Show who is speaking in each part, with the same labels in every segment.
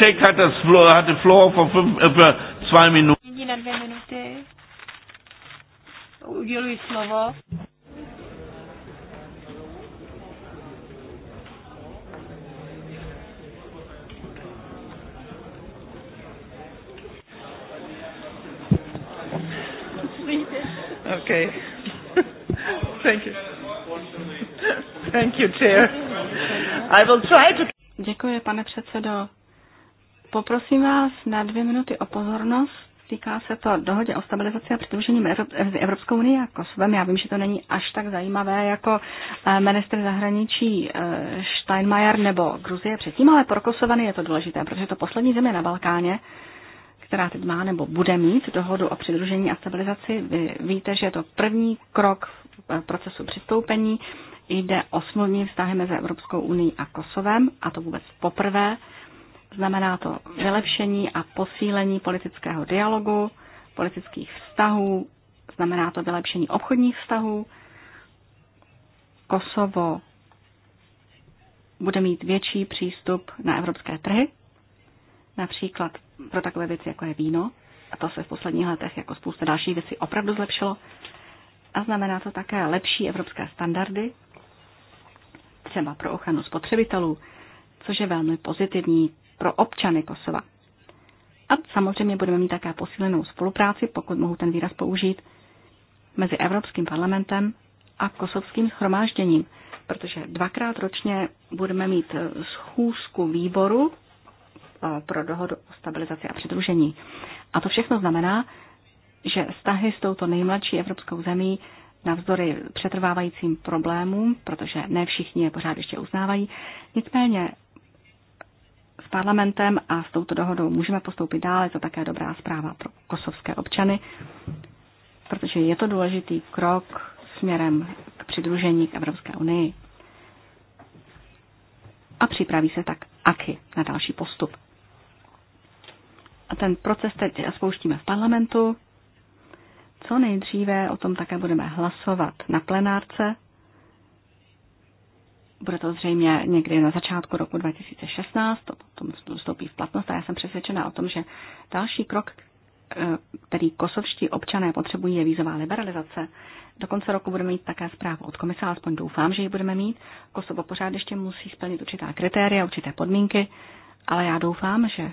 Speaker 1: Czech hat das Floor,
Speaker 2: hatte Floor vor fünf, äh, für zwei Minuten.
Speaker 3: Na dvě minuty.
Speaker 4: Uděluji slovo.
Speaker 1: Okay. Thank you. Thank you, Chair. I will try
Speaker 3: to Děkuji, pane předsedo. Poprosím vás na dvě minuty o pozornost. Týká se to dohodě o stabilizaci a přidružení mezi Evropskou unii a Kosovem. Já vím, že to není až tak zajímavé jako eh, minister zahraničí eh, Steinmeier nebo Gruzie předtím, ale pro Kosovany je to důležité, protože to poslední země na Balkáně, která teď má nebo bude mít dohodu o přidružení a stabilizaci. Vy víte, že je to první krok v procesu přistoupení Jde o smluvní vztahy mezi Evropskou unii a Kosovem, a to vůbec poprvé. Znamená to vylepšení a posílení politického dialogu, politických vztahů, znamená to vylepšení obchodních vztahů. Kosovo bude mít větší přístup na evropské trhy, například pro takové věci, jako je víno, a to se v posledních letech jako spousta dalších věcí opravdu zlepšilo. A znamená to také lepší evropské standardy, třeba pro ochranu spotřebitelů, což je velmi pozitivní pro občany Kosova. A samozřejmě budeme mít také posílenou spolupráci, pokud mohu ten výraz použít, mezi Evropským parlamentem a kosovským schromážděním, protože dvakrát ročně budeme mít eh, schůzku výboru eh, pro dohodu o stabilizaci a přidružení. A to všechno znamená, že vztahy s touto nejmladší evropskou zemí navzdory přetrvávajícím problémům, protože ne všichni je pořád ještě uznávají. Nicméně s parlamentem a s touto dohodou můžeme postoupit dále, to také dobrá zpráva pro kosovské občany, protože je to důležitý krok směrem k přidružení k Evropské unii. A připraví se tak AKY na další postup. A ten proces teď spouštíme v parlamentu co nejdříve, o tom také budeme hlasovat na plenárce. Bude to zřejmě někdy na začátku roku 2016, to potom vstoupí v platnost a já jsem přesvědčena o tom, že další krok, eh, který kosovští občané potřebují, je vízová liberalizace. Do konce roku budeme mít také zprávu od komise, alespoň doufám, že ji budeme mít. Kosovo pořád ještě musí splnit určitá kritéria, určité podmínky, ale já doufám, že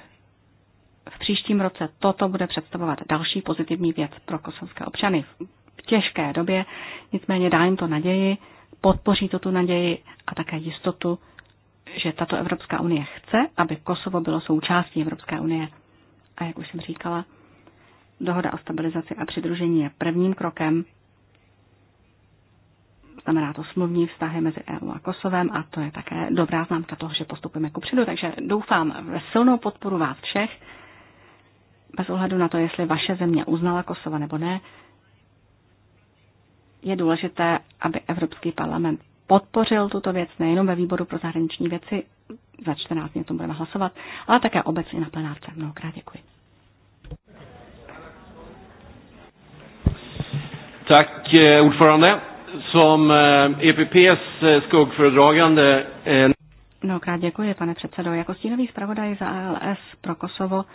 Speaker 3: v příštím roce toto bude představovat další pozitivní věc pro kosovské občany v těžké době, nicméně dá jim to naději, podpoří to tu naději a také jistotu, že tato Evropská unie chce, aby Kosovo bylo součástí Evropské unie. A jak už jsem říkala, dohoda o stabilizaci a přidružení je prvním krokem. Znamená to smluvní vztahy mezi EU a Kosovem a to je také dobrá známka toho, že postupujeme kupředu. Takže doufám ve silnou podporu vás všech bez ohledu na to, jestli vaše země uznala Kosova nebo ne, je důležité, aby Evropský parlament podpořil tuto věc nejenom ve výboru pro zahraniční věci, za 14 dní o tom budeme hlasovat, ale také obecně na plenárce. Mnohokrát děkuji.
Speaker 2: Tak, eh, ordförande. Som EPPs eh, e eh, skuggföredragande...
Speaker 3: Mnohokrát děkuji, pane předsedo. Jako stínový zpravodaj za ALS pro Kosovo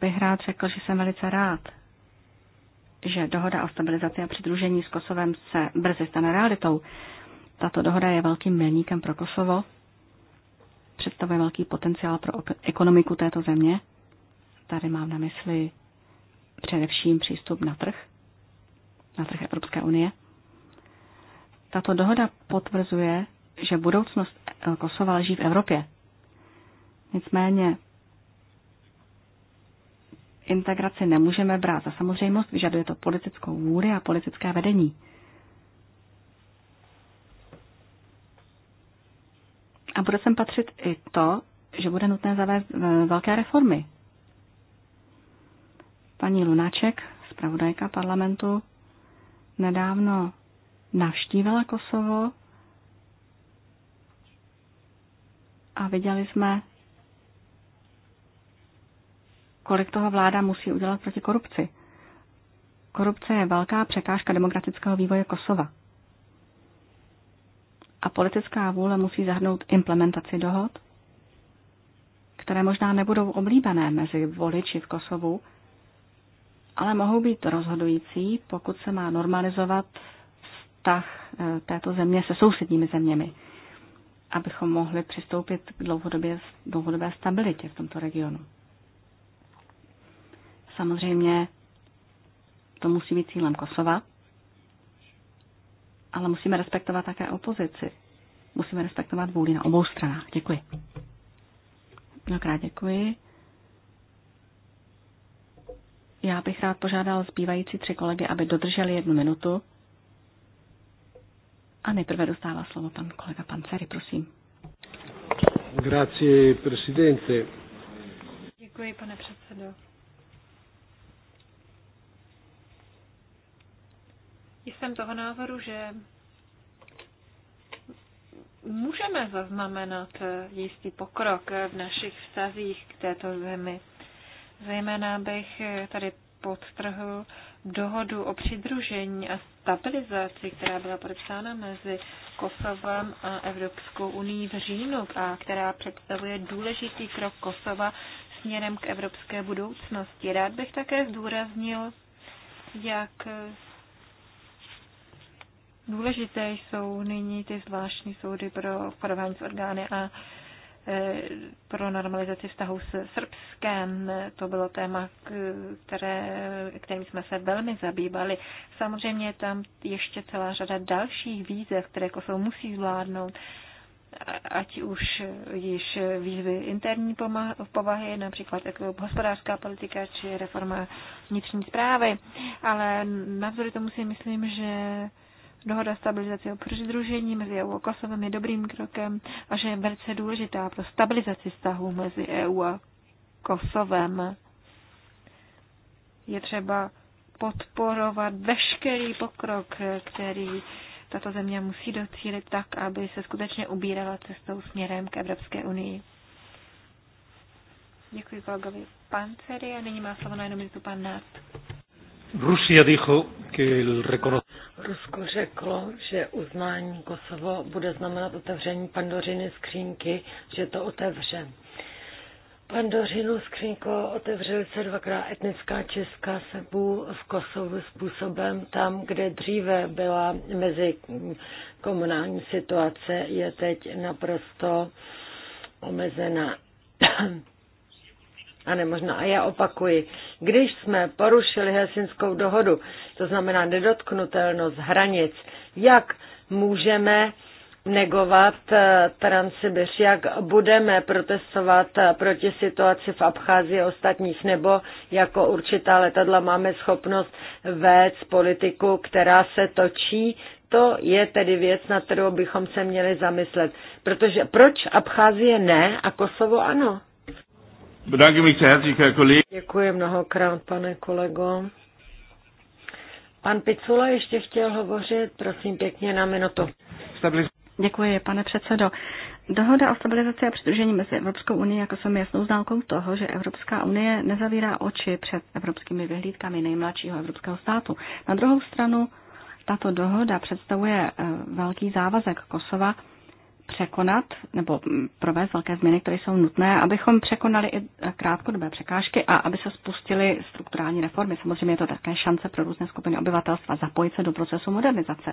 Speaker 3: bych rád řekl, že jsem velice rád, že dohoda o stabilizaci a přidružení s Kosovem se brzy stane realitou. Tato dohoda je velkým milníkem pro Kosovo, představuje velký potenciál pro ekonomiku této země. Tady mám na mysli především přístup na trh, na trh Evropské unie. Tato dohoda potvrzuje, že budoucnost Kosova leží v Evropě. Nicméně integraci nemůžeme brát za samozřejmost, vyžaduje to politickou vůli a politické vedení. A bude sem patřit i to, že bude nutné zavést eh, velké reformy. Paní Lunáček, zpravodajka parlamentu, nedávno navštívila Kosovo a viděli jsme, kolik toho vláda musí udělat proti korupci. Korupce je velká překážka demokratického vývoje Kosova. A politická vůle musí zahrnout implementaci dohod, které možná nebudou oblíbené mezi voliči v Kosovu, ale mohou být rozhodující, pokud se má normalizovat vztah eh, této země se sousedními zeměmi, abychom mohli přistoupit k dlouhodobě, dlouhodobé stabilitě v tomto regionu. Samozřejmě to musí být cílem Kosova, ale musíme respektovat také opozici. Musíme respektovat vůli na obou stranách. Děkuji. Mnohokrát děkuji. Já bych rád požádal zbývající tři kolegy, aby dodrželi jednu minutu. A nejprve dostává slovo pan kolega Panceri, prosím.
Speaker 1: Grazie, presidente.
Speaker 3: Děkuji, pane předsedo. jsem toho názoru, že můžeme zaznamenat jistý pokrok v našich vztazích k této zemi. Zejména bych tady podtrhl dohodu o přidružení a stabilizaci, která byla podepsána mezi Kosovem a Evropskou unii v říjnu a která představuje důležitý krok Kosova směrem k evropské budoucnosti. Rád bych také zdůraznil, jak Důležité jsou nyní ty zvláštní soudy pro obchodování s orgány a e, pro normalizaci vztahu s Srbskem. To bylo téma, které, kterým jsme se velmi zabývali. Samozřejmě je tam ještě celá řada dalších výzev, které Kosovo jako musí zvládnout, ať už již výzvy interní povahy, například jako hospodářská politika či reforma vnitřní zprávy. Ale navzory tomu si myslím, že Dohoda stabilizace o přidružení mezi EU a Kosovem je dobrým krokem a že je velice důležitá pro stabilizaci vztahů mezi EU a Kosovem. Je třeba podporovat veškerý pokrok, který tato země musí docílit tak, aby se skutečně ubírala cestou směrem k Evropské unii. Děkuji
Speaker 4: kolegovi Panceri a nyní má slovo na jednu minutu pan Nát.
Speaker 1: Rusia dijo que el
Speaker 4: Rusko řeklo, že uznání Kosovo bude znamenat otevření pandořiny skřínky, že to otevře. Pandořinu skřínko otevřeli se dvakrát etnická česká sebu v Kosovu způsobem tam, kde dříve byla mezi komunální situace, je teď naprosto omezena a nemožná. A já opakuji, když jsme porušili Helsinskou dohodu, to znamená nedotknutelnost hranic, jak můžeme negovat eh, Transsibir, jak budeme protestovat eh, proti situaci v Abcházii ostatních, nebo jako určitá letadla máme schopnost vést politiku, která se točí. To je tedy věc, na kterou bychom se měli zamyslet. Protože proč Abcházie ne a Kosovo ano? Děkuji mnohokrát, pane kolego. Pan Picula ještě chtěl hovořit, prosím pěkně na minutu. Děkuji,
Speaker 3: pane předsedo. Dohoda o stabilizaci a přidružení mezi Evropskou unii jako jsem jasnou známkou toho, že Evropská unie nezavírá oči před evropskými vyhlídkami nejmladšího evropského státu. Na druhou stranu tato dohoda představuje eh, velký závazek Kosova překonat nebo provést velké změny, které jsou nutné, abychom překonali i krátkodobé překážky a aby se spustily strukturální reformy. Samozřejmě je to také šance pro různé skupiny obyvatelstva zapojit se do procesu modernizace.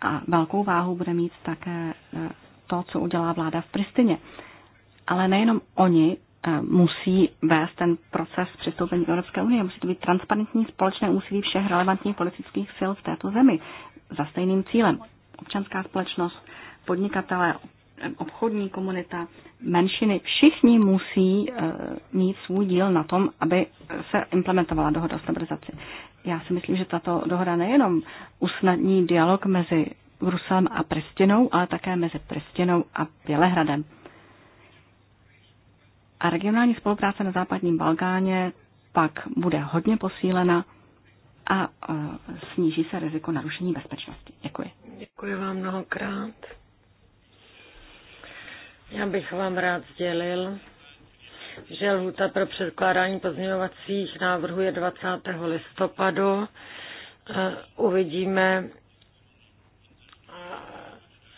Speaker 3: A velkou váhu bude mít také eh, to, co udělá vláda v Pristině. Ale nejenom oni eh, musí vést ten proces přistoupení Evropské unie. Musí to být transparentní společné úsilí všech relevantních politických sil v této zemi za stejným cílem. Občanská společnost, podnikatelé, obchodní komunita, menšiny, všichni musí eh, mít svůj díl na tom, aby se implementovala dohoda o stabilizaci. Já si myslím, že tato dohoda nejenom usnadní dialog mezi Bruselem a Pristinou, ale také mezi Pristinou a Bělehradem. A regionální spolupráce na západním Balkáně pak bude hodně posílena a eh, sníží se riziko narušení bezpečnosti. Děkuji.
Speaker 4: Děkuji vám mnohokrát. Já bych vám rád sdělil, že lhuta pro předkládání pozměňovacích návrhů je 20. listopadu. Eh, uvidíme,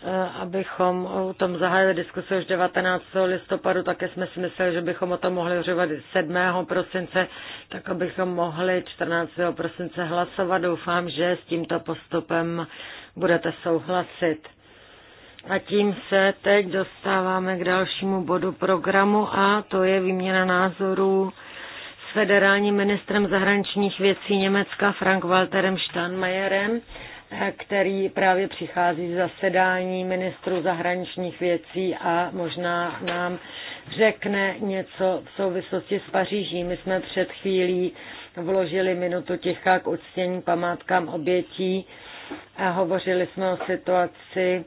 Speaker 4: eh, abychom o tom zahájili diskusi už 19. listopadu, také jsme si mysleli, že bychom o tom mohli hřívat 7. prosince, tak abychom mohli 14. prosince hlasovat. Doufám, že s tímto postupem budete souhlasit. A tím se teď dostáváme k dalšímu bodu programu a to je výměna názorů s federálním ministrem zahraničních věcí Německa Frank-Walterem Steinmeierem, který právě přichází z zasedání ministru zahraničních věcí a možná nám řekne něco v souvislosti s Paříží. My jsme před chvílí vložili minutu ticha k uctění památkám obětí a hovořili jsme o situaci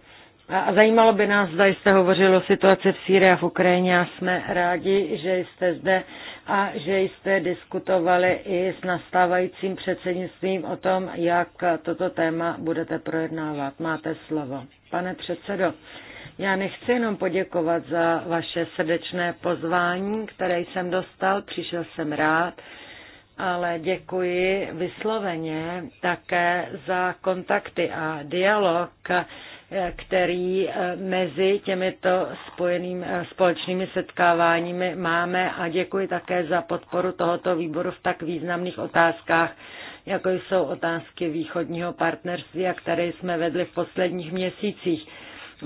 Speaker 4: a zajímalo by nás, zda jste hovořil o situaci v Sýrii a v Ukrajině a jsme rádi, že jste zde a že jste diskutovali i s nastávajícím předsednictvím o tom, jak toto téma budete projednávat. Máte slovo. Pane předsedo, já nechci jenom poděkovat za vaše srdečné pozvání, které jsem dostal, přišel jsem rád, ale děkuji vysloveně také za kontakty a dialog, který eh, mezi těmito spojeným, eh, společnými setkáváními máme a děkuji také za podporu tohoto výboru v tak významných otázkách, jako jsou otázky východního partnerství, a které jsme vedli v posledních měsících.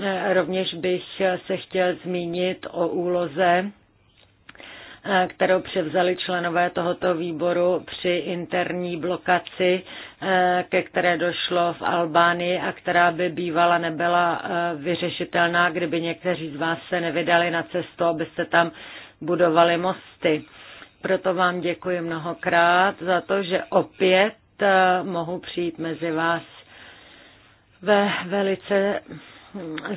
Speaker 4: Eh, rovněž bych se chtěl zmínit o úloze kterou převzali členové tohoto výboru při interní blokaci, eh, ke které došlo v Albánii a která by bývala nebyla eh, vyřešitelná, kdyby někteří z vás se nevydali na cestu, abyste tam budovali mosty. Proto vám děkuji mnohokrát za to, že opět eh, mohu přijít mezi vás ve velice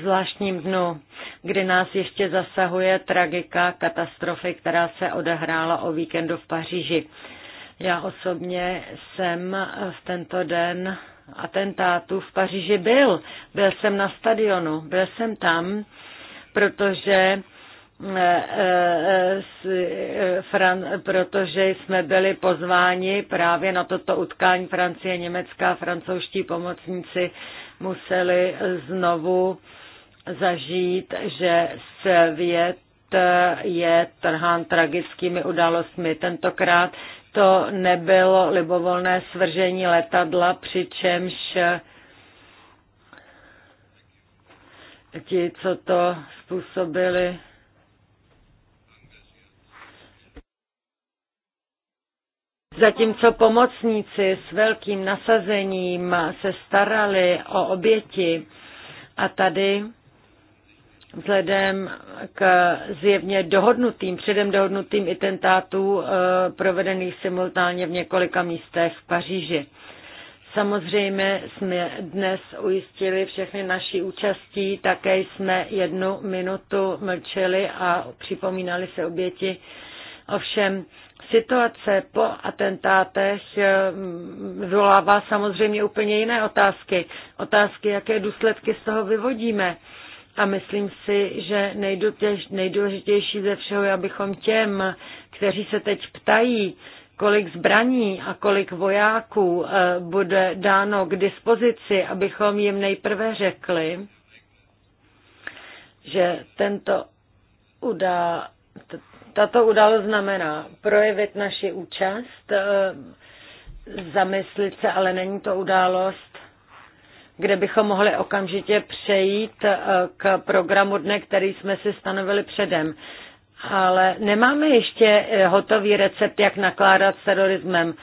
Speaker 4: zvláštním dnu, kdy nás ještě zasahuje tragika katastrofy, která se odehrála o víkendu v Paříži. Já osobně jsem v tento den atentátu v Paříži byl. Byl jsem na stadionu, byl jsem tam, protože eh, eh, eh, protože jsme byli pozváni právě na toto utkání Francie, Německá, francouzští pomocníci museli znovu zažít, že svět je trhán tragickými událostmi. Tentokrát to nebylo libovolné svržení letadla, přičemž ti, co to způsobili, Zatímco pomocníci s velkým nasazením se starali o oběti a tady vzhledem k zjevně dohodnutým, předem dohodnutým itentátů eh, provedených simultánně v několika místech v Paříži. Samozřejmě jsme dnes ujistili všechny naší účastí, také jsme jednu minutu mlčeli a připomínali se oběti. Ovšem Situace po atentátech eh, vyvolává samozřejmě úplně jiné otázky. Otázky, jaké důsledky z toho vyvodíme. A myslím si, že nejdůležitější ze všeho je, abychom těm, kteří se teď ptají, kolik zbraní a kolik vojáků eh, bude dáno k dispozici, abychom jim nejprve řekli, že tento udá, tato událost znamená projevit naši účast, eh, zamyslit se, ale není to událost, kde bychom mohli okamžitě přejít eh, k programu dne, který jsme si stanovili předem. Ale nemáme ještě eh, hotový recept, jak nakládat s terorismem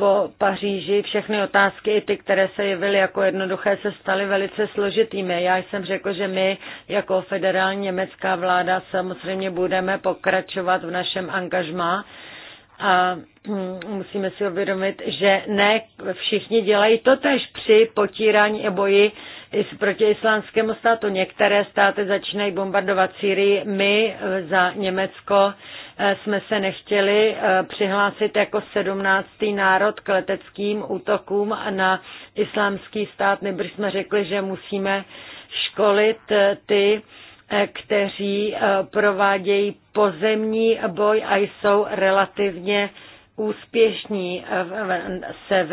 Speaker 4: po Paříži všechny otázky, i ty, které se jevily jako jednoduché, se staly velice složitými. Já jsem řekl, že my jako federální německá vláda samozřejmě budeme pokračovat v našem angažmá a mm, musíme si uvědomit, že ne všichni dělají to tež při potírání a boji proti islámskému státu. Některé státy začínají bombardovat Syrii, my za Německo jsme se nechtěli eh, přihlásit jako sedmnáctý národ k leteckým útokům na islámský stát, nebo jsme řekli, že musíme školit eh, ty, eh, kteří provádějí pozemní boj a jsou relativně úspěšní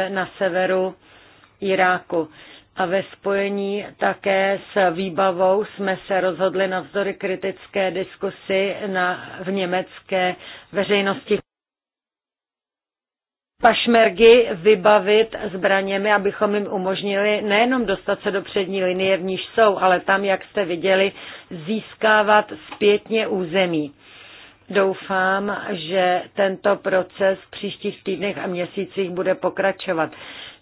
Speaker 4: na severu Iráku a ve spojení také s výbavou jsme se rozhodli navzdory kritické diskusy na, v německé veřejnosti pašmergy vybavit zbraněmi, abychom jim umožnili nejenom dostat se do přední linie, v níž jsou, ale tam, jak jste viděli, získávat zpětně území. Doufám, že tento proces v příštích týdnech a měsících bude pokračovat.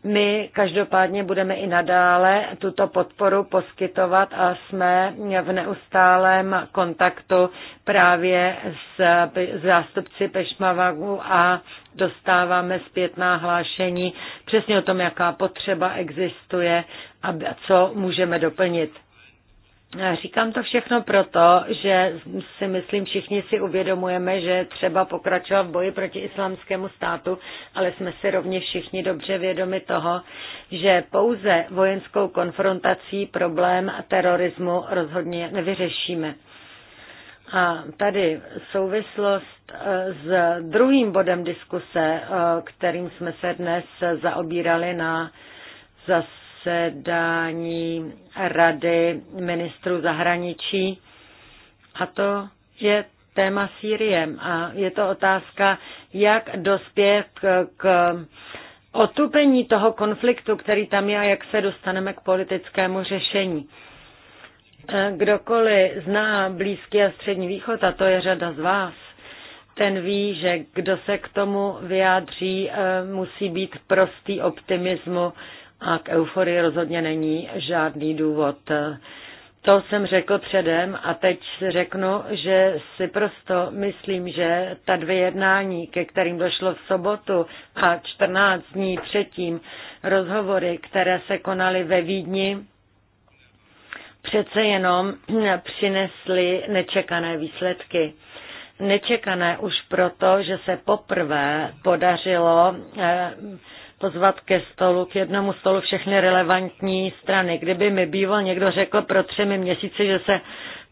Speaker 4: My každopádně budeme i nadále tuto podporu poskytovat a jsme v neustálém kontaktu právě s zástupci Pešmavagu a dostáváme zpětná hlášení přesně o tom, jaká potřeba existuje a co můžeme doplnit. Říkám to všechno proto, že si myslím, všichni si uvědomujeme, že třeba pokračovat v boji proti islámskému státu, ale jsme si rovně všichni dobře vědomi toho, že pouze vojenskou konfrontací problém terorismu rozhodně nevyřešíme. A tady souvislost e, s druhým bodem diskuse, e, kterým jsme se dnes zaobírali na zase zasedání Rady ministrů zahraničí. A to je téma Sýrie. A je to otázka, jak dospět k, k otupení toho konfliktu, který tam je a jak se dostaneme k politickému řešení. E, kdokoliv zná Blízký a Střední východ, a to je řada z vás, ten ví, že kdo se k tomu vyjádří, e, musí být prostý optimismu, a k euforii rozhodně není žádný důvod. To jsem řekl předem a teď si řeknu, že si prosto myslím, že ta dvě jednání, ke kterým došlo v sobotu a 14 dní předtím, rozhovory, které se konaly ve Vídni, přece jenom přinesly nečekané výsledky. Nečekané už proto, že se poprvé podařilo eh, pozvat ke stolu, k jednomu stolu všechny relevantní strany. Kdyby mi býval někdo řekl pro třemi měsíci, že se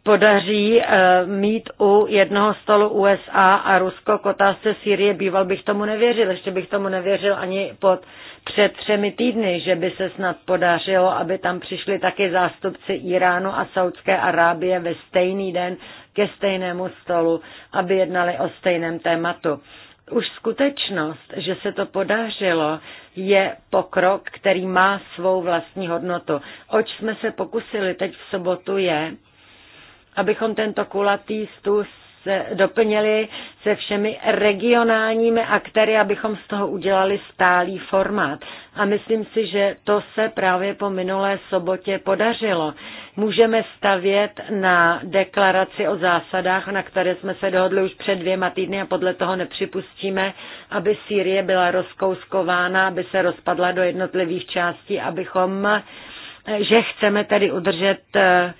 Speaker 4: podaří eh, mít u jednoho stolu USA a Rusko k otázce Sýrie, býval bych tomu nevěřil. Ještě bych tomu nevěřil ani pod před třemi týdny, že by se snad podařilo, aby tam přišli taky zástupci Iránu a Saudské Arábie ve stejný den ke stejnému stolu, aby jednali o stejném tématu. Už skutečnost, že se to podařilo, je pokrok, který má svou vlastní hodnotu. Oč jsme se pokusili teď v sobotu je, abychom tento kulatý stůl se doplnili se všemi regionálními aktéry, abychom z toho udělali stálý formát. A myslím si, že to se právě po minulé sobotě podařilo. Můžeme stavět na deklaraci o zásadách, na které jsme se dohodli už před dvěma týdny a podle toho nepřipustíme, aby Sýrie byla rozkouskována, aby se rozpadla do jednotlivých částí, abychom, že chceme tedy udržet eh,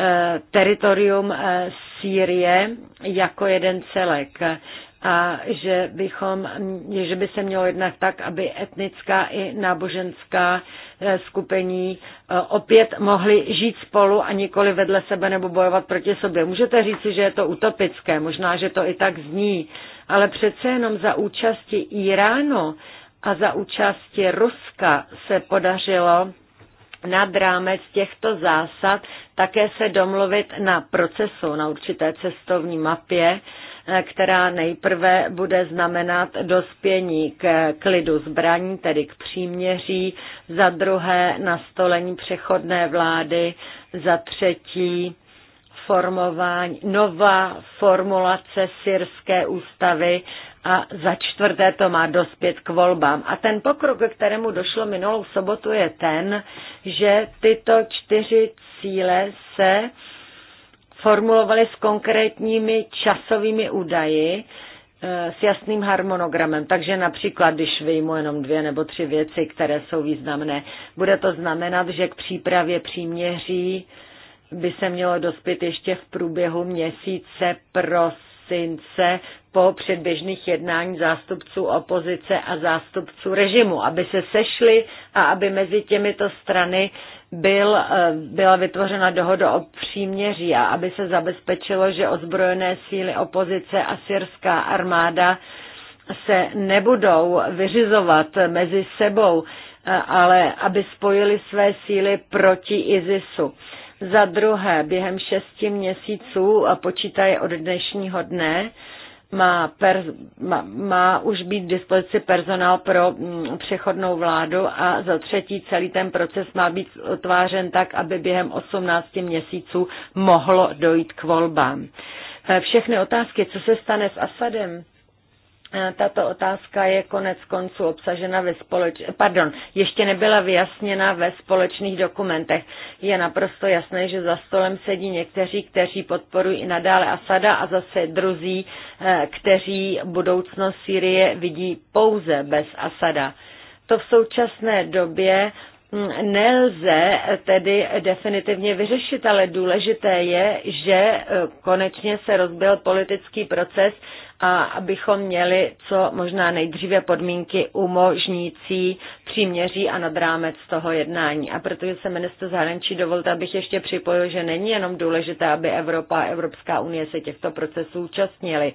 Speaker 4: eh, teritorium eh, Sýrie jako jeden celek a že, bychom, že by se mělo jednat tak, aby etnická i náboženská eh, skupení eh, opět mohly žít spolu a nikoli vedle sebe nebo bojovat proti sobě. Můžete říci, že je to utopické, možná, že to i tak zní, ale přece jenom za účasti Iránu a za účasti Ruska se podařilo nad rámec těchto zásad také se domluvit na procesu, na určité cestovní mapě, která nejprve bude znamenat dospění k klidu zbraní, tedy k příměří, za druhé nastolení přechodné vlády, za třetí formování, nová formulace syrské ústavy a za čtvrté to má dospět k volbám. A ten pokrok, kterému došlo minulou sobotu, je ten, že tyto čtyři cíle se formulovali s konkrétními časovými údaji, e, s jasným harmonogramem. Takže například, když vyjmu jenom dvě nebo tři věci, které jsou významné, bude to znamenat, že k přípravě příměří by se mělo dospět ještě v průběhu měsíce pros prosince po předběžných jednání zástupců opozice a zástupců režimu, aby se sešli a aby mezi těmito strany byl, eh, byla vytvořena dohoda o příměří a aby se zabezpečilo, že ozbrojené síly opozice a syrská armáda se nebudou vyřizovat mezi sebou, eh, ale aby spojili své síly proti ISISu. Za druhé, během šesti měsíců a počítaje od dnešního dne má, per, má, má už být k dispozici personál pro mm, přechodnou vládu a za třetí celý ten proces má být otvářen tak, aby během 18 měsíců mohlo dojít k volbám. E, všechny otázky, co se stane s Asadem, Eh, tato otázka je konec konců obsažena ve společ... pardon, ještě nebyla vyjasněna ve společných dokumentech. Je naprosto jasné, že za stolem sedí někteří, kteří podporují i nadále Asada a zase druzí, eh, kteří budoucnost Sýrie vidí pouze bez Asada. To v současné době hm, nelze tedy definitivně vyřešit, ale důležité je, že eh, konečně se rozbil politický proces a abychom měli co možná nejdříve podmínky umožnící příměří a nad rámec toho jednání. A protože se minister zahraničí dovolte, abych ještě připojil, že není jenom důležité, aby Evropa a Evropská unie se těchto procesů účastnili.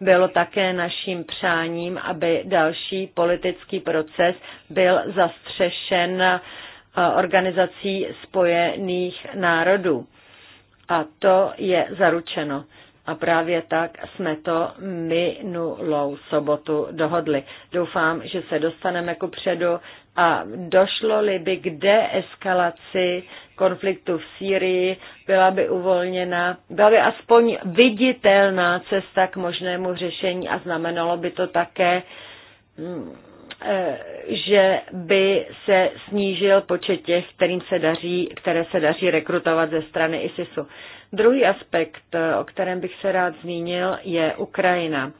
Speaker 4: Bylo také naším přáním, aby další politický proces byl zastřešen eh, organizací spojených národů. A to je zaručeno. A právě tak jsme to minulou sobotu dohodli. Doufám, že se dostaneme ku předu a došlo-li by k deeskalaci konfliktu v Sýrii, byla by uvolněna, byla by aspoň viditelná cesta k možnému řešení a znamenalo by to také mm, e, že by se snížil počet těch, kterým se daří, které se daří rekrutovat ze strany ISISu. Druhý aspekt, eh, o kterém bych se rád zmínil, je Ukrajina.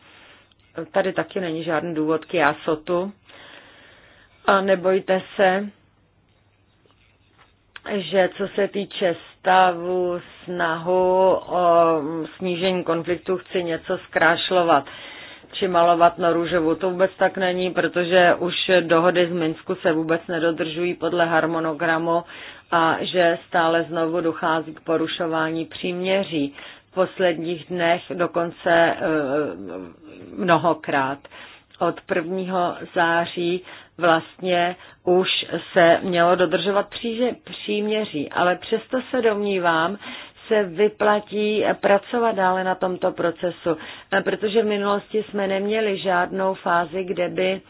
Speaker 4: Tady taky není žádný důvod k jásotu. A nebojte se, že co se týče stavu, snahu o snížení konfliktu, chci něco zkrášlovat či malovat na růžovu. To vůbec tak není, protože už dohody z Minsku se vůbec nedodržují podle harmonogramu a že stále znovu dochází k porušování příměří. V posledních dnech dokonce e, mnohokrát. Od 1. září vlastně už se mělo dodržovat příměří, ale přesto se domnívám, se vyplatí pracovat dále na tomto procesu, e, protože v minulosti jsme neměli žádnou fázi, kde by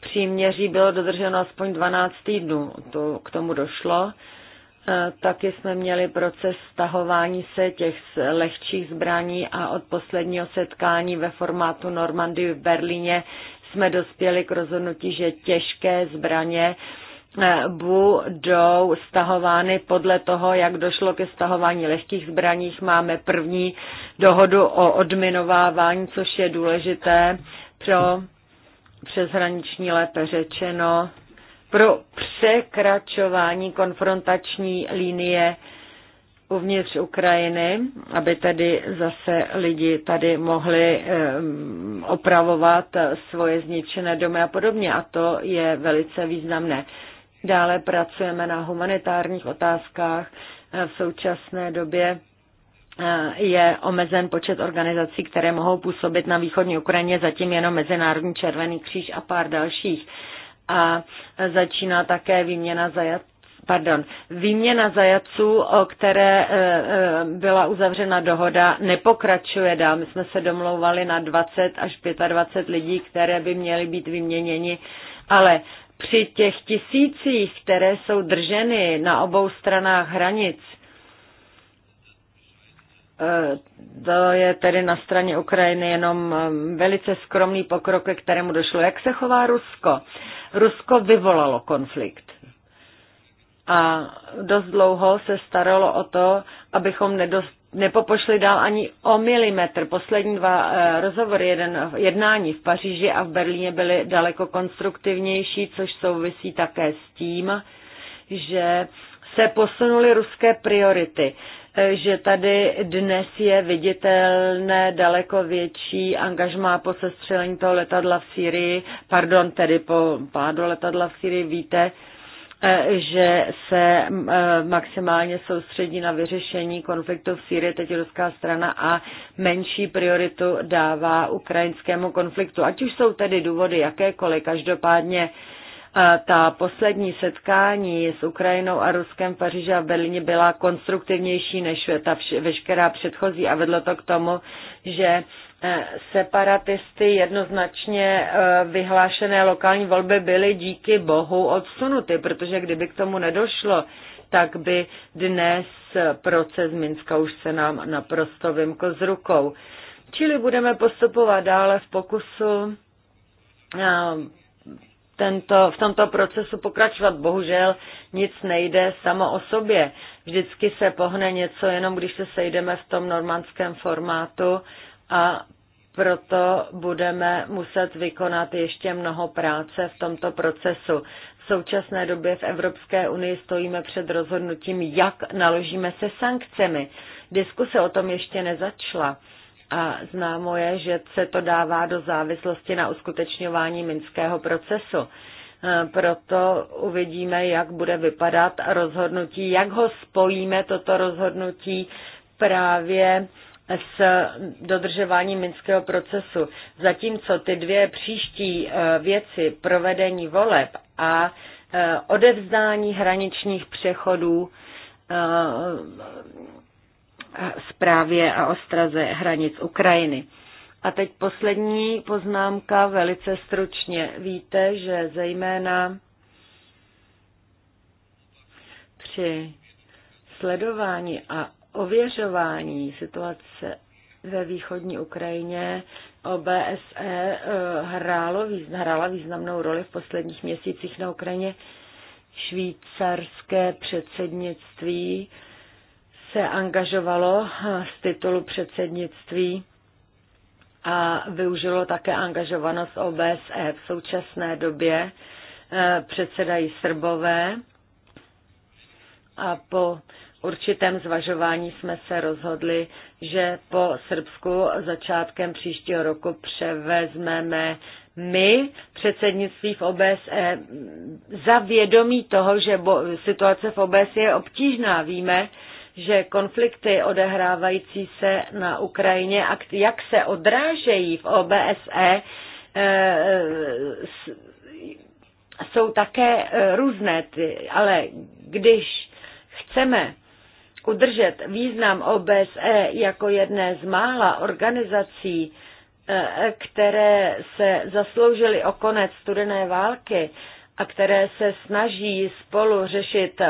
Speaker 4: příměří bylo dodrženo aspoň 12 týdnů. To k tomu došlo Eh, taky jsme měli proces stahování se těch lehčích zbraní a od posledního setkání ve formátu Normandy v Berlíně jsme dospěli k rozhodnutí, že těžké zbraně eh, budou stahovány podle toho, jak došlo ke stahování lehkých zbraních. Máme první dohodu o odminovávání, což je důležité pro přeshraniční lépe řečeno pro překračování konfrontační linie uvnitř Ukrajiny, aby tedy zase lidi tady mohli opravovat svoje zničené domy a podobně. A to je velice významné. Dále pracujeme na humanitárních otázkách. V současné době eh, je omezen počet organizací, které mohou působit na východní Ukrajině, zatím jenom Mezinárodní červený kříž a pár dalších a začíná také výměna zajatců pardon, výměna zajaců, o které e, e, byla uzavřena dohoda, nepokračuje dál. My jsme se domlouvali na 20 až 25 lidí, které by měly být vyměněni, ale při těch tisících, které jsou drženy na obou stranách hranic, e, to je tedy na straně Ukrajiny jenom velice skromný pokrok, ke kterému došlo. Jak se chová Rusko? Rusko vyvolalo konflikt. A dost dlouho se staralo o to, abychom nedost nepopošli dál ani o milimetr. Poslední dva eh, rozhovory, jeden, jednání v Paříži a v Berlíně byly daleko konstruktivnější, což souvisí také s tím, že se posunuly ruské priority že tady dnes je viditelné daleko větší angažmá po sestřelení toho letadla v Syrii, pardon, tedy po pádu letadla v Syrii, víte, eh, že se eh, maximálně soustředí na vyřešení konfliktu v Sýrii, teď ruská strana, a menší prioritu dává ukrajinskému konfliktu. Ať už jsou tedy důvody jakékoliv, každopádně a ta poslední setkání s Ukrajinou a Ruskem v Paříži a v Berlíně byla konstruktivnější než ta veškerá předchozí a vedlo to k tomu, že e, separatisty jednoznačně e, vyhlášené lokální volby byly díky bohu odsunuty, protože kdyby k tomu nedošlo, tak by dnes proces Minska už se nám naprosto vymkl z rukou. Čili budeme postupovat dále v pokusu e, tento, v tomto procesu pokračovat. Bohužel nic nejde samo o sobě. Vždycky se pohne něco, jenom když se sejdeme v tom normandském formátu a proto budeme muset vykonat ještě mnoho práce v tomto procesu. V současné době v Evropské unii stojíme před rozhodnutím, jak naložíme se sankcemi. Diskuse o tom ještě nezačla a známo je, že se to dává do závislosti na uskutečňování minského procesu. E, proto uvidíme, jak bude vypadat rozhodnutí, jak ho spojíme, toto rozhodnutí, právě s dodržováním minského procesu. Zatímco ty dvě příští e, věci, provedení voleb a e, odevzdání hraničních přechodů, zprávě a ostraze hranic Ukrajiny. A teď poslední poznámka velice stručně. Víte, že zejména při sledování a ověřování situace ve východní Ukrajině OBSE eh, hrálo, hrála významnou roli v posledních měsících na Ukrajině. Švýcarské předsednictví se angažovalo z titulu předsednictví a využilo také angažovanost OBSE. V současné době e, předsedají Srbové a po určitém zvažování jsme se rozhodli, že po Srbsku začátkem příštího roku převezmeme my, předsednictví v OBSE, za vědomí toho, že bo, situace v OBSE je obtížná. Víme, že konflikty odehrávající se na Ukrajině a jak se odrážejí v OBSE, eh, jsou také eh, různé, ale když chceme udržet význam OBSE jako jedné z mála organizací, eh, které se zasloužily o konec studené války a které se snaží spolu řešit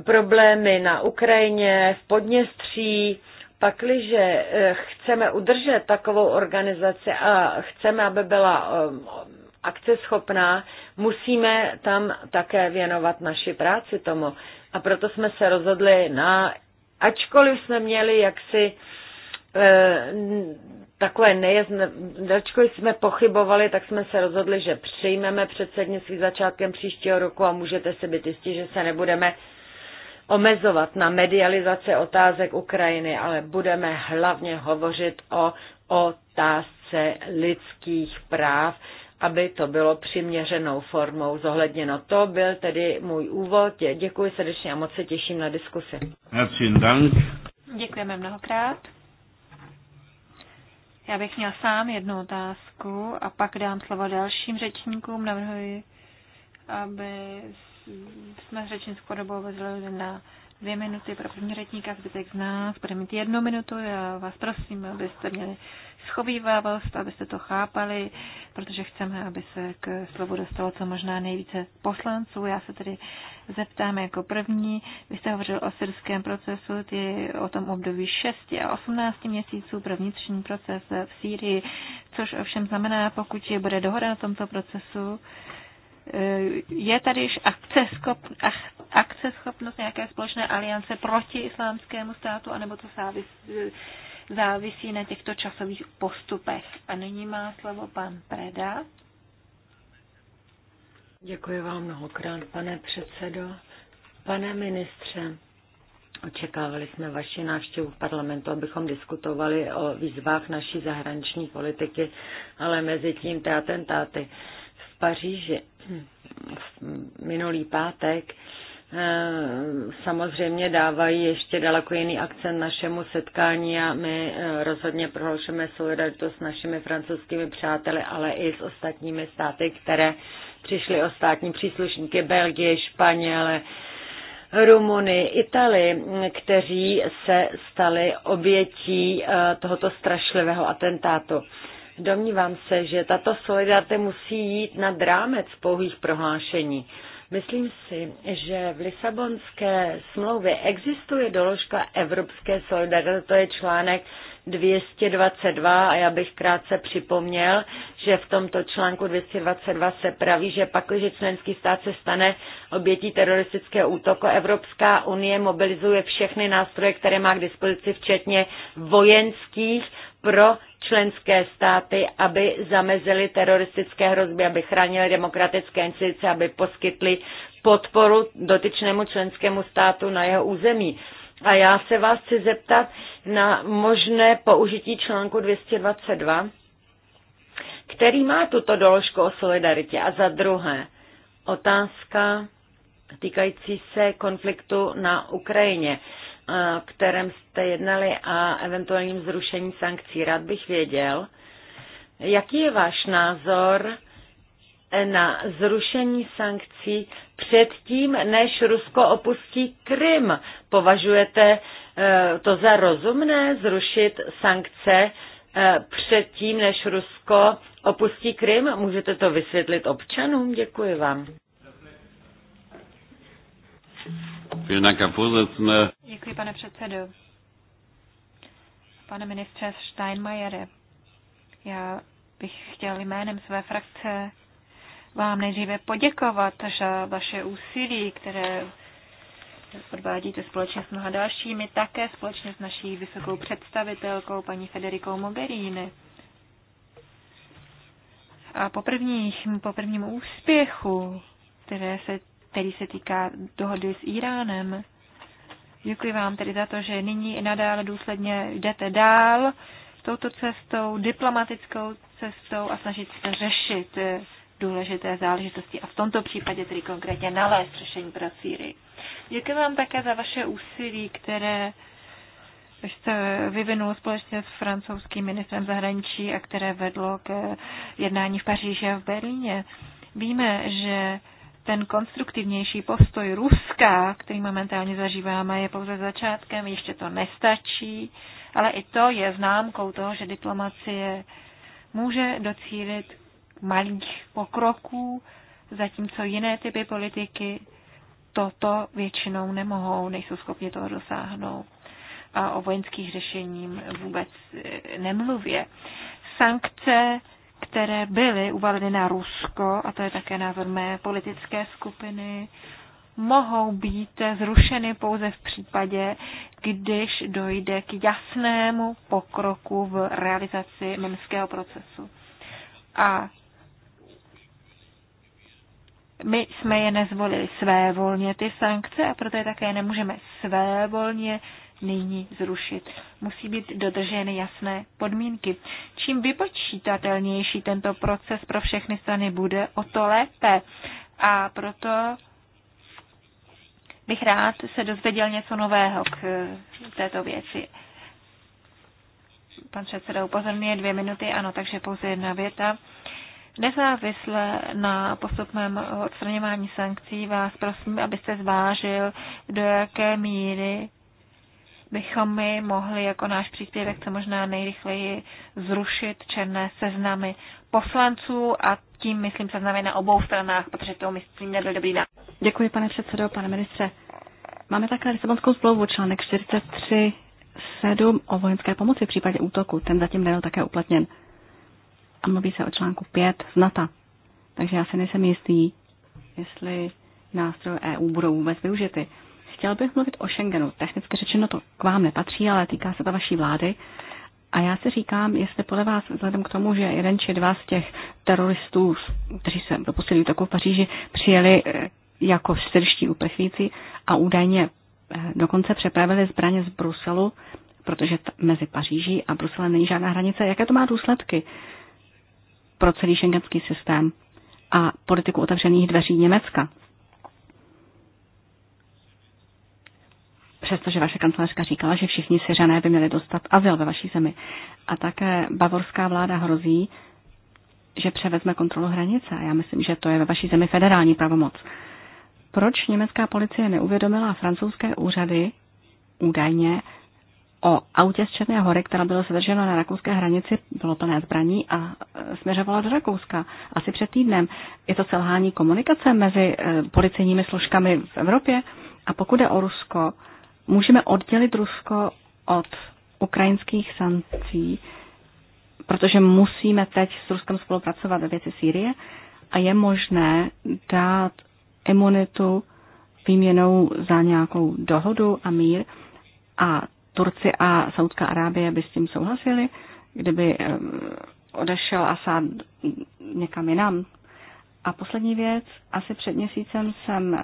Speaker 4: problémy na Ukrajině, v Podněstří, pakliže eh, chceme udržet takovou organizaci a chceme, aby byla eh, akceschopná, musíme tam také věnovat naši práci tomu. A proto jsme se rozhodli na, ačkoliv jsme měli jaksi e, takové nejezne, ačkoliv jsme pochybovali, tak jsme se rozhodli, že přijmeme předsednictví začátkem příštího roku a můžete si být jistí, že se nebudeme omezovat na medializace otázek Ukrajiny, ale budeme hlavně hovořit o otázce lidských práv, aby to bylo přiměřenou formou zohledněno. To byl tedy můj úvod. Děkuji srdečně a moc se těším na diskusi.
Speaker 3: Děkujeme mnohokrát. Já bych měl sám jednu otázku a pak dám slovo dalším řečníkům. Navrhuji, aby jsme řečnickou dobu vezli na dvě minuty pro první a zbytek z nás bude mít jednu minutu. Já vás prosím, abyste měli schovývavost, abyste to chápali, protože chceme, aby se k slovu dostalo co možná nejvíce poslanců. Já se tedy zeptám jako první. Vy jste hovořil o syrském procesu, ty o tom období 6 a 18 měsíců pro vnitřní proces v Sýrii, což ovšem znamená, pokud je bude dohoda na tomto procesu, Eh, je tady akceschopnost nějaké společné aliance proti islámskému státu, anebo to závisí, eh, závisí na těchto časových
Speaker 4: postupech. A nyní má slovo pan Preda. Děkuji vám mnohokrát, pane předsedo. Pane ministře, Očekávali jsme vaši návštěvu v parlamentu, abychom diskutovali o výzvách naší zahraniční politiky, ale mezi tím teatentáty. táty. Paříži minulý pátek eh, samozřejmě dávají ještě daleko jiný akcent našemu setkání a my eh, rozhodně prohlášeme solidaritu s našimi francouzskými přáteli, ale i s ostatními státy, které přišly o státní příslušníky Belgie, Španěle, Rumuny, Itali, kteří se stali obětí eh, tohoto strašlivého atentátu. Domnívám se, že tato solidarita musí jít nad rámec pouhých prohlášení. Myslím si, že v Lisabonské smlouvě existuje doložka Evropské solidarity, to je článek 222 a já bych krátce připomněl, že v tomto článku 222 se praví, že pak když členský stát se stane obětí teroristického útoku, Evropská unie mobilizuje všechny nástroje, které má k dispozici, včetně vojenských pro členské státy, aby zamezili teroristické hrozby, aby chránili demokratické instituce, aby poskytli podporu dotyčnému členskému státu na jeho území. A já se vás chci zeptat na možné použití článku 222, který má tuto doložku o solidaritě. A za druhé, otázka týkající se konfliktu na Ukrajině. Eh, kterém jste jednali a eventuálním zrušení sankcí. Rád bych věděl, jaký je váš názor na zrušení sankcí předtím, než Rusko opustí Krym. Považujete eh, to za rozumné zrušit sankce eh, předtím, než Rusko opustí Krym? Můžete to vysvětlit občanům? Děkuji vám.
Speaker 3: Děkuji, pane předsedo. Pane ministře Steinmeiere, já bych chtěl jménem své frakce vám nejdříve poděkovat za vaše úsilí, které odvádíte společně s mnoha dalšími, také společně s naší vysokou představitelkou, paní Federikou Mogherini. A po, prvních, po prvním úspěchu, které se který se týká dohody s Iránem. Děkuji vám tedy za to, že nyní i nadále důsledně jdete dál touto cestou, diplomatickou cestou a snažíte se řešit eh, důležité záležitosti a v tomto případě tedy konkrétně nalézt řešení pro Sýrii. Děkuji vám také za vaše úsilí, které jste vyvinul společně s francouzským ministrem zahraničí a které vedlo k eh, jednání v Paříži a v Berlíně. Víme, že ten konstruktivnější postoj Ruska, který momentálně zažíváme, je pouze začátkem, ještě to nestačí, ale i to je známkou toho, že diplomacie může docílit malých pokroků, zatímco jiné typy politiky toto většinou nemohou, nejsou schopni toho dosáhnout. A o vojenských řešením vůbec eh, nemluvě. Sankce které byly uvaleny na Rusko, a to je také názor mé politické skupiny, mohou být zrušeny pouze v případě, když dojde k jasnému pokroku v realizaci minského procesu. A my jsme je nezvolili své volně ty sankce a proto je také nemůžeme své volně nyní zrušit. Musí být dodrženy jasné podmínky. Čím vypočítatelnější tento proces pro všechny strany bude, o to lépe. A proto bych rád se dozvěděl něco nového k eh, této věci. Pan předseda upozorňuje dvě minuty, ano, takže pouze jedna věta. Nezávisle na postupném odstraňování sankcí vás prosím, abyste zvážil, do jaké míry bychom my mohli jako náš příspěvek co možná nejrychleji zrušit černé seznamy poslanců a tím, myslím, seznamy na obou stranách, protože to, myslím, nebyl dobrý nápad. Děkuji, pane předsedo, pane ministře. Máme také Lisabonskou smlouvu, článek 43 7 o vojenské pomoci v případě útoku. Ten zatím nebyl také uplatněn. A mluví se o článku 5 z NATO. Takže já si nejsem jistý, jestli nástroje EU budou vůbec využity. Chtěl bych mluvit o Schengenu. Technicky řečeno to k vám nepatří, ale týká se to vaší vlády. A já si říkám, jestli podle vás, vzhledem k tomu, že jeden či dva z těch teroristů, kteří se dopustili útoku v Paříži, přijeli eh, jako syrští uprchlíci a údajně eh, dokonce přepravili zbraně z Bruselu, protože mezi Paříží a Bruselem není žádná hranice. Jaké to má důsledky pro celý šengenský systém a politiku otevřených dveří Německa? přestože vaše kancelářka říkala, že všichni Syřané by měli dostat azyl ve vaší zemi. A také bavorská vláda hrozí, že převezme kontrolu hranice. A já myslím, že to je ve vaší zemi federální pravomoc. Proč německá policie neuvědomila francouzské úřady údajně o autě z Černé hory, která byla zadržena na rakouské hranici, bylo plné zbraní a e, směřovala do Rakouska asi před týdnem. Je to selhání komunikace mezi e, policejními složkami v Evropě? A pokud je o Rusko, Můžeme oddělit Rusko od ukrajinských sankcí, protože musíme teď s Ruskem spolupracovat ve věci Sýrie a je možné dát imunitu výměnou za nějakou dohodu a mír a Turci a Saudská Arábie by s tím souhlasili, kdyby eh, odešel Asad někam jinam. A poslední věc, asi před měsícem jsem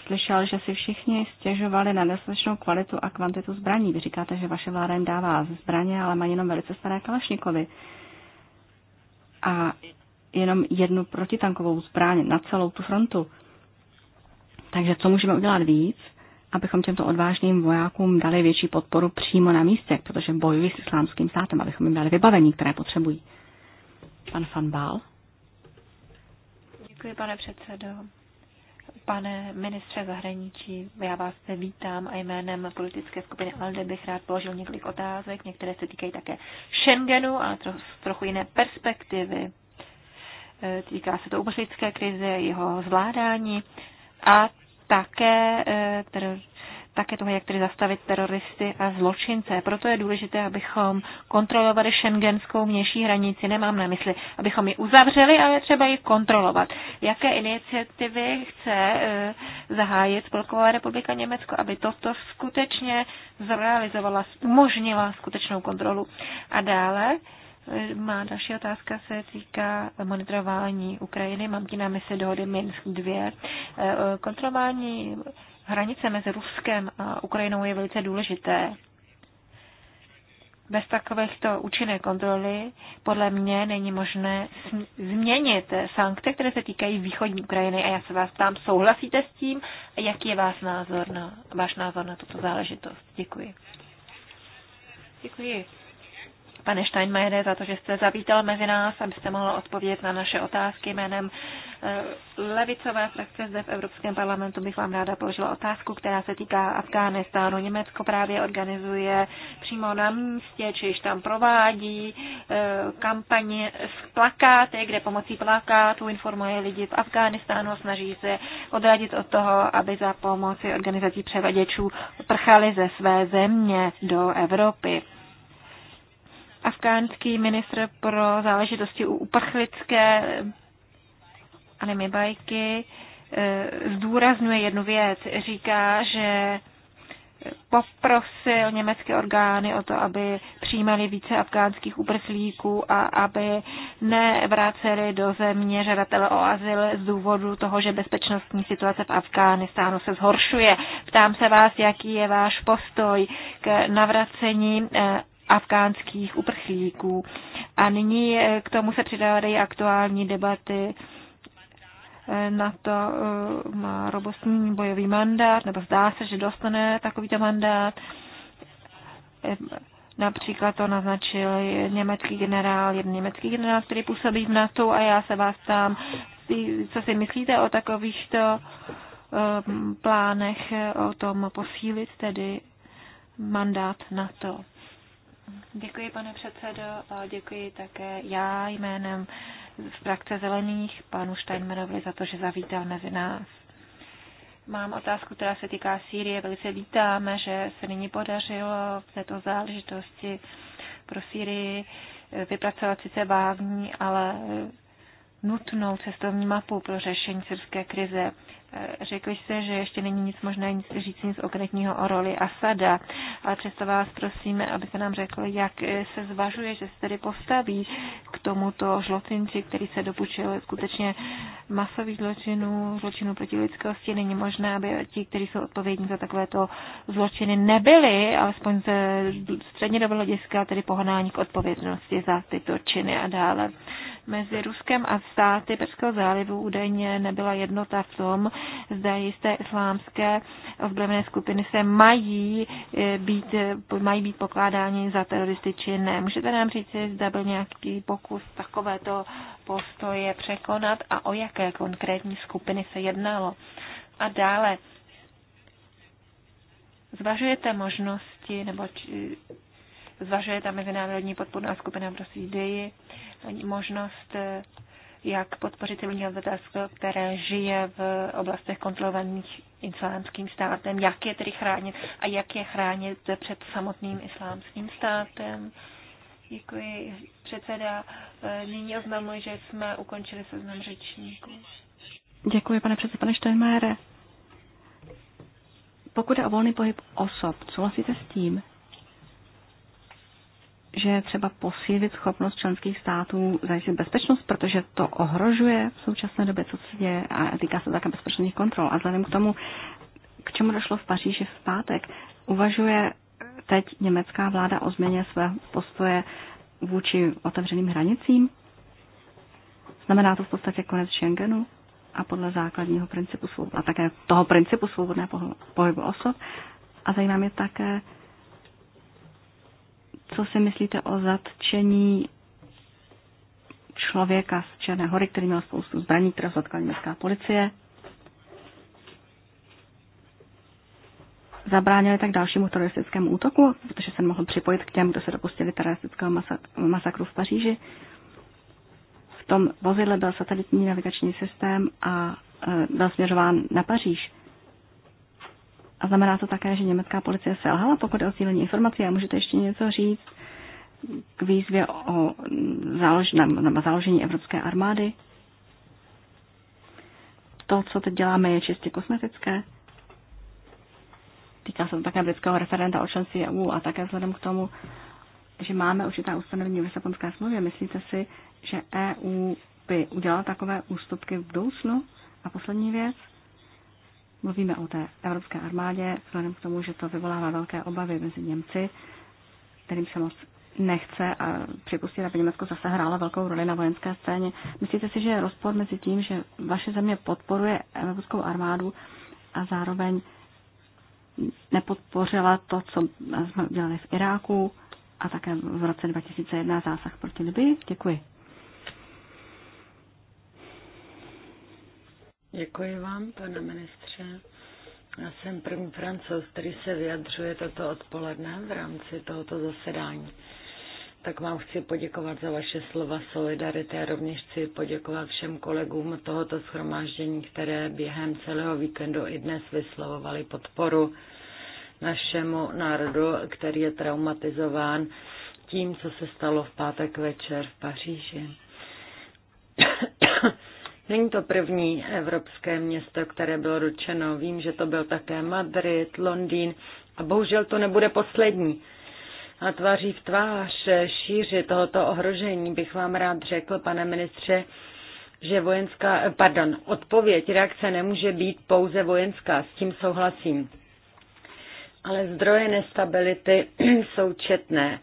Speaker 3: slyšel, že si všichni stěžovali na nedostatečnou kvalitu a kvantitu zbraní. Vy říkáte, že vaše vláda jim dává zbraně, ale má jenom velice staré kalašnikovy. A jenom jednu protitankovou zbraň na celou tu frontu. Takže co můžeme udělat víc, abychom těmto odvážným vojákům dali větší podporu přímo na místě, protože bojují s islámským státem, abychom jim dali vybavení, které potřebují. Pan Fanbal.
Speaker 1: Děkuji,
Speaker 5: pane předsedo. Pane ministře zahraničí, já vás vítám a jménem politické skupiny ALDE bych rád položil několik otázek. Některé se týkají také
Speaker 3: Schengenu a tro, trochu jiné perspektivy. E, týká se to uprchlické krize, jeho zvládání a také e, také toho, jak tedy zastavit teroristy a zločince. Proto je důležité, abychom kontrolovali šengenskou vnější hranici. Nemám na mysli, abychom ji uzavřeli, ale třeba ji kontrolovat. Jaké iniciativy chce e, zahájit Spolková republika Německo, aby toto skutečně zrealizovala, umožnila skutečnou kontrolu. A dále e, má další otázka se týká monitorování Ukrajiny. Mám ti na mysli dohody Minsk 2. E, kontrolování hranice mezi Ruskem a Ukrajinou je velice důležité. Bez takovýchto účinné kontroly podle mě není možné změnit sankce, které se týkají východní Ukrajiny. A já se vás ptám, souhlasíte s tím? A jaký je váš názor na, váš názor na tuto záležitost? Děkuji. Děkuji pane Steinmeiere, za to, že jste zavítal mezi nás, abyste mohl odpovědět na naše otázky jménem eh, levicové frakce zde v Evropském parlamentu. Bych vám ráda položila otázku, která se týká Afghánistánu. Německo právě organizuje přímo na místě, čiž tam provádí eh, kampaně s plakáty, kde pomocí plakátů informuje lidi v Afghánistánu a snaží se odradit od toho, aby za pomoci organizací převaděčů prchali ze své země do Evropy afgánský ministr pro záležitosti uprchlické eh, animibajky Bajky eh, zdůrazňuje jednu věc. Říká, že poprosil německé orgány o to, aby přijímali více afgánských uprchlíků a aby nevraceli do země žadatele o azyl z důvodu toho, že bezpečnostní situace v Afghánistánu se zhoršuje. Ptám se vás, jaký je váš postoj k navracení eh, afgánských uprchlíků. A nyní k tomu se přidávají aktuální debaty na to eh, má robustní bojový mandát, nebo zdá se, že dostane takovýto mandát. Eh, například to naznačil německý generál, jeden německý generál, který působí v NATO a já se vás tam, co si myslíte o takovýchto eh, plánech o tom posílit tedy mandát NATO? Děkuji, pane předsedo, a děkuji také já jménem v frakce zelených panu Steinmanovi za to, že zavítal mezi nás. Mám otázku, která se týká Sýrie. Velice vítáme, že se nyní podařilo v této záležitosti pro Sýrii vypracovat sice bávní, ale nutnou cestovní mapu pro řešení syrské krize. Řekli jste, že ještě není nic možné nic, říct nic konkrétního o roli Asada, ale přesto vás prosíme, abyste nám řekli, jak se zvažuje, že se tedy postaví k tomuto žlotinci, který se dopučil skutečně masových zločinů, zločinů proti lidskosti. Není možné, aby ti, kteří jsou odpovědní za takovéto zločiny, nebyli, alespoň ze středně hlediska, tedy pohonání k odpovědnosti za tyto činy a dále. Mezi Ruskem a státy Perského zálivu údajně nebyla jednota v tom, zda jisté islámské ozbrojené skupiny se mají eh, být, eh, mají být pokládáni za teroristy či ne. Můžete nám říct, zda byl nějaký pokus takovéto postoje překonat a o jaké konkrétní skupiny se jednalo? A dále, zvažujete možnosti nebo či, Zvažuje tam Mezinárodní podpůrná skupina pro Sýdii možnost, eh, jak podpořit civilní obyvatelstvo, které žije v oblastech kontrolovaných islámským státem, jak je tedy chránit a jak je chránit před samotným islámským státem. Děkuji, předseda. Eh, nyní oznamuji, že jsme ukončili seznam řečníků. Děkuji, pane předseda, Pane Steinmeiere, pokud je o volný pohyb osob, souhlasíte s tím, že je třeba posílit schopnost členských států zajistit bezpečnost, protože to ohrožuje v současné době, co se děje a týká se také bezpečnostních kontrol. A vzhledem k tomu, k čemu došlo v Paříži v pátek, uvažuje teď německá vláda o změně svého postoje vůči otevřeným hranicím? Znamená to v podstatě konec Schengenu a podle základního principu svobody, a také toho principu svobodné pohybu osob. A zajímá mě také, co si myslíte o zatčení člověka z Černé hory, který měl spoustu zbraní, které zatkala německá policie. Zabránili tak dalšímu teroristickému útoku, protože se mohl připojit k těm, kdo se dopustili teroristického masakru v Paříži. V tom vozidle byl satelitní navigační systém a e, byl směřován na Paříž. A znamená to také, že německá policie selhala, pokud je o sdílení informací. A můžete ještě něco říct k výzvě o zálož, na, na založení Evropské armády? To, co teď děláme, je čistě kosmetické. Týká se to také britského referenta o členství EU a také vzhledem k tomu, že máme určitá ustanovení v Lisabonské smlouvě. Myslíte si, že EU by udělala takové ústupky v budoucnu? A poslední věc – Mluvíme o té evropské armádě, vzhledem k tomu, že to vyvolává velké obavy mezi Němci, kterým se moc nechce a připustit, aby Německo zase hrálo velkou roli na vojenské scéně. Myslíte si, že je rozpor mezi tím, že vaše země podporuje evropskou armádu a zároveň nepodpořila to, co jsme udělali v Iráku a také v roce 2001 zásah proti Libii? Děkuji.
Speaker 4: Děkuji vám, pane ministře. Já jsem první francouz, který se vyjadřuje toto odpoledne v rámci tohoto zasedání. Tak vám chci poděkovat za vaše slova solidarity a rovněž chci poděkovat všem kolegům tohoto schromáždění, které během celého víkendu i dnes vyslovovali podporu našemu národu, který je traumatizován tím, co se stalo v pátek večer v Paříži. Není to první evropské město, které bylo ručeno. Vím, že to byl také Madrid, Londýn a bohužel to nebude poslední. A tváří v tvář šíři tohoto ohrožení bych vám rád řekl, pane ministře, že vojenská, pardon, odpověď, reakce nemůže být pouze vojenská, s tím souhlasím. Ale zdroje nestability jsou četné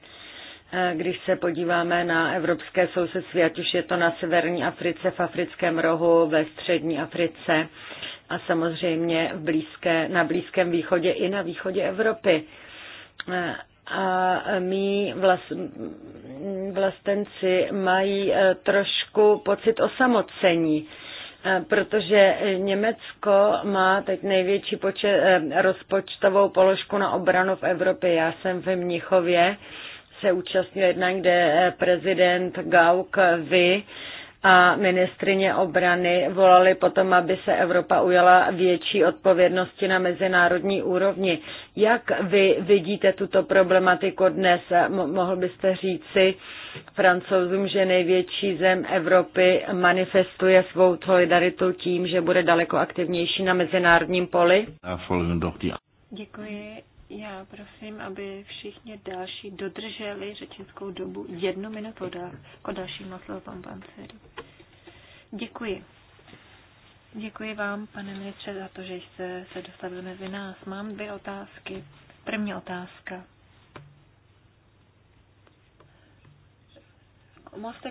Speaker 4: Eh, když se podíváme na evropské sousedství, ať už je to na severní Africe, v africkém rohu, ve střední Africe a samozřejmě v blízké, na Blízkém východě i na východě Evropy. Eh, a mý vlast, vlastenci mají eh, trošku pocit osamocení protože Německo má teď největší počet, rozpočtovou položku na obranu v Evropě. Já jsem ve Mnichově se účastnil jednání, kde eh, prezident Gauk vy a ministrině obrany volali potom, aby se Evropa ujala větší odpovědnosti na mezinárodní úrovni. Jak vy vidíte tuto problematiku dnes? Mohl byste říci francouzům, že největší zem Evropy manifestuje svou solidaritu tím, že bude daleko aktivnější na mezinárodním poli?
Speaker 1: Děkuji.
Speaker 3: Já prosím, aby všichni další dodrželi řečnickou dobu jednu minutu dál. Jako další má pan Panceri. Děkuji. Děkuji vám, pane ministře, za to, že jste se dostavil mezi nás. Mám dvě otázky. První otázka. Moc jste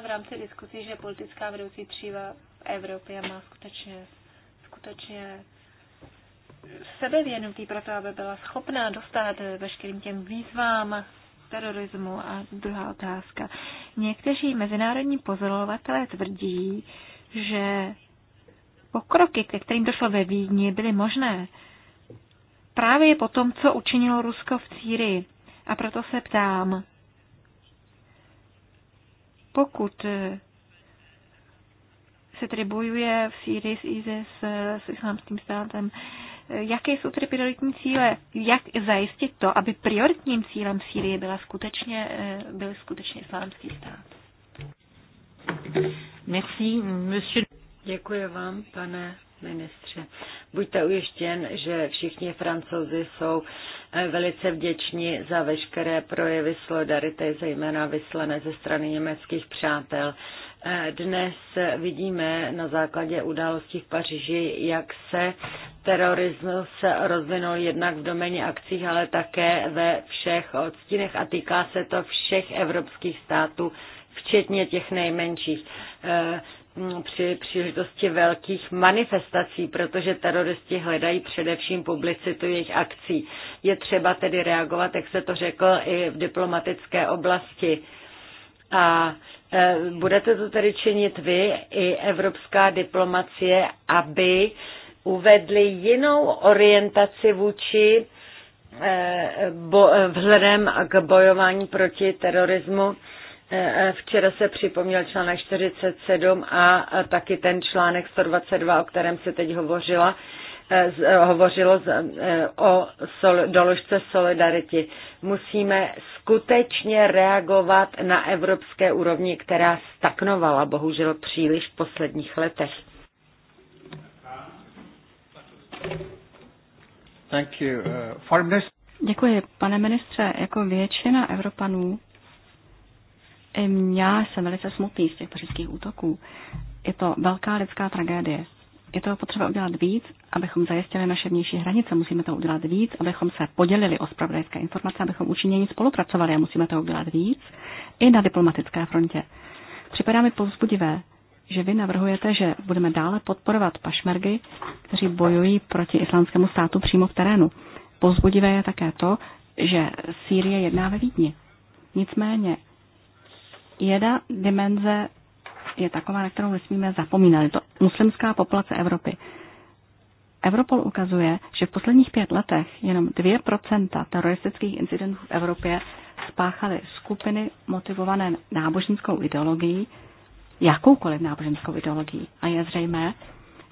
Speaker 3: v rámci diskuzí, že politická vedoucí tříva v Evropě má skutečně, skutečně sebevědomí pro to, aby byla schopná dostat veškerým těm výzvám terorismu. A druhá otázka. Někteří mezinárodní pozorovatelé tvrdí, že pokroky, ke kterým došlo ve Vídni, byly možné právě po tom, co učinilo Rusko v Sýrii. A proto se ptám, pokud se tedy bojuje v Sýrii s ISIS, s islámským státem, jaké jsou tedy prioritní cíle, jak zajistit to, aby prioritním cílem Sýrie byla skutečně, eh, byl skutečně
Speaker 4: islámský stát. Merci, monsieur. Děkuji vám, pane ministře. Buďte ujištěn, že všichni francouzi jsou eh, velice vděční za veškeré projevy solidarity, zejména vyslané ze strany německých přátel. Dnes vidíme na základě událostí v Paříži, jak se terorismus rozvinul jednak v doméně akcích, ale také ve všech odstínech a týká se to všech evropských států, včetně těch nejmenších eh, při příležitosti velkých manifestací, protože teroristi hledají především publicitu jejich akcí. Je třeba tedy reagovat, jak se to řekl, i v diplomatické oblasti a e, budete to tedy činit vy i evropská diplomacie, aby uvedli jinou orientaci vůči e, bo, e, vzhledem k bojování proti terorismu. Včera se připomněl článek 47 a taky ten článek 122, o kterém se teď hovořila, Eh, eh, hovořilo eh, o doložce solidarity. Musíme skutečně reagovat na evropské úrovni, která stagnovala bohužel příliš v posledních letech.
Speaker 1: Thank you. Uh,
Speaker 3: Děkuji, pane ministře. Jako většina Evropanů, já jsem velice smutný z těch pařížských útoků. Je to velká lidská tragédie je toho potřeba udělat víc, abychom zajistili naše vnější hranice. Musíme to udělat víc, abychom se podělili o spravodajské informace, abychom účinněji spolupracovali a musíme to udělat víc i na diplomatické frontě. Připadá mi povzbudivé, že vy navrhujete, že budeme dále podporovat pašmergy, kteří bojují proti islámskému státu přímo v terénu. Povzbudivé je také to, že Sýrie jedná ve Vídni. Nicméně jedna dimenze je taková, na kterou nesmíme zapomínat. Je to muslimská populace Evropy. Europol ukazuje, že v posledních pět letech jenom 2% teroristických incidentů v Evropě spáchaly skupiny motivované náboženskou ideologií, jakoukoliv náboženskou ideologií. A je zřejmé,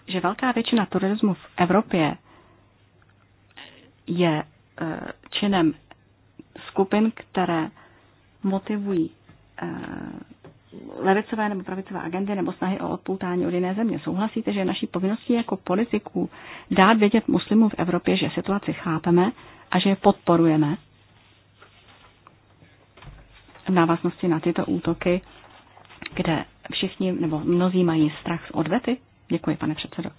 Speaker 3: že velká většina terorismu v Evropě je e, činem skupin, které motivují e, levicové nebo pravicové agendy nebo snahy o odpoutání od jiné země. Souhlasíte, že je naší povinností jako politiků dát vědět muslimům v Evropě, že situaci chápeme a že je podporujeme? V návaznosti na tyto útoky, kde všichni nebo mnozí mají strach z odvety? Děkuji, pane předsedo.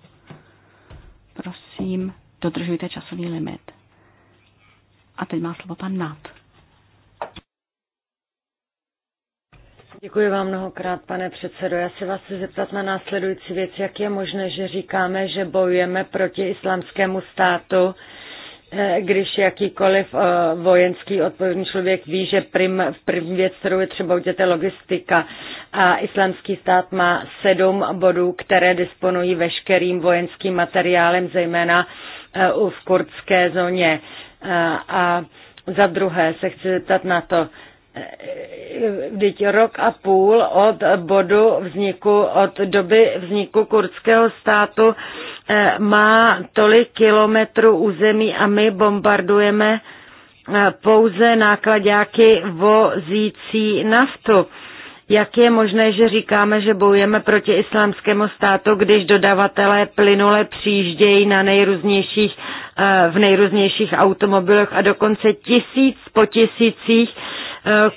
Speaker 3: Prosím, dodržujte časový limit. A teď má slovo pan Nat.
Speaker 4: Děkuji vám mnohokrát, pane předsedo. Já se vás chci zeptat na následující věc. Jak je možné, že říkáme, že bojujeme proti islámskému státu, eh, když jakýkoliv eh, vojenský odpovědný člověk ví, že prim, v první věc, kterou je třeba udělat, logistika. A islámský stát má sedm bodů, které disponují veškerým vojenským materiálem, zejména eh, v kurdské zóně. A za druhé se chci zeptat na to, Vždyť rok a půl od bodu vzniku, od doby vzniku kurdského státu eh, má tolik kilometrů území a my bombardujeme eh, pouze nákladňáky vozící naftu. Jak je možné, že říkáme, že bojujeme proti islámskému státu, když dodavatelé plynule přijíždějí na nejrůznějších, eh, v nejrůznějších automobilech a dokonce tisíc po tisících Eh,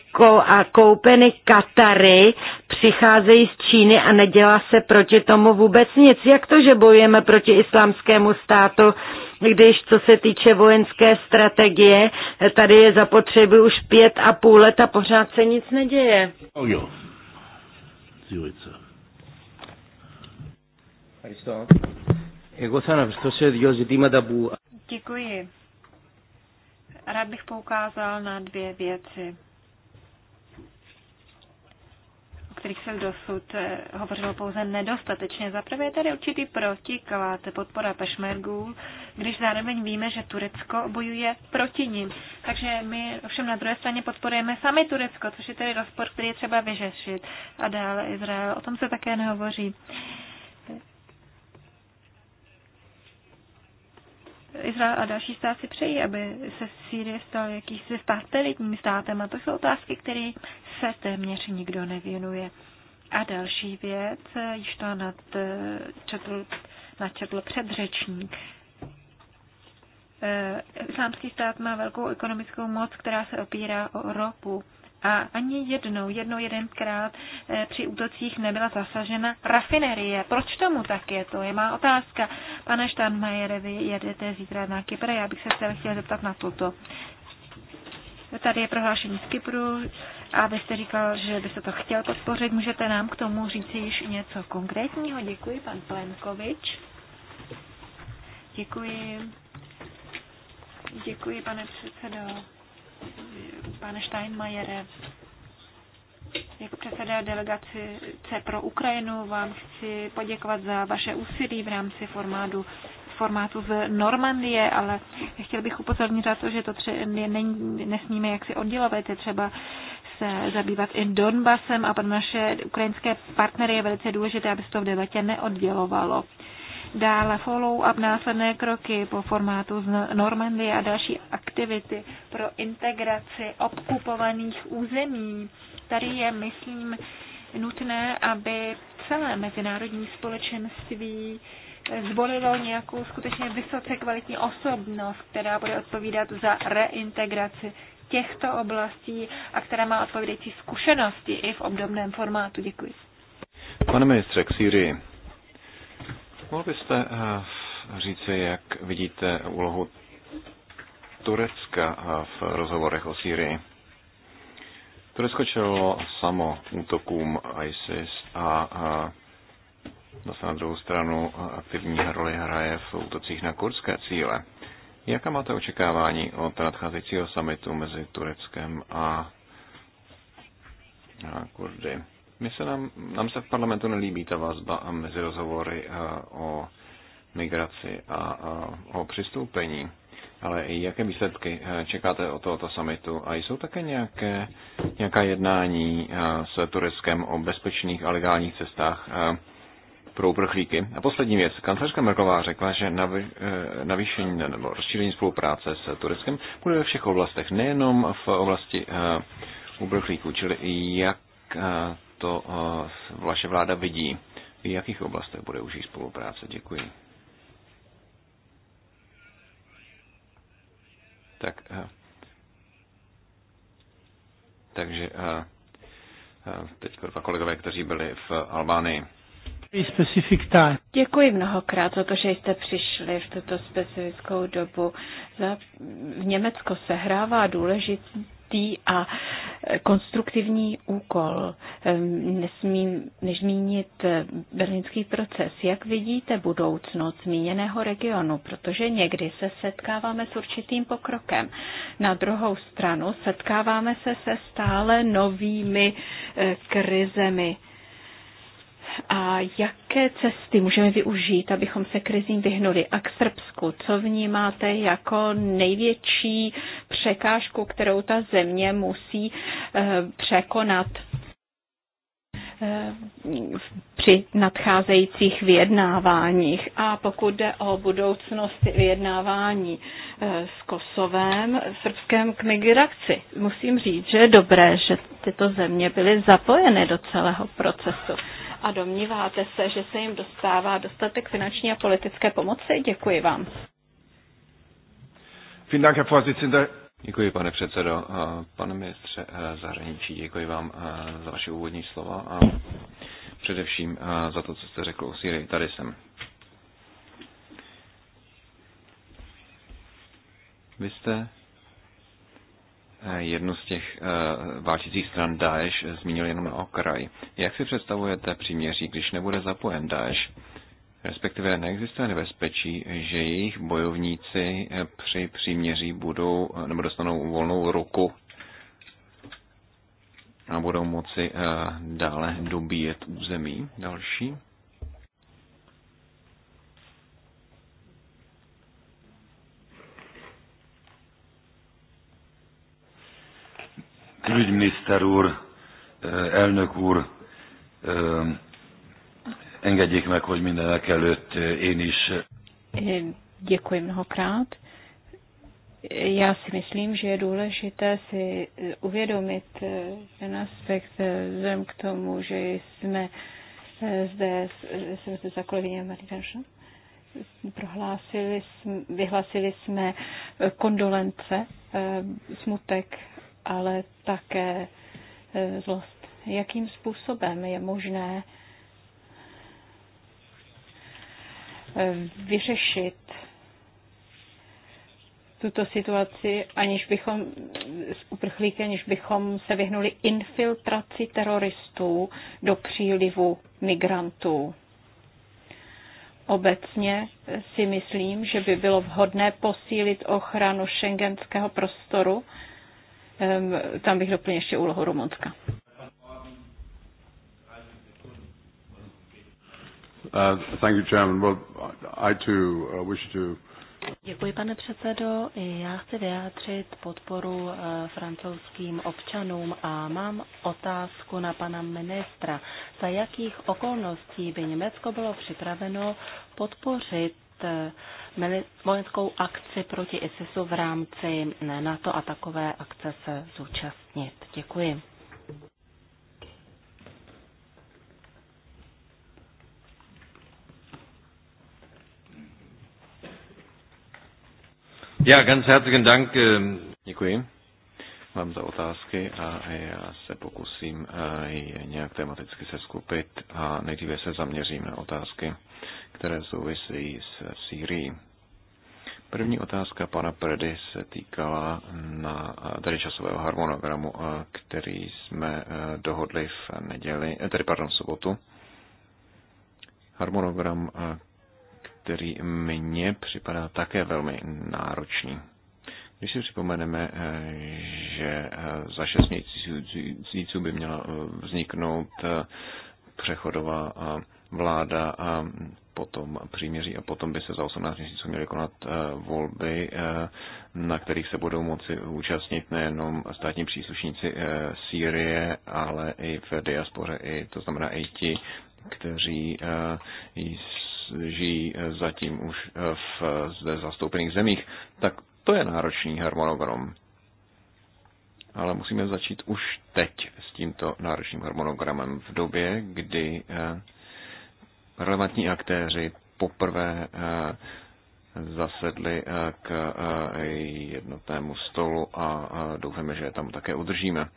Speaker 4: a koupeny Katary přicházejí z Číny a nedělá se proti tomu vůbec nic. Jak to, že bojujeme proti islámskému státu, když co se týče vojenské strategie, eh, tady je zapotřeby už pět a půl let a pořád se nic neděje.
Speaker 1: Oh, jo.
Speaker 3: Děkuji. Rád bych poukázal na dvě věci. kterých se dosud eh, hovořilo pouze nedostatečně. Zaprvé je tady určitý protiklad podpora pešmergů, když zároveň víme, že Turecko bojuje proti ním, Takže my ovšem na druhé straně podporujeme sami Turecko, což je tedy rozpor, který je třeba vyřešit. A dále Izrael, o tom se také nehovoří. Uh, Izrael a další stát si přejí, aby se Sýrie stal jakýsi stát státem. A to jsou otázky, které se téměř nikdo nevěnuje. A další věc, již to nadčetl, nadčetl předřečník. E, islámský stát má velkou ekonomickou moc, která se opírá o ropu a ani jednou, jednou jedenkrát eh, při útocích nebyla zasažena rafinerie. Proč tomu tak je? To je má otázka. Pane Štanmajere, vy jedete zítra na Kypr, já bych se chtěl, chtěl zeptat na toto. Tady je prohlášení z Kypru a vy jste říkal, že byste to chtěl podpořit. Můžete nám k tomu říct již něco konkrétního? Děkuji, pan Plenkovič. Děkuji. Děkuji, pane předsedo pane Steinmeiere, jako předseda delegace pro Ukrajinu vám chci poděkovat za vaše úsilí v rámci formátu, formátu z Normandie, ale chtěl bych upozornit na to, že to tře- ne, ne, nesmíme jaksi oddělovat, je třeba se zabývat i Donbasem a pro naše ukrajinské partnery je velice důležité, aby se to v debatě neoddělovalo dále follow-up následné kroky po formátu z Normandie a další aktivity pro integraci obkupovaných území. Tady je, myslím, nutné, aby celé mezinárodní společenství zvolilo nějakou skutečně vysoce kvalitní osobnost, která bude odpovídat za reintegraci těchto oblastí a která má odpovědějící zkušenosti i v obdobném formátu. Děkuji.
Speaker 2: Pane ministře, k Sýrii. Mohl byste eh, říci, jak vidíte úlohu Turecka eh, v rozhovorech o Sýrii? Turecko čelilo samo útokům ISIS a, eh, zase na druhou stranu aktivní roli hraje v útocích na kurdské cíle. Jaká máte očekávání od nadcházejícího samitu mezi Tureckem a, a Kurdy? My se nám, nám se v parlamentu nelíbí ta vazba mezi rozhovory eh, o migraci a o přistoupení. Ale i jaké výsledky eh, čekáte od tohoto samitu? A jsou také nějaké, nějaká jednání eh, s Tureckem o bezpečných a legálních cestách pro uprchlíky? A poslední věc. Kancelářka Merklová řekla, že navýšení nebo rozšíření spolupráce s Tureckem bude ve všech oblastech, nejenom v oblasti uprchlíků. Čili jak to eh, vaše vláda vidí. V jakých oblastech bude užší spolupráce? Děkuji. Tak, eh, takže eh, teď dva kolegové, kteří byli v Albánii.
Speaker 1: Děkuji
Speaker 3: mnohokrát za to, že jste přišli v tuto specifickou dobu. V Německo se hrává důležitý složitý a eh, konstruktivní úkol. Ehm, nesmím než zmínit eh, berlínský proces. Jak vidíte budoucnost zmíněného regionu? Protože někdy se setkáváme s určitým pokrokem. Na druhou stranu setkáváme se se stále novými eh, krizemi a jaké cesty můžeme využít, abychom se krizím vyhnuli? A k Srbsku, co vnímáte jako největší překážku, kterou ta země musí eh, překonat eh, při nadcházejících vyjednáváních. A pokud jde o budoucnost vyjednávání eh, s Kosovem, srbském k migraci, musím říct, že je dobré, že tyto země byly zapojeny do celého procesu a domníváte se, že se jim dostává dostatek finanční a politické pomoci? Děkuji vám.
Speaker 2: Děkuji, pane předsedo. Pane ministře e, zahraničí, děkuji vám e, za vaše úvodní slova a především e, za to, co jste řekl o Syrii. Tady jsem. Vy jste Eh, jednu z těch eh, válčících stran Daesh zmínil jenom na okraj. Jak si představujete příměří, když nebude zapojen Daesh? Respektive neexistuje nebezpečí, že jejich bojovníci eh, při příměří budou nebo dostanou volnou ruku a budou moci dále dobíjet území další.
Speaker 1: miniszter úr, e, elnök úr, e, engedjék meg, hogy mindenek előtt e, én is.
Speaker 3: Děkuji mnohokrát. Já si myslím, že je důležité si uvědomit ten aspekt vzhledem k tomu, že jsme zde, jsem se za kolegyně Maritanša, prohlásili, vyhlásili jsme kondolence, smutek ale také eh, zlost. Jakým způsobem je možné eh, vyřešit tuto situaci, aniž bychom uprchlíky, aniž bychom se vyhnuli infiltraci teroristů do přílivu migrantů. Obecně si myslím, že by bylo vhodné posílit ochranu šengenského prostoru tam bych doplnil ještě úlohu Rumunska.
Speaker 1: Uh, uh,
Speaker 5: Děkuji, pane předsedo. Já chci vyjádřit podporu uh, francouzským občanům a mám otázku na pana ministra. Za jakých okolností by Německo bylo připraveno podpořit Eh, vojenskou akci proti ISISu v rámci NATO a takové akce se zúčastnit. Děkuji.
Speaker 2: Ja, ganz herzlichen Dank. Ähm, Děkuji vám za otázky a já se pokusím eh, je nějak tematicky se skupit a nejdříve se zaměřím na otázky, které souvisí s Sýrií. První otázka pana Predy se týkala na, eh, tady časového harmonogramu, eh, který jsme dohodli v neděli, tedy pardon, v sobotu. Harmonogram, který mně připadá také velmi náročný. Když si připomeneme, eh, že eh, za šest měsíců by měla eh, vzniknout přechodová vláda a potom příměří a potom by se za 18 měsíců měly konat volby, na kterých se budou moci účastnit nejenom státní příslušníci Sýrie, ale i v diaspoře, i, to znamená i ti, kteří žijí zatím už v zde zastoupených zemích, tak to je náročný harmonogram. Ale musíme začít už teď s tímto náročným harmonogramem v době, kdy eh, relevantní aktéři poprvé eh, zasedli eh, k jednotnému stolu a doufáme, že je tam také udržíme.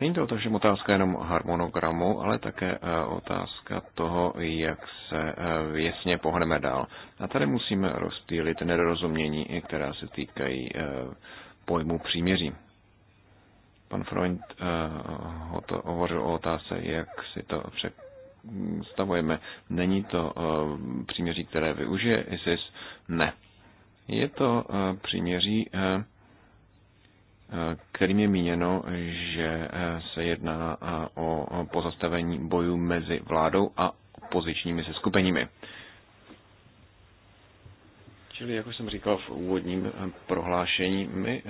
Speaker 2: Není to ovšem otázka jenom harmonogramu, ale také eh, otázka toho, jak se eh, věcně pohneme dál. A tady musíme rozptýlit nedorozumění, která se týkají eh, pojmu příměří. Pan Freund ho to hovořil o otázce, jak si to představujeme. Není to příměří, které využije ISIS? Ne. Je to příměří, kterým je míněno, že eh, se jedná eh, o pozastavení bojů mezi vládou a opozičními seskupeními. Čili, jak už jsem říkal v úvodním eh, prohlášení, my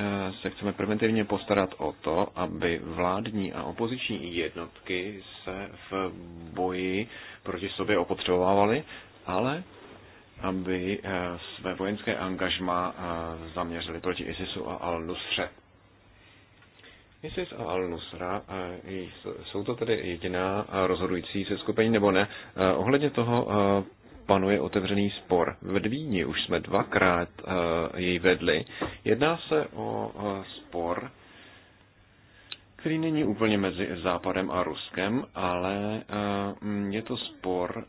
Speaker 2: se chceme preventivně postarat o to, aby vládní a opoziční jednotky se v boji proti sobě opotřebovávaly, ale aby své vojenské angažma zaměřili proti ISISu a Al-Nusře. ISIS a Al-Nusra eh, jsou to tedy jediná eh, rozhodující se skupení nebo ne. Eh, ohledně toho panuje otevřený spor. V Dvíni už jsme dvakrát jej vedli. Jedná se o spor, který není úplně mezi Západem a Ruskem, ale mm, je to spor,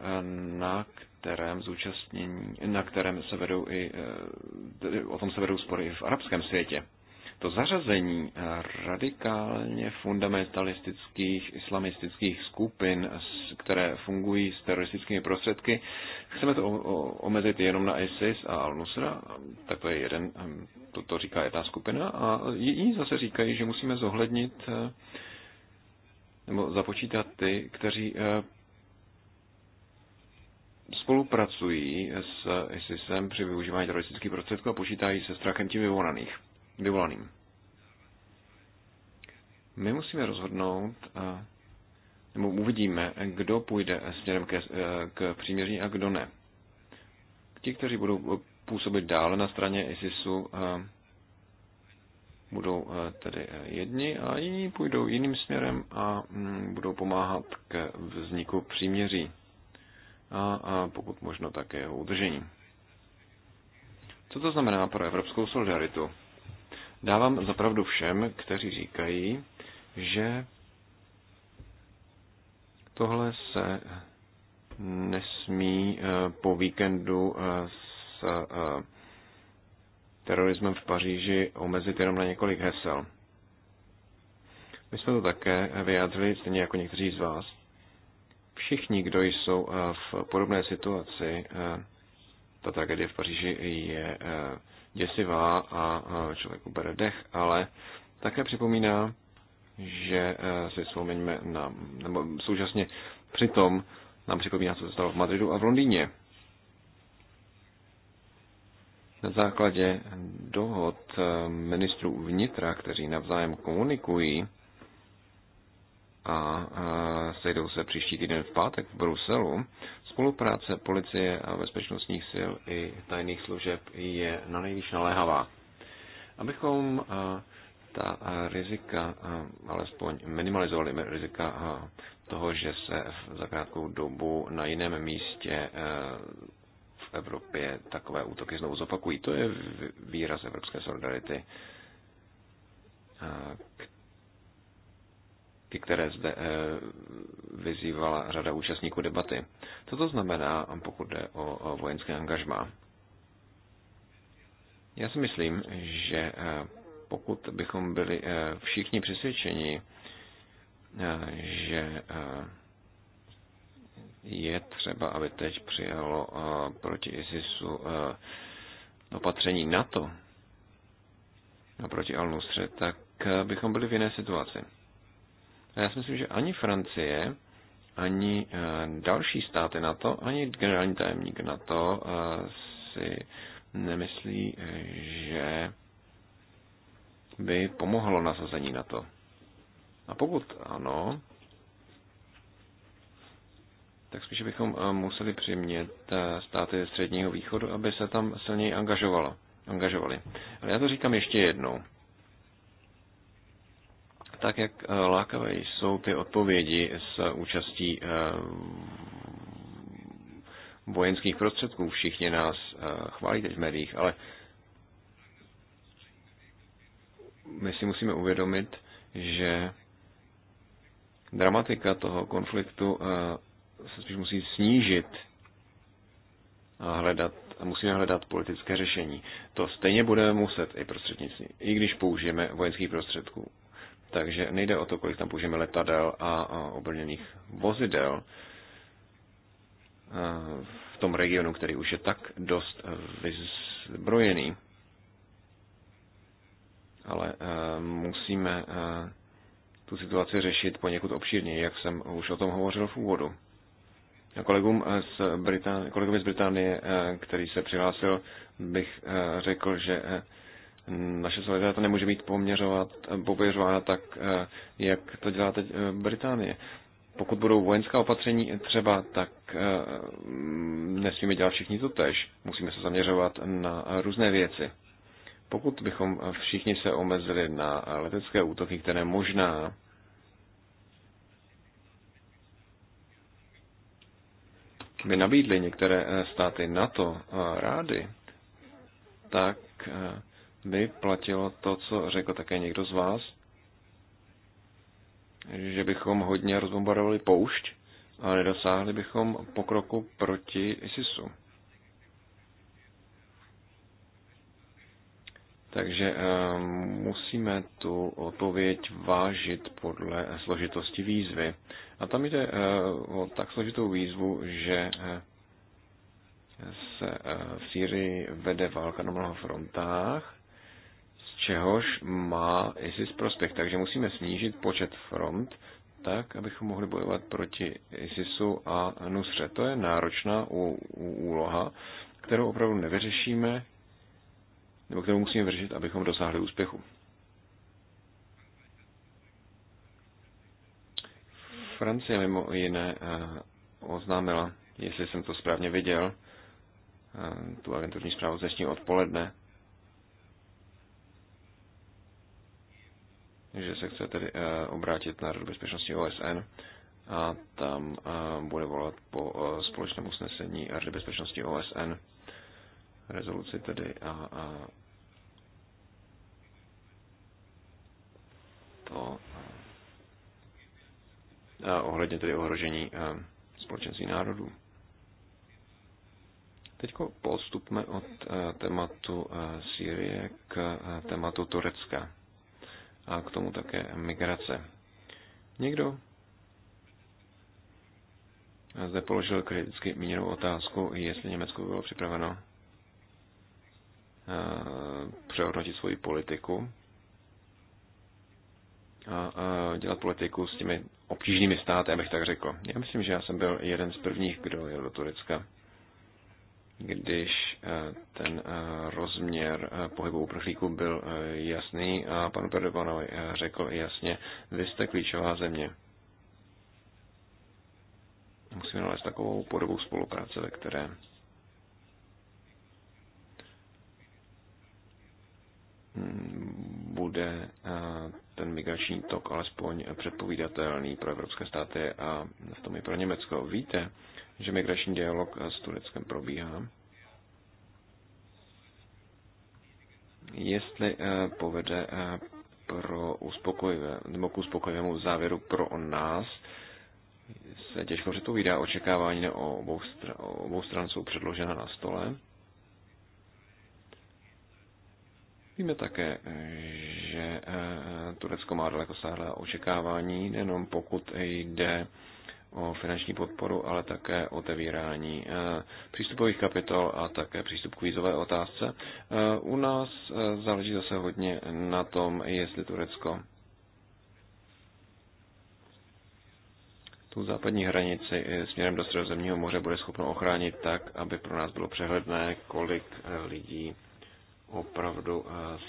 Speaker 2: na kterém zúčastnění, na kterém se vedou i, o tom se vedou spory i v arabském světě to zařazení radikálně fundamentalistických islamistických skupin, které fungují s teroristickými prostředky, chceme to omezit jenom na ISIS a Al-Nusra, tak to je jeden, to, to říká jedna skupina, a jiní zase říkají, že musíme zohlednit eh, nebo započítat ty, kteří eh, spolupracují s ISISem při využívání teroristických prostředků a počítají se strachem tím vyvolaných vyvolaným. My musíme rozhodnout, nebo uvidíme, kdo půjde směrem ke, e, k příměří a kdo ne. Ti, kteří budou působit dále na straně ISISu, e, budou e, tedy jedni a jiní půjdou jiným směrem a mm, budou pomáhat k vzniku příměří a, a pokud možno také jeho udržení. Co to znamená pro evropskou solidaritu? Dávám zapravdu všem, kteří říkají, že tohle se nesmí eh, po víkendu eh, s eh, terorismem v Paříži omezit jenom na několik hesel. My jsme to také vyjádřili, stejně jako někteří z vás. Všichni, kdo jsou v podobné situaci, ta tragédie v Paříži je děsivá a člověk ubere dech, ale také připomíná, že eh, si vzpomeňme na, nebo současně přitom nám připomíná, co se stalo v Madridu a v Londýně. Na základě dohod eh, ministrů vnitra, kteří navzájem komunikují a eh, sejdou se příští týden v pátek v Bruselu, Spolupráce policie a bezpečnostních sil i tajných služeb je na nejvíc naléhavá. Abychom eh, ta eh, rizika, eh, alespoň minimalizovali rizika toho, že se za krátkou dobu na jiném místě v Evropě takové útoky znovu zopakují. To je výraz evropské solidarity, ke které zde eh, vyzývala řada účastníků debaty. Co to znamená, pokud jde o vojenské angažmá? Já si myslím, že eh, pokud bychom byli eh, všichni přesvědčeni, že je třeba, aby teď přijalo proti ISISu opatření NATO, proti al tak bychom byli v jiné situaci. A já si myslím, že ani Francie, ani eh, další státy na to, ani generální tajemník na to eh, si nemyslí, že by pomohlo nasazení na to. A pokud ano, tak spíše bychom eh, museli přimět státy středního východu, aby se tam silněji angažovalo, angažovali. Ale já to říkám ještě jednou tak jak eh, lákavé jsou ty odpovědi s účastí eh, vojenských prostředků. Všichni nás eh, chválí teď v médiích, ale my si musíme uvědomit, že dramatika toho konfliktu se spíš musí snížit a hledat, a musíme hledat politické řešení. To stejně budeme muset i prostřednictvím, i když použijeme vojenských prostředků. Takže nejde o to, kolik tam použijeme letadel a obrněných vozidel v tom regionu, který už je tak dost vyzbrojený. Ale e, musíme e, tu situaci řešit poněkud obšírně, jak jsem už o tom hovořil v úvodu. A kolegům z Britán- kolegovi z Británie, e, který se přihlásil, bych řekl, že Mm, naše solidarita nemůže být poměřovat, eh, poměřována tak, eh, jak to dělá teď eh, Británie. Pokud budou vojenská opatření třeba, tak mm, nesmíme dělat všichni to tež. Musíme se zaměřovat na různé věci. Pokud bychom všichni se omezili na letecké útoky, které možná by nabídly některé státy NATO rády, tak by platilo to, co řekl také někdo z vás, že bychom hodně rozbombardovali poušť, ale nedosáhli bychom pokroku proti ISISu. Takže eh, musíme tu odpověď vážit podle složitosti výzvy. A tam jde eh, o tak složitou výzvu, že eh, se v Sýrii vede válka na mnoha frontách čehož má ISIS prospekt. Takže musíme snížit počet front, tak, abychom mohli bojovat proti ISISu a Nusře. To je náročná úloha, kterou opravdu nevyřešíme, nebo kterou musíme vyřešit, abychom dosáhli úspěchu. Francie mimo jiné eh, oznámila, jestli jsem to správně viděl, eh, tu agenturní zprávu z odpoledne, že se chce tedy eh, obrátit na Radu bezpečnosti OSN a tam eh, bude volat po eh, společném usnesení Rady bezpečnosti OSN, rezoluci tedy a, a to a ohledně tedy ohrožení společenství národů. Teď postupme od tématu Sýrie k tématu Turecka a k tomu také migrace. Někdo zde položil kriticky míněnou otázku, jestli Německo bylo připraveno eh, přehodnotit svoji politiku a eh, dělat politiku s těmi obtížnými státy, abych tak řekl. Já myslím, že já jsem byl jeden z prvních, kdo jel do Turecka když eh, ten eh, rozměr eh, pohybu uprchlíků byl jasný a panu Perdovanovi řekl jasně, vy jste klíčová země. Musíme nalézt takovou podobu spolupráce, ve které bude ten migrační tok alespoň předpovídatelný pro evropské státy a v tom i pro Německo. Víte, že migrační dialog s Tureckem probíhá. Jestli eh, povede eh, pro uspokojivé, nebo k uspokojivému závěru pro nás, se těžko předpovídá. Očekávání o obou, stran, o obou stran jsou předložena na stole. Víme také, že eh, Turecko má daleko sáhlé očekávání, nejenom pokud jde o finanční podporu, ale také otevírání eh, přístupových kapitol a také přístup k vízové otázce. Eh, u nás eh, záleží zase hodně na tom, jestli Turecko tu západní hranici směrem do Středozemního moře bude schopno ochránit tak, aby pro nás bylo přehledné, kolik lidí opravdu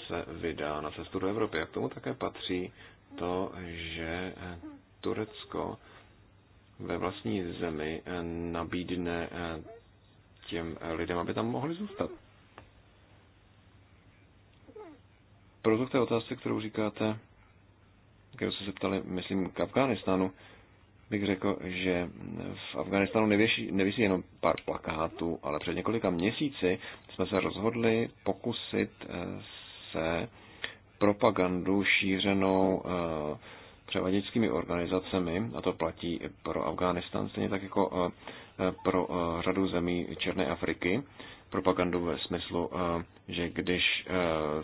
Speaker 2: se vydá na cestu do Evropy. A k tomu také patří to, že Turecko ve vlastní zemi eh, nabídne eh, těm eh, lidem, aby tam mohli zůstat. Proto k té otázce, kterou říkáte, kterou se ptali, myslím, k Afganistánu, bych řekl, že v Afganistánu nevisí jenom pár plakátů, ale před několika měsíci jsme se rozhodli pokusit se propagandu šířenou převaděčskými organizacemi, a to platí pro Afghánistán, stejně tak jako eh, pro eh, řadu zemí Černé Afriky, propagandu ve smyslu, eh, že když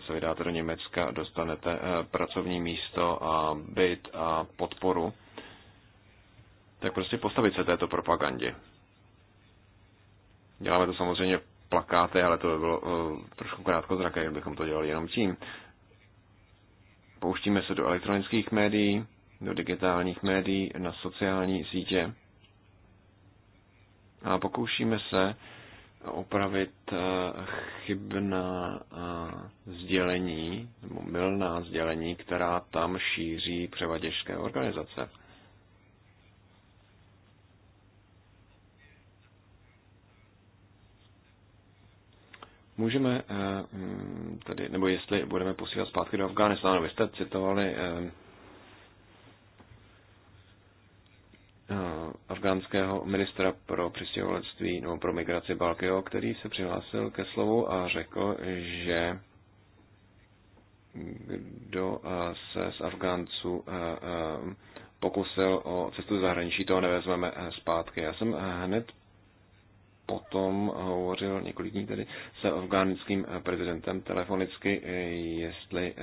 Speaker 2: se vydáte do Německa, dostanete pracovní místo a byt a podporu, tak prostě postavit se této propagandě. Děláme to samozřejmě plakáty, ale to by bylo trošku krátkozraké, kdybychom to dělali jenom tím. Pouštíme se do elektronických médií, do digitálních médií, na sociální sítě. A pokoušíme se opravit eh, chybná eh, sdělení, nebo mylná sdělení, která tam šíří převaděžské organizace. Můžeme eh, tedy, nebo jestli budeme posílat zpátky do Afganistánu. Vy jste citovali Eh, afgánského ministra pro přistěhovalectví nebo pro migraci Balkeo, který se přihlásil ke slovu a řekl, že kdo eh, se z Afgánců eh, pokusil o cestu zahraničí, toho nevezmeme zpátky. Já jsem hned potom hovořil několik dní tedy s afgánským prezidentem telefonicky, jestli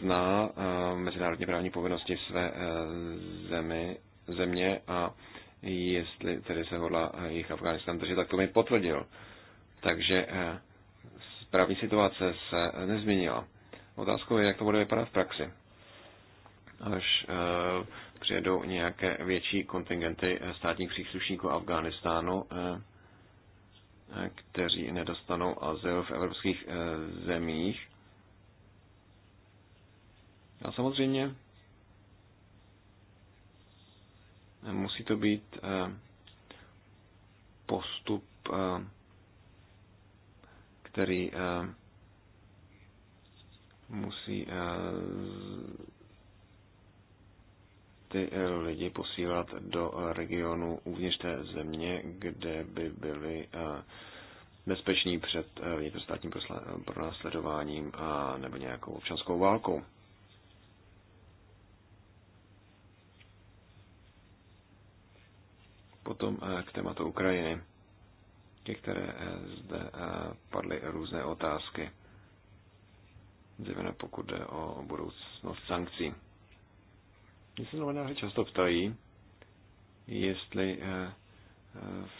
Speaker 2: zná mezinárodně právní povinnosti své zemi země a jestli tedy se hodla jich Afganistán držet, tak to mi potvrdil. Takže eh, právní situace se nezměnila. Otázkou je, jak to bude vypadat v praxi. Až eh, přijedou nějaké větší kontingenty eh, státních příslušníků Afghánistánu, kteří nedostanou azyl v evropských zemích. A samozřejmě Musí to být eh, postup, eh, který eh, musí ty lidi posílat do regionu uvnitř té země, kde by byli bezpeční před vnitrostátním pronásledováním a nebo nějakou občanskou válkou. Potom eh, k tématu Ukrajiny, ke které eh, zde eh, padly různé otázky, zejména pokud jde o budoucnost sankcí. Mně se novináři často ptají, jestli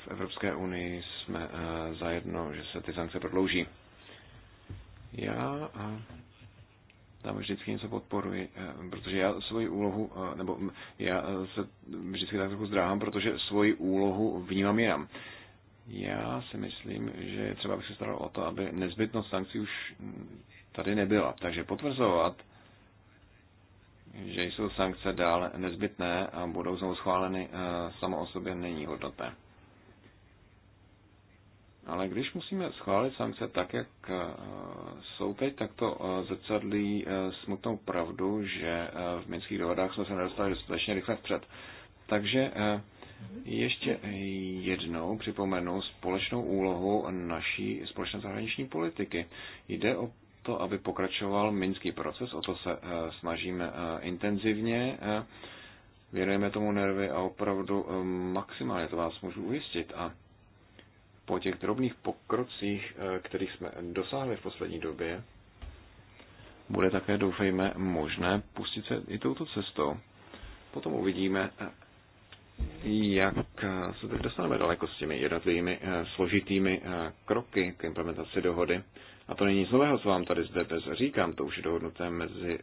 Speaker 2: v Evropské unii jsme zajedno, že se ty sankce prodlouží. Já tam vždycky něco podporuji, eh, protože já svoji úlohu, eh, nebo já eh, se vždycky tak trochu zdráhám, protože svoji úlohu vnímám jinam. Já si myslím, že třeba bych se staral o to, aby nezbytnost sankcí už tady nebyla. Takže potvrzovat, že jsou sankce dále nezbytné a budou znovu schváleny samo o sobě není hodnotné. Ale když musíme schválit sankce tak, jak eh, jsou teď, tak to eh, zrcadlí eh, smutnou pravdu, že v minských dohodách jsme se nedostali dostatečně rychle vpřed. Takže ještě jednou připomenu společnou úlohu naší společné zahraniční politiky. Jde o to, aby pokračoval minský proces, o to se snažíme intenzivně, věnujeme tomu nervy a opravdu maximálně to vás můžu ujistit. A po těch drobných pokrocích, eh, kterých jsme dosáhli v poslední době, bude také, doufejme, možné pustit se i touto cestou. Potom uvidíme, eh, jak eh, se tak dostaneme daleko s těmi jednotlivými složitými kroky k implementaci dohody. A to není nic nového, co vám tady zde bez říkám, to už je dohodnuté mezi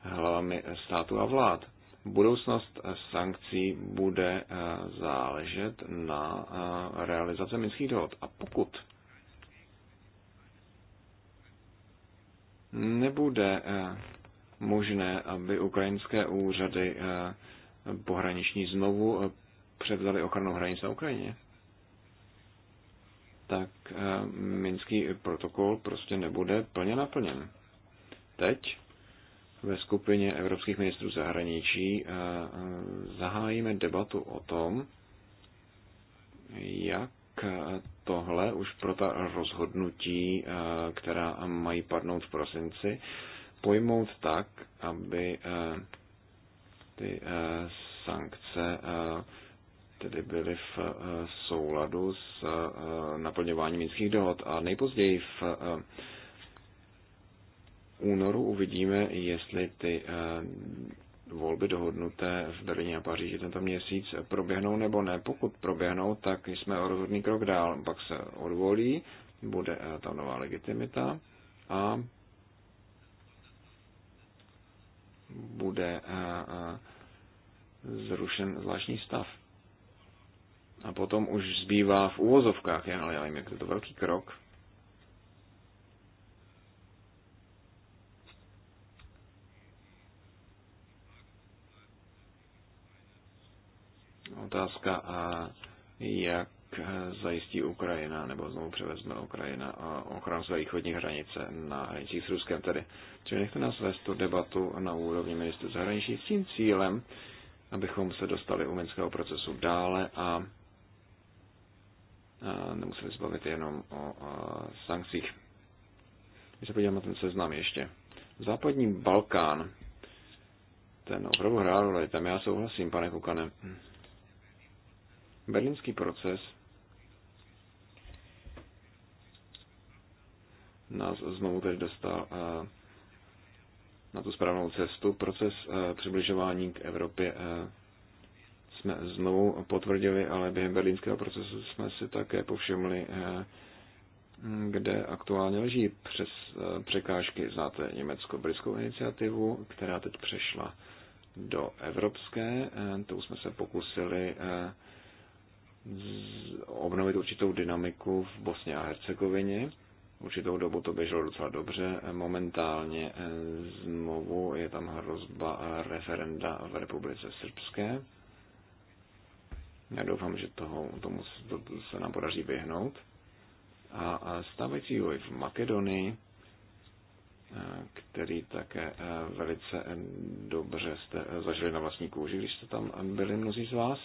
Speaker 2: hlavami státu a vlád budoucnost sankcí bude eh, záležet na eh, realizaci minských dohod. A pokud nebude eh, možné, aby ukrajinské úřady pohraniční znovu převzali ochranu hranic na Ukrajině, tak minský protokol prostě nebude plně naplněn. Teď ve skupině evropských ministrů zahraničí zahájíme debatu o tom, jak tohle už pro ta rozhodnutí, která mají padnout v prosinci, pojmout tak, aby ty sankce tedy byly v souladu s naplňováním minských dohod. A nejpozději v únoru uvidíme, jestli ty eh, volby dohodnuté v Berlíně a Paříži tento měsíc proběhnou nebo ne. Pokud proběhnou, tak jsme o rozhodný krok dál. Pak se odvolí, bude eh, tam nová legitimita a bude eh, zrušen zvláštní stav. A potom už zbývá v úvozovkách, já nevím, jak je to velký krok, Otázka, a jak zajistí Ukrajina, nebo znovu převezme Ukrajina a ochranu své východní hranice na hranicích s Ruskem tedy. Čili nechte nás vést tu debatu na úrovni ministru zahraničí s tím cílem, abychom se dostali u minského procesu dále a, a nemuseli zbavit jenom o a, sankcích. Když se podíváme na ten seznam ještě. Západní Balkán, ten opravdu hrál roli, tam já souhlasím, pane Kukane. Berlínský proces nás znovu tedy dostal eh, na tu správnou cestu. Proces eh, přibližování k Evropě eh, jsme znovu potvrdili, ale během berlínského procesu jsme si také povšimli, kde aktuálně leží přes překážky. Znáte německo-britskou iniciativu, která teď přešla do evropské. Tu jsme se pokusili obnovit určitou dynamiku v Bosně a Hercegovině. Určitou dobu to běželo docela dobře. Momentálně eh, znovu je tam hrozba eh, referenda v Republice Srbské. Já doufám, že toho, tomu to, to se nám podaří vyhnout. A, a stávající vývoj v Makedonii, eh, který také velice dobře jste zažili na vlastní kůži, když jste tam byli mnozí z vás,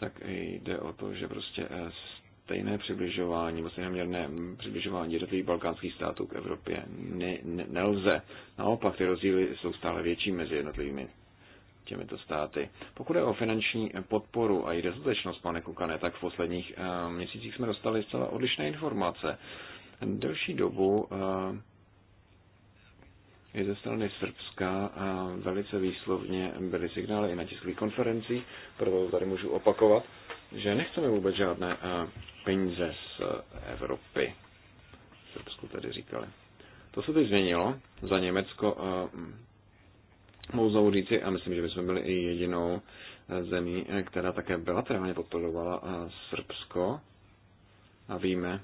Speaker 2: tak jde o to, že prostě eh, stejné přibližování, vlastně neměrné přibližování jednotlivých balkánských států k Evropě ne, ne, nelze. Naopak ty rozdíly jsou stále větší mezi jednotlivými těmito státy. Pokud je o finanční podporu a její dostatečnost, pane Kukane, tak v posledních eh, měsících jsme dostali zcela odlišné informace. Delší dobu eh, i ze strany Srbska a velice výslovně byly signály i na tiskových konferencích, proto tady můžu opakovat, že nechceme vůbec žádné eh, peníze z eh, Evropy. Srbsku tady říkali. To se teď změnilo. Za Německo eh, mohu říci, a myslím, že bychom byli i jedinou zemí, která také bilaterálně podporovala Srbsko. A víme,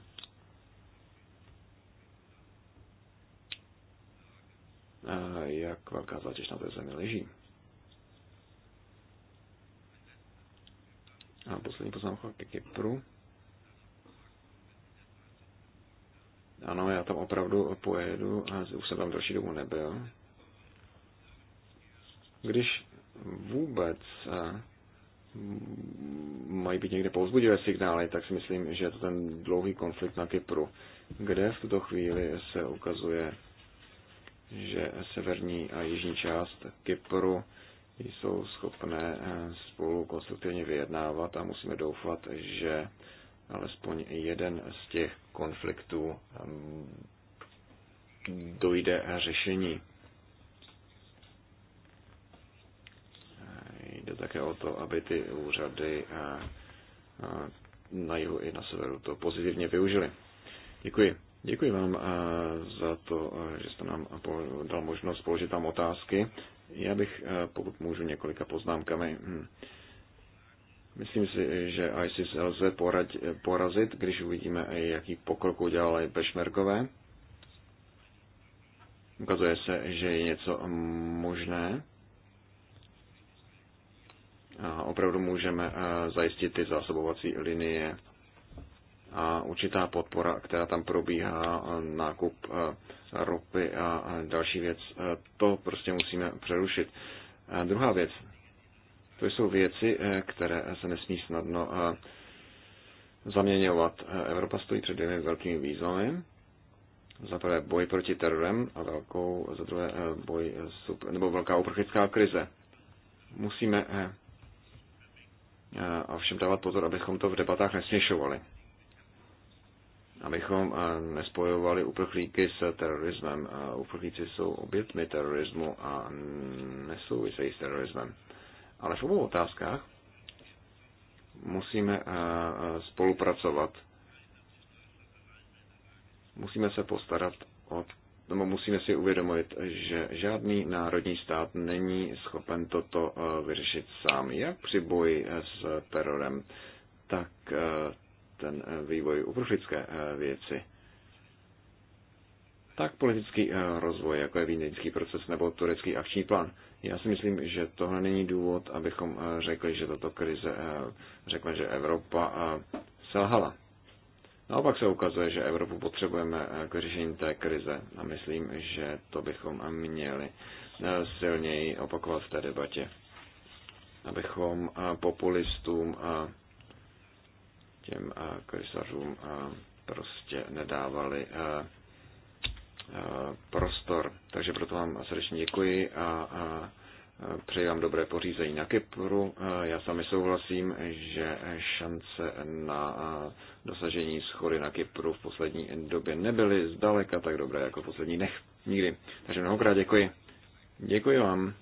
Speaker 2: jak velká zátěž na té zemi leží. A poslední poznámka ke Kypru. Ano, já tam opravdu pojedu a už jsem tam další dobu nebyl. Když vůbec mají být někde povzbudivé signály, tak si myslím, že je to ten dlouhý konflikt na Kypru, kde v tuto chvíli se ukazuje, že severní a jižní část Kypru jsou schopné eh, spolu konstruktivně vyjednávat a musíme doufat, že alespoň jeden z těch konfliktů mm, dojde řešení. Eh, jde také o to, aby ty úřady eh, na jihu i na severu to pozitivně využili. Děkuji. Děkuji vám eh, za to, eh, že jste nám dal možnost položit tam otázky. Já bych, eh, pokud můžu, několika poznámkami. Hm. Myslím si, že ISIS lze porad, porazit, když uvidíme, jaký pokrok udělali pešmergové. Ukazuje se, že je něco možné. A opravdu můžeme zajistit ty zásobovací linie a určitá podpora, která tam probíhá, nákup ropy a další věc, to prostě musíme přerušit. A druhá věc, to jsou věci, e, které se nesmí snadno zaměňovat. E, Evropa stojí před dvěmi velkými výzvami. Za prvé boj proti terorem a velkou, za druhé e, boj, nebo velká uprchlická krize. Musíme ovšem dávat pozor, abychom to v debatách nesměšovali abychom eh, nespojovali uprchlíky s terorismem. Eh, uprchlíci jsou obětmi terorismu a nesouvisejí s terorismem. Ale v obou otázkách musíme eh, spolupracovat. Musíme se postarat o nebo musíme si uvědomit, že žádný národní stát není schopen toto vyřešit sám, jak při boji s terorem, tak ten eh, vývoj uprchlické eh, věci, tak politický eh, rozvoj, jako je vídeňský proces nebo turecký akční plán. Já si myslím, že tohle není důvod, abychom řekli, že tato krize, řekli, že Evropa selhala. Naopak se ukazuje, že Evropu potřebujeme k řešení té krize a myslím, že to bychom měli silněji opakovat v té debatě, abychom populistům těm eh, krysařům eh, prostě nedávali eh, prostor. Takže proto vám srdečně děkuji a přeji vám dobré pořízení na Kypru. Já sami souhlasím, že šance na dosažení schody na Kypru v poslední době nebyly zdaleka tak dobré jako v poslední nech Nikdy. Takže mnohokrát děkuji. Děkuji vám.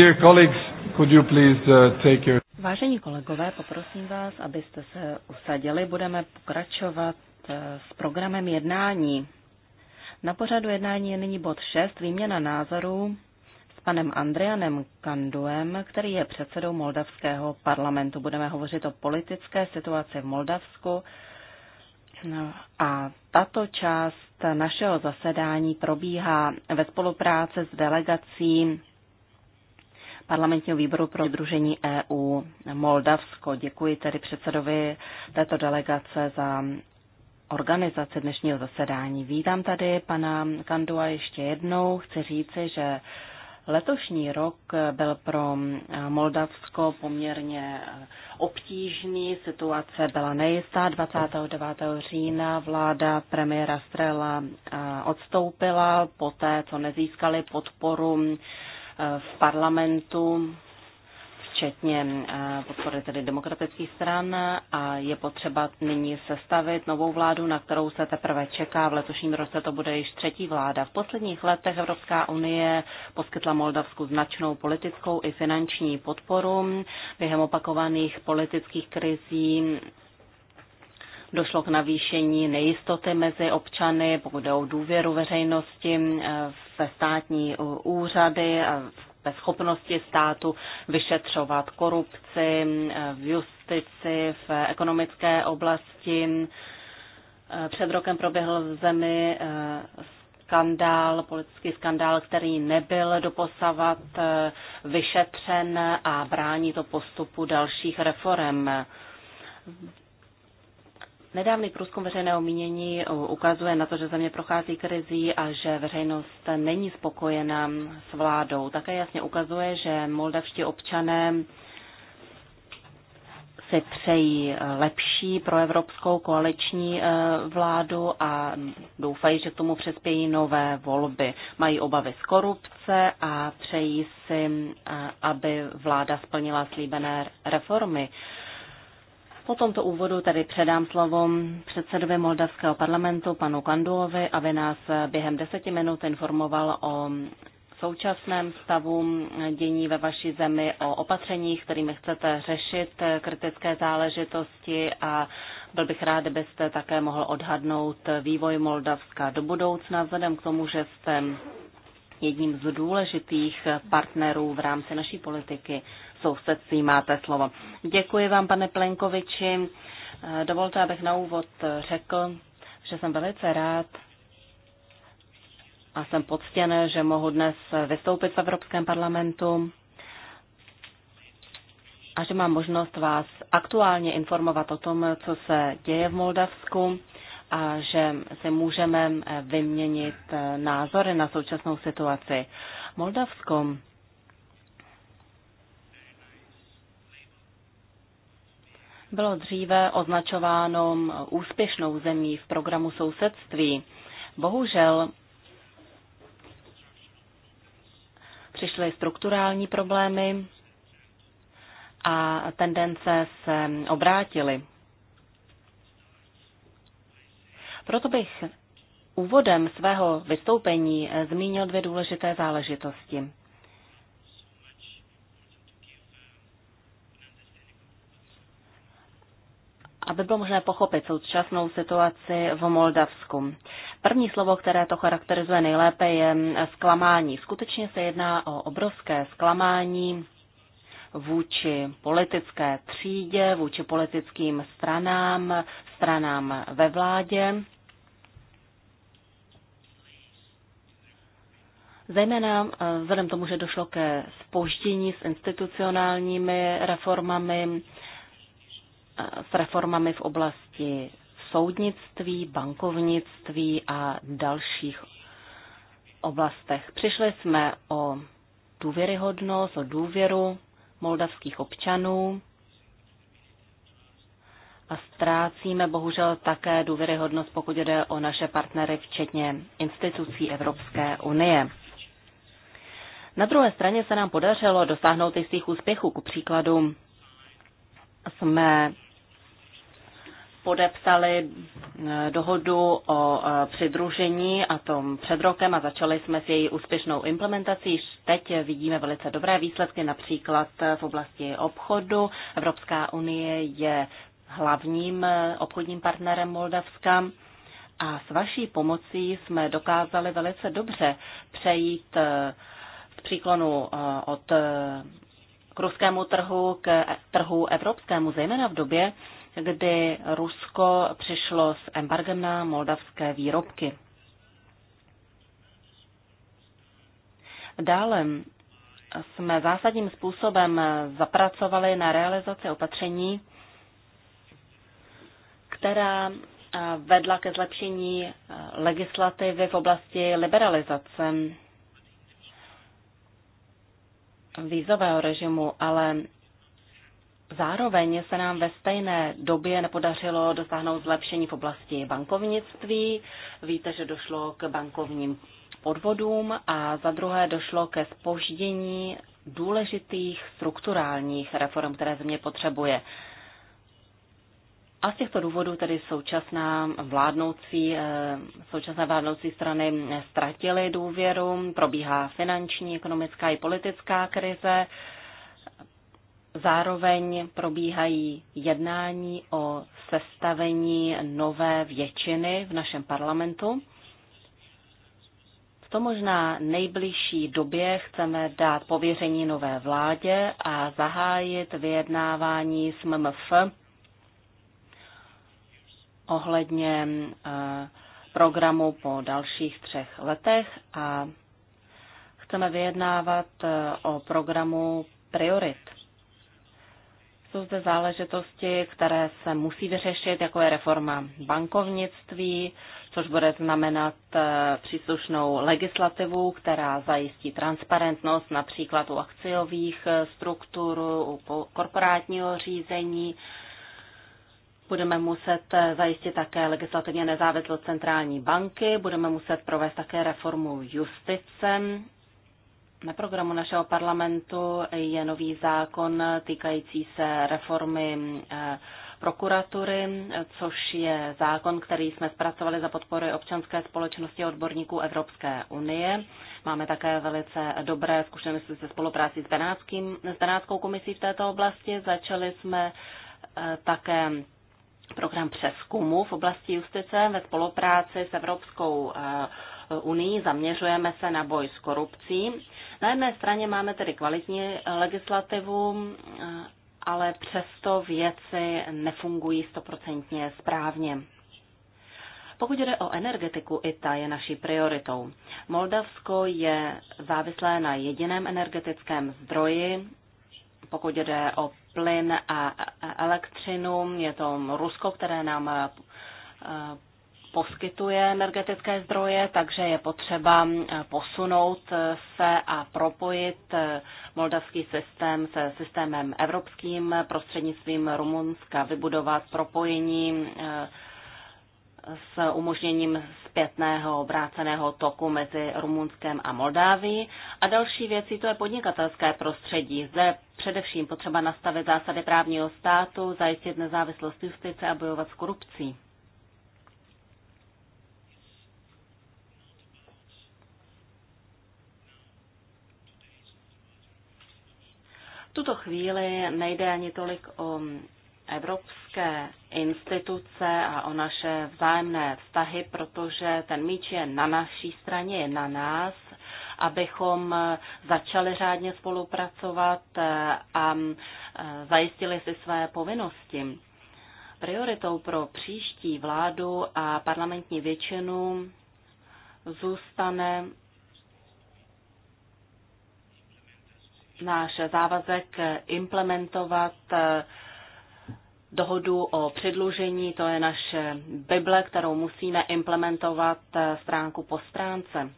Speaker 1: Dear colleagues, could you please uh, take your...
Speaker 5: Vážení kolegové, poprosím vás, abyste se usadili. Budeme pokračovat eh, s programem jednání. Na pořadu jednání je nyní bod 6, výměna názorů s panem Andrianem Kanduem, který je předsedou Moldavského parlamentu. Budeme hovořit o politické situaci v Moldavsku no, a tato část našeho zasedání probíhá ve spolupráci s delegací parlamentního výboru pro združení EU Moldavsko. Děkuji tedy předsedovi této delegace za organizaci dnešního zasedání. Vítám tady pana Kandua ještě jednou. Chci říci, že Letošní rok byl pro Moldavsko poměrně obtížný, situace byla nejistá. 29. října vláda premiéra Strela odstoupila poté, co nezískali podporu v parlamentu, včetně eh, podpory tedy demokratických stran a je potřeba nyní sestavit novou vládu, na kterou se teprve čeká. V letošním roce to bude již třetí vláda. V posledních letech Evropská unie poskytla Moldavsku značnou politickou i finanční podporu. Během opakovaných politických krizí došlo k navýšení nejistoty mezi občany, pokud jde o důvěru veřejnosti eh, ve státní eh, úřady a eh, ve schopnosti státu vyšetřovat korupci v justici, v ekonomické oblasti. Před rokem proběhl v zemi skandál, politický skandál, který nebyl doposavat vyšetřen a brání to postupu dalších reform. Nedávný průzkum veřejného mínění uh, ukazuje na to, že země prochází krizí a že veřejnost není spokojená s vládou. Také jasně ukazuje, že moldavští občané si přejí uh, lepší pro evropskou koaliční uh, vládu a doufají, že k tomu přispějí nové volby. Mají obavy z korupce a přejí si, aby vláda splnila slíbené reformy. Po tomto úvodu tedy předám slovo předsedovi Moldavského parlamentu panu Kanduovi, aby nás během deseti minut informoval o současném stavu dění ve vaší zemi, o opatřeních, kterými chcete řešit kritické záležitosti a byl bych rád, kdybyste také mohl odhadnout vývoj Moldavska do budoucna, vzhledem k tomu, že jste jedním z důležitých partnerů v rámci naší politiky sousedství. Máte slovo. Děkuji vám, pane Plenkoviči. Dovolte, abych na úvod řekl, že jsem velice rád a jsem poctěn, že mohu dnes vystoupit v Evropském parlamentu a že mám možnost vás aktuálně informovat o tom, co se děje v Moldavsku a že si můžeme vyměnit názory na současnou situaci. Moldavsko bylo dříve označováno úspěšnou zemí v programu sousedství. Bohužel přišly strukturální problémy a tendence se obrátily. Proto bych úvodem svého vystoupení zmínil dvě důležité záležitosti. aby bylo možné pochopit současnou situaci v Moldavsku. První slovo, které to charakterizuje nejlépe, je zklamání. Skutečně se jedná o obrovské zklamání vůči politické třídě, vůči politickým stranám, stranám ve vládě. Zejména eh, vzhledem tomu, že došlo ke spoždění s institucionálními reformami, s reformami v oblasti soudnictví, bankovnictví a dalších oblastech. Přišli jsme o důvěryhodnost, o důvěru moldavských občanů a ztrácíme bohužel také důvěryhodnost, pokud jde o naše partnery, včetně institucí Evropské unie. Na druhé straně se nám podařilo dosáhnout jistých úspěchů. Ku příkladu jsme podepsali eh, dohodu o eh, přidružení a tom před rokem a začali jsme s její úspěšnou implementací. Teď vidíme velice dobré výsledky, například eh, v oblasti obchodu. Evropská unie je hlavním obchodním partnerem Moldavska. A s vaší pomocí jsme dokázali velice dobře přejít z příklonu od k ruskému trhu k trhu evropskému, zejména v době, kdy Rusko přišlo s embargem na moldavské výrobky. Dále jsme zásadním způsobem zapracovali na realizaci opatření, která vedla ke zlepšení legislativy v oblasti liberalizace vízového režimu, ale Zároveň se nám ve stejné době nepodařilo dosáhnout zlepšení v oblasti bankovnictví. Víte, že došlo k bankovním podvodům a za druhé došlo ke spoždění důležitých strukturálních reform, které země potřebuje. A z těchto důvodů tedy současná vládnoucí, eh, současné vládnoucí strany ztratily důvěru, probíhá finanční, ekonomická i politická krize. Zároveň probíhají jednání o sestavení nové většiny v našem parlamentu. V to možná nejbližší době chceme dát pověření nové vládě a zahájit vyjednávání s MMF ohledně eh, programu po dalších třech letech a chceme vyjednávat eh, o programu priorit. Jsou zde záležitosti, které se musí vyřešit, jako je reforma bankovnictví, což bude znamenat eh, příslušnou legislativu, která zajistí transparentnost například u akciových eh, struktur, u korporátního řízení. Budeme muset eh, zajistit také legislativně nezávislost centrální banky, budeme muset provést také reformu justice na programu našeho parlamentu je nový zákon týkající se reformy eh, prokuratury, což je zákon, který jsme zpracovali za podpory občanské společnosti odborníků Evropské unie. Máme také velice dobré zkušenosti se spolupráci s, Benátským, s Benátskou komisí v této oblasti. Začali jsme eh, také program přeskumu v oblasti justice ve spolupráci s Evropskou eh, unii, zaměřujeme se na boj s korupcí. Na jedné straně máme tedy kvalitní legislativu, ale přesto věci nefungují stoprocentně správně. Pokud jde o energetiku, i ta je naší prioritou. Moldavsko je závislé na jediném energetickém zdroji. Pokud jde o plyn a elektřinu, je to Rusko, které nám eh, poskytuje energetické zdroje, takže je potřeba eh, posunout eh, se a propojit eh, moldavský systém se systémem evropským prostřednictvím Rumunska, vybudovat propojení s umožněním zpětného obráceného toku mezi Rumunskem a Moldávií. A další věcí to je podnikatelské prostředí. Zde především potřeba nastavit zásady právního státu, zajistit nezávislost justice a bojovat s korupcí. V tuto chvíli nejde ani tolik o evropské instituce a o naše vzájemné vztahy, protože ten míč je na naší straně, je na nás, abychom začali řádně spolupracovat a zajistili si své povinnosti. Prioritou pro příští vládu a parlamentní většinu zůstane náš závazek implementovat eh, dohodu o předlužení, to je naše Bible, kterou musíme implementovat eh, stránku po stránce.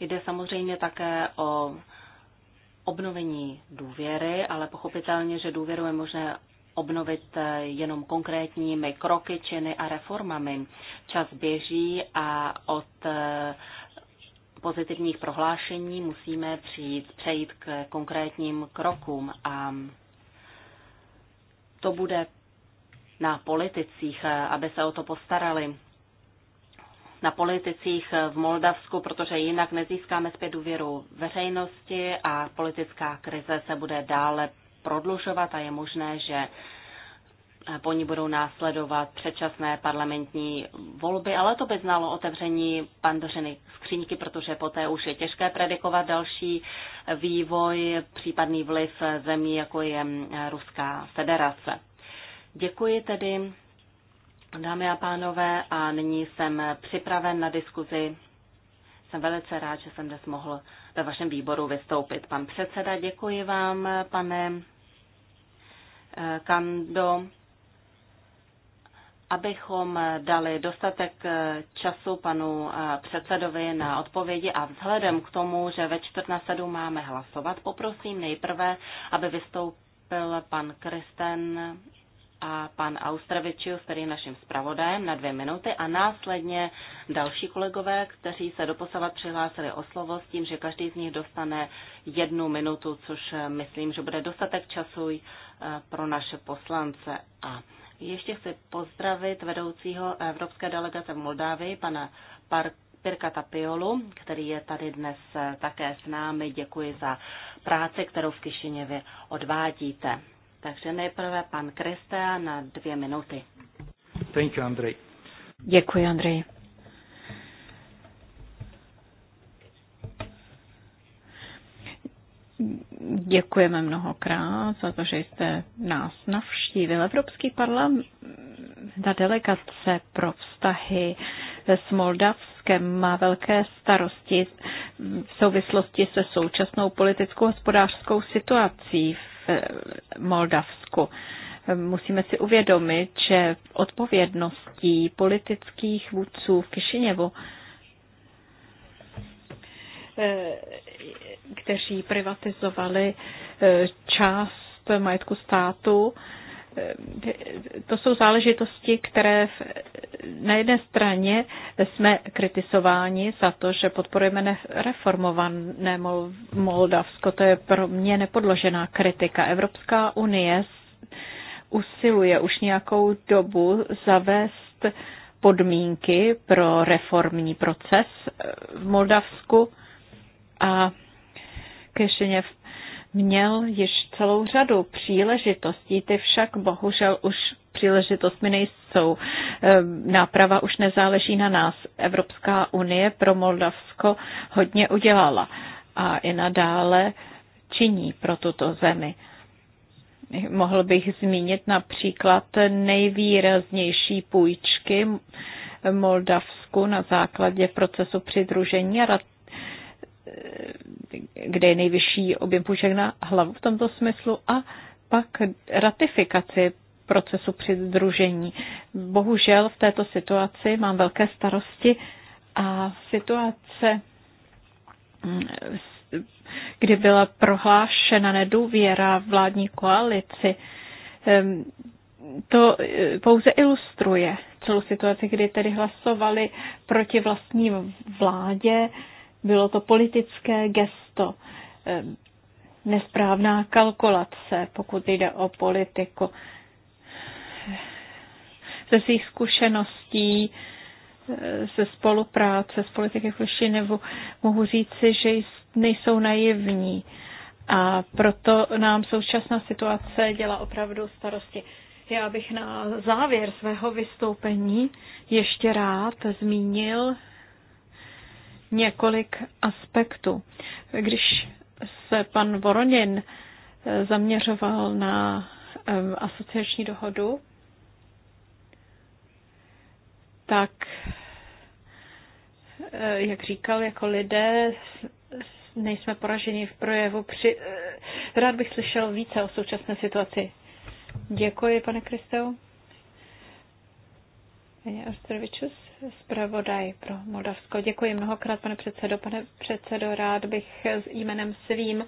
Speaker 5: Jde samozřejmě také o obnovení důvěry, ale pochopitelně, že důvěru je možné obnovit eh, jenom konkrétními kroky, činy a reformami. Čas běží a od pozitivních prohlášení musíme přijít, přejít k konkrétním krokům a to bude na politicích, aby se o to postarali. Na politicích v Moldavsku, protože jinak nezískáme zpět důvěru veřejnosti a politická krize se bude dále prodlužovat a je možné, že Eh, po ní budou následovat předčasné parlamentní volby, ale to by znalo otevření pandořiny skříňky, protože poté už je těžké predikovat další vývoj, případný vliv zemí, jako je mm, Ruská federace. Děkuji tedy, dámy a pánové, a nyní jsem připraven na diskuzi. Jsem velice rád, že jsem dnes mohl ve vašem výboru vystoupit. Pan předseda, děkuji vám, pane eh, Kando abychom dali dostatek eh, času panu eh, předsedovi na odpovědi a vzhledem k tomu, že ve 14.7 máme hlasovat, poprosím nejprve, aby vystoupil pan Kristen a pan Austravičius, který je naším zpravodajem, na dvě minuty a následně další kolegové, kteří se doposavat přihlásili o slovo s tím, že každý z nich dostane jednu minutu, což eh, myslím, že bude dostatek času pro naše poslance. A ještě chci pozdravit vedoucího Evropské delegace v Moldávii, pana Park Pirka Tapiolu, který je tady dnes eh, také s námi. Děkuji za práci, kterou v Kišiněvě odvádíte. Takže nejprve pan Kristea na dvě minuty. Thank
Speaker 1: you, Andrej.
Speaker 3: Děkuji, Andrej. Děkujeme mnohokrát za to, že jste nás navštívil. Evropský parlament, ta delegace pro vztahy s Moldavskem má velké starosti v souvislosti se současnou politickou hospodářskou situací v Moldavsku. Musíme si uvědomit, že odpovědností politických vůdců v Kišiněvu kteří privatizovali eh, část majetku státu. Eh, to jsou záležitosti, které na jedné straně jsme kritizováni za to, že podporujeme reformované Moldavsko. To je pro mě nepodložená kritika. Evropská unie usiluje už nějakou dobu zavést podmínky pro reformní proces eh, v Moldavsku a Kešeněv měl již celou řadu příležitostí, ty však bohužel už příležitostmi nejsou. Ehm, náprava už nezáleží na nás. Evropská unie pro Moldavsko hodně udělala a i nadále činí pro tuto zemi. Mohl bych zmínit například nejvýraznější půjčky Moldavsku na základě procesu přidružení a Eh, kde je nejvyšší objem půjček na hlavu v tomto smyslu, a pak ratifikaci procesu přidružení. Bohužel v této situaci mám velké starosti a situace, mm, kdy byla prohlášena nedůvěra vládní koalici, to eh, pouze ilustruje celou situaci, kdy tedy hlasovali proti vlastní vládě, bylo to politické gesto, eh, nesprávná kalkulace, pokud jde o politiku. Ze svých zkušeností eh, ze spolupráce s politiky nebo mohu říci, že nejsou naivní. A proto nám současná situace dělá opravdu starosti. Já bych na závěr svého vystoupení ještě rád zmínil několik aspektů. Když se pan Voronin eh, zaměřoval na eh, asociační dohodu, tak, eh, jak říkal, jako lidé nejsme poraženi v projevu. Při... Rád bych slyšel více o současné situaci. Děkuji, pane Kristeu. Paní Ostrevičus zpravodaj pro Moldavsko. Děkuji mnohokrát, pane předsedo. Pane předsedo, rád bych s jménem svým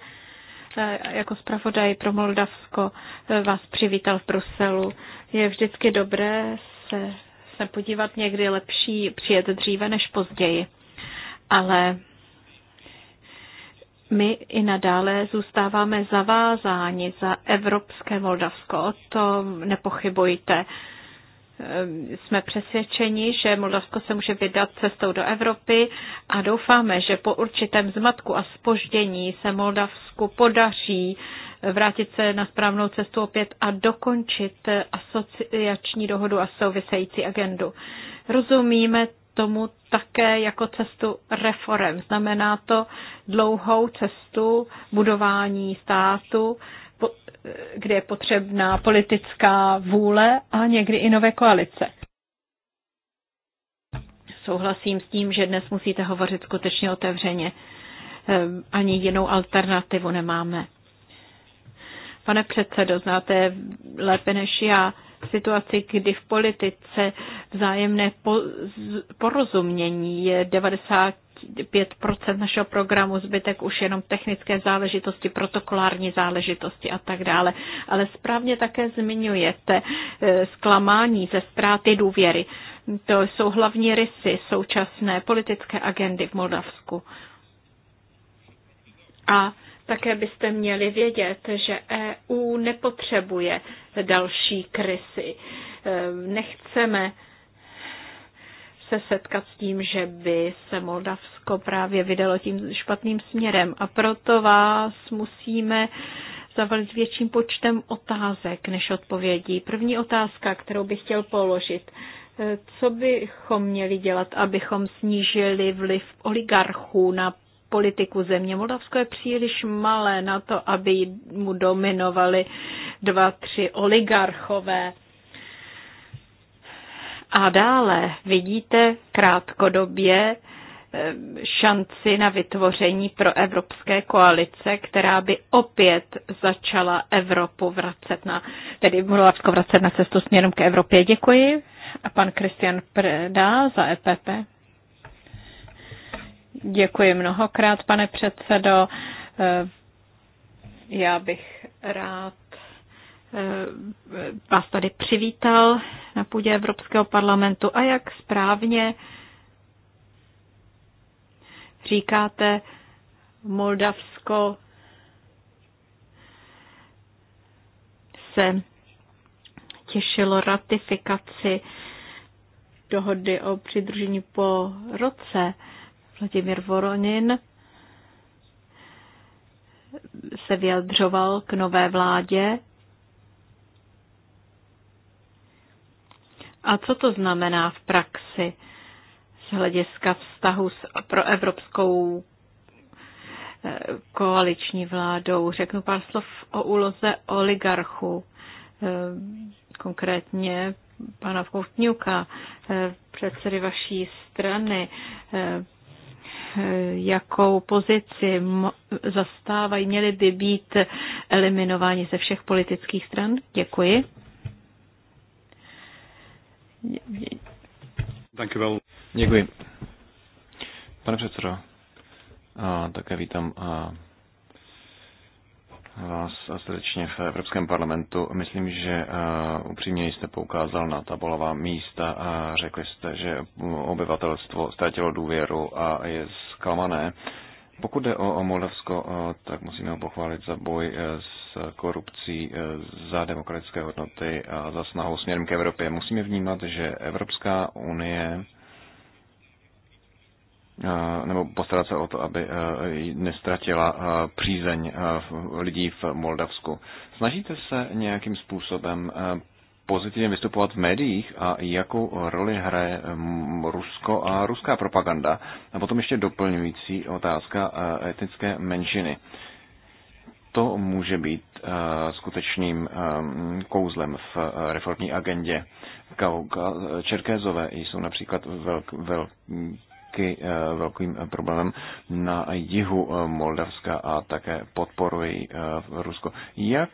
Speaker 3: eh, jako zpravodaj pro Moldavsko eh, vás přivítal v Bruselu. Je vždycky dobré se, se podívat někdy lepší přijet dříve než později. Ale my i nadále zůstáváme zavázáni za evropské Moldavsko, o tom nepochybujte. Ehm, jsme přesvědčeni, že Moldavsko se může vydat cestou do Evropy a doufáme, že po určitém zmatku a spoždění se Moldavsku podaří vrátit se na správnou cestu opět a dokončit asociační dohodu a související agendu. Rozumíme tomu také jako cestu reform. Znamená to dlouhou cestu budování státu, kde je potřebná politická vůle a někdy i nové koalice. Souhlasím s tím, že dnes musíte hovořit skutečně otevřeně. Ehm, ani jinou alternativu nemáme. Pane předsedo, znáte lépe než já situaci, kdy v politice vzájemné porozumění je 90 5% našeho programu, zbytek už jenom technické záležitosti, protokolární záležitosti a tak dále. Ale správně také zmiňujete eh, zklamání ze ztráty důvěry. To jsou hlavní rysy současné politické agendy v Moldavsku. A také byste měli vědět, že EU nepotřebuje další krysy. Eh, nechceme se setkat s tím, že by se Moldavsko právě vydalo tím špatným směrem. A proto vás musíme zavolit s větším počtem otázek než odpovědí. První otázka, kterou bych chtěl položit. Co bychom měli dělat, abychom snížili vliv oligarchů na politiku země. Moldavsko je příliš malé na to, aby mu dominovali dva, tři oligarchové. A dále vidíte krátkodobě eh, šanci na vytvoření pro evropské koalice, která by opět začala Evropu vracet na, tedy Moravsko vracet na cestu směrem k Evropě. Děkuji. A pan Kristian Preda za EPP. Děkuji mnohokrát, pane předsedo. Eh, já bych rád Eh, vás tady přivítal na půdě Evropského parlamentu a jak správně říkáte, Moldavsko se těšilo ratifikaci dohody o přidružení po roce. Vladimír Voronin se vyjadřoval k nové vládě A co to znamená v praxi z hlediska vztahu s proevropskou eh, koaliční vládou? Řeknu pár slov o úloze oligarchu eh, konkrétně pana Koutňuka, eh, předsedy vaší strany, jakou pozici zastávají, měli by být eliminováni ze všech politických stran? Děkuji.
Speaker 2: Děkuji. Pane předsedo, a také vítám a vás srdečně v Evropském parlamentu. Myslím, že upřímně jste poukázal na tabulová místa a řekli jste, že obyvatelstvo ztratilo důvěru a je zklamané pokud jde o, o Moldavsko, tak musíme ho pochválit za boj e, s korupcí, e, za demokratické hodnoty a za snahu směrem k Evropě. Musíme vnímat, že Evropská unie e, nebo postarat se o to, aby nestratila přízeň lidí v Moldavsku. Snažíte se nějakým způsobem pozitivně vystupovat v médiích a jakou roli hraje mm, Rusko a ruská propaganda. A potom ještě doplňující otázka e, etnické menšiny. To může být e, skutečným e, kouzlem v reformní agendě. Čerkézové jsou například velk, velk, taky eh, velkým eh, problémem na jihu eh, Moldavska a také podporují Rusko. Jak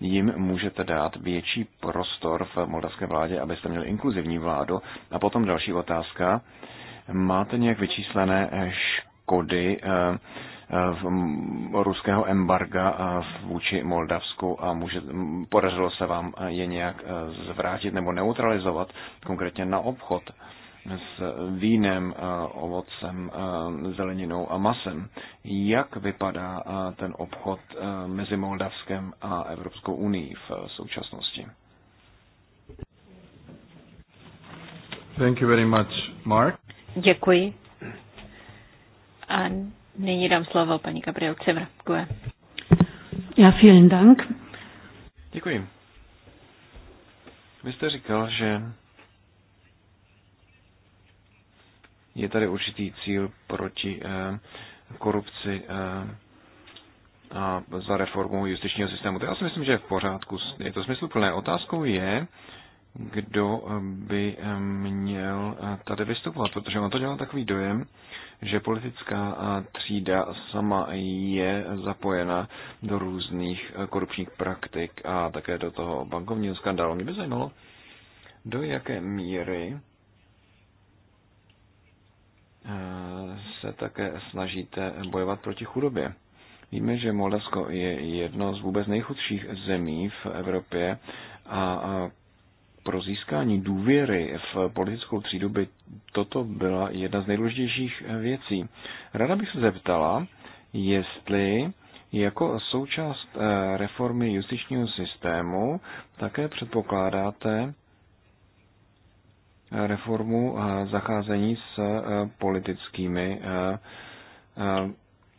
Speaker 2: jim můžete dát větší prostor v moldavské vládě, abyste měli inkluzivní vládu? A potom další otázka. Máte nějak vyčíslené škody v ruského embarga vůči Moldavsku a může, podařilo se vám je nějak zvrátit nebo neutralizovat, konkrétně na obchod? s vínem, eh, ovocem, eh, zeleninou a masem. Jak vypadá eh, ten obchod mezi Moldavskem a Evropskou unii v současnosti? Thank you very much, Mark.
Speaker 3: Děkuji. A nyní dám slovo paní Gabriel Cimrkové.
Speaker 2: Ja
Speaker 4: vielen Dank.
Speaker 2: Děkuji. Vy jste říkal, že je tady určitý cíl proti eh, korupci eh, a za reformu justičního systému. To já si myslím, že je v pořádku. Je to smysluplné. Otázkou je, kdo eh, by měl tady vystupovat, protože on to dělá takový dojem, že politická třída sama je zapojena do různých korupčních praktik a také do toho bankovního skandálu. Mě by zajímalo, do jaké míry se také snažíte bojovat proti chudobě. Víme, že Moldavsko je jedno z vůbec nejchudších zemí v Evropě a pro získání důvěry v politickou třídu by toto byla jedna z nejdůležitějších věcí. Rada bych se zeptala, jestli jako součást eh, reformy justičního systému také předpokládáte reformu a zacházení s e, politickými e, e,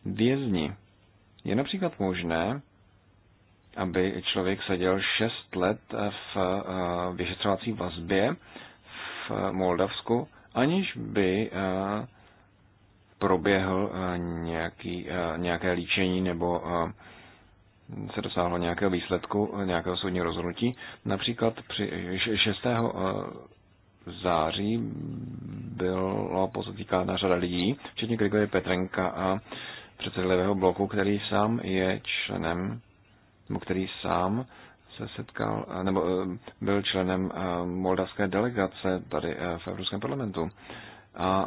Speaker 2: vězni. Je například možné, aby člověk seděl 6 let v vyšetřovací vazbě v Moldavsku, aniž by proběhl nějaký, nějaké líčení nebo se dosáhlo nějakého výsledku, nějakého soudního rozhodnutí. Například při 6 září bylo pozatýkána řada lidí, včetně Grigory Petrenka a předsedy levého bloku, který sám je členem, nebo který sám se setkal, nebo eh, byl členem eh, moldavské delegace tady eh, v Evropském parlamentu. A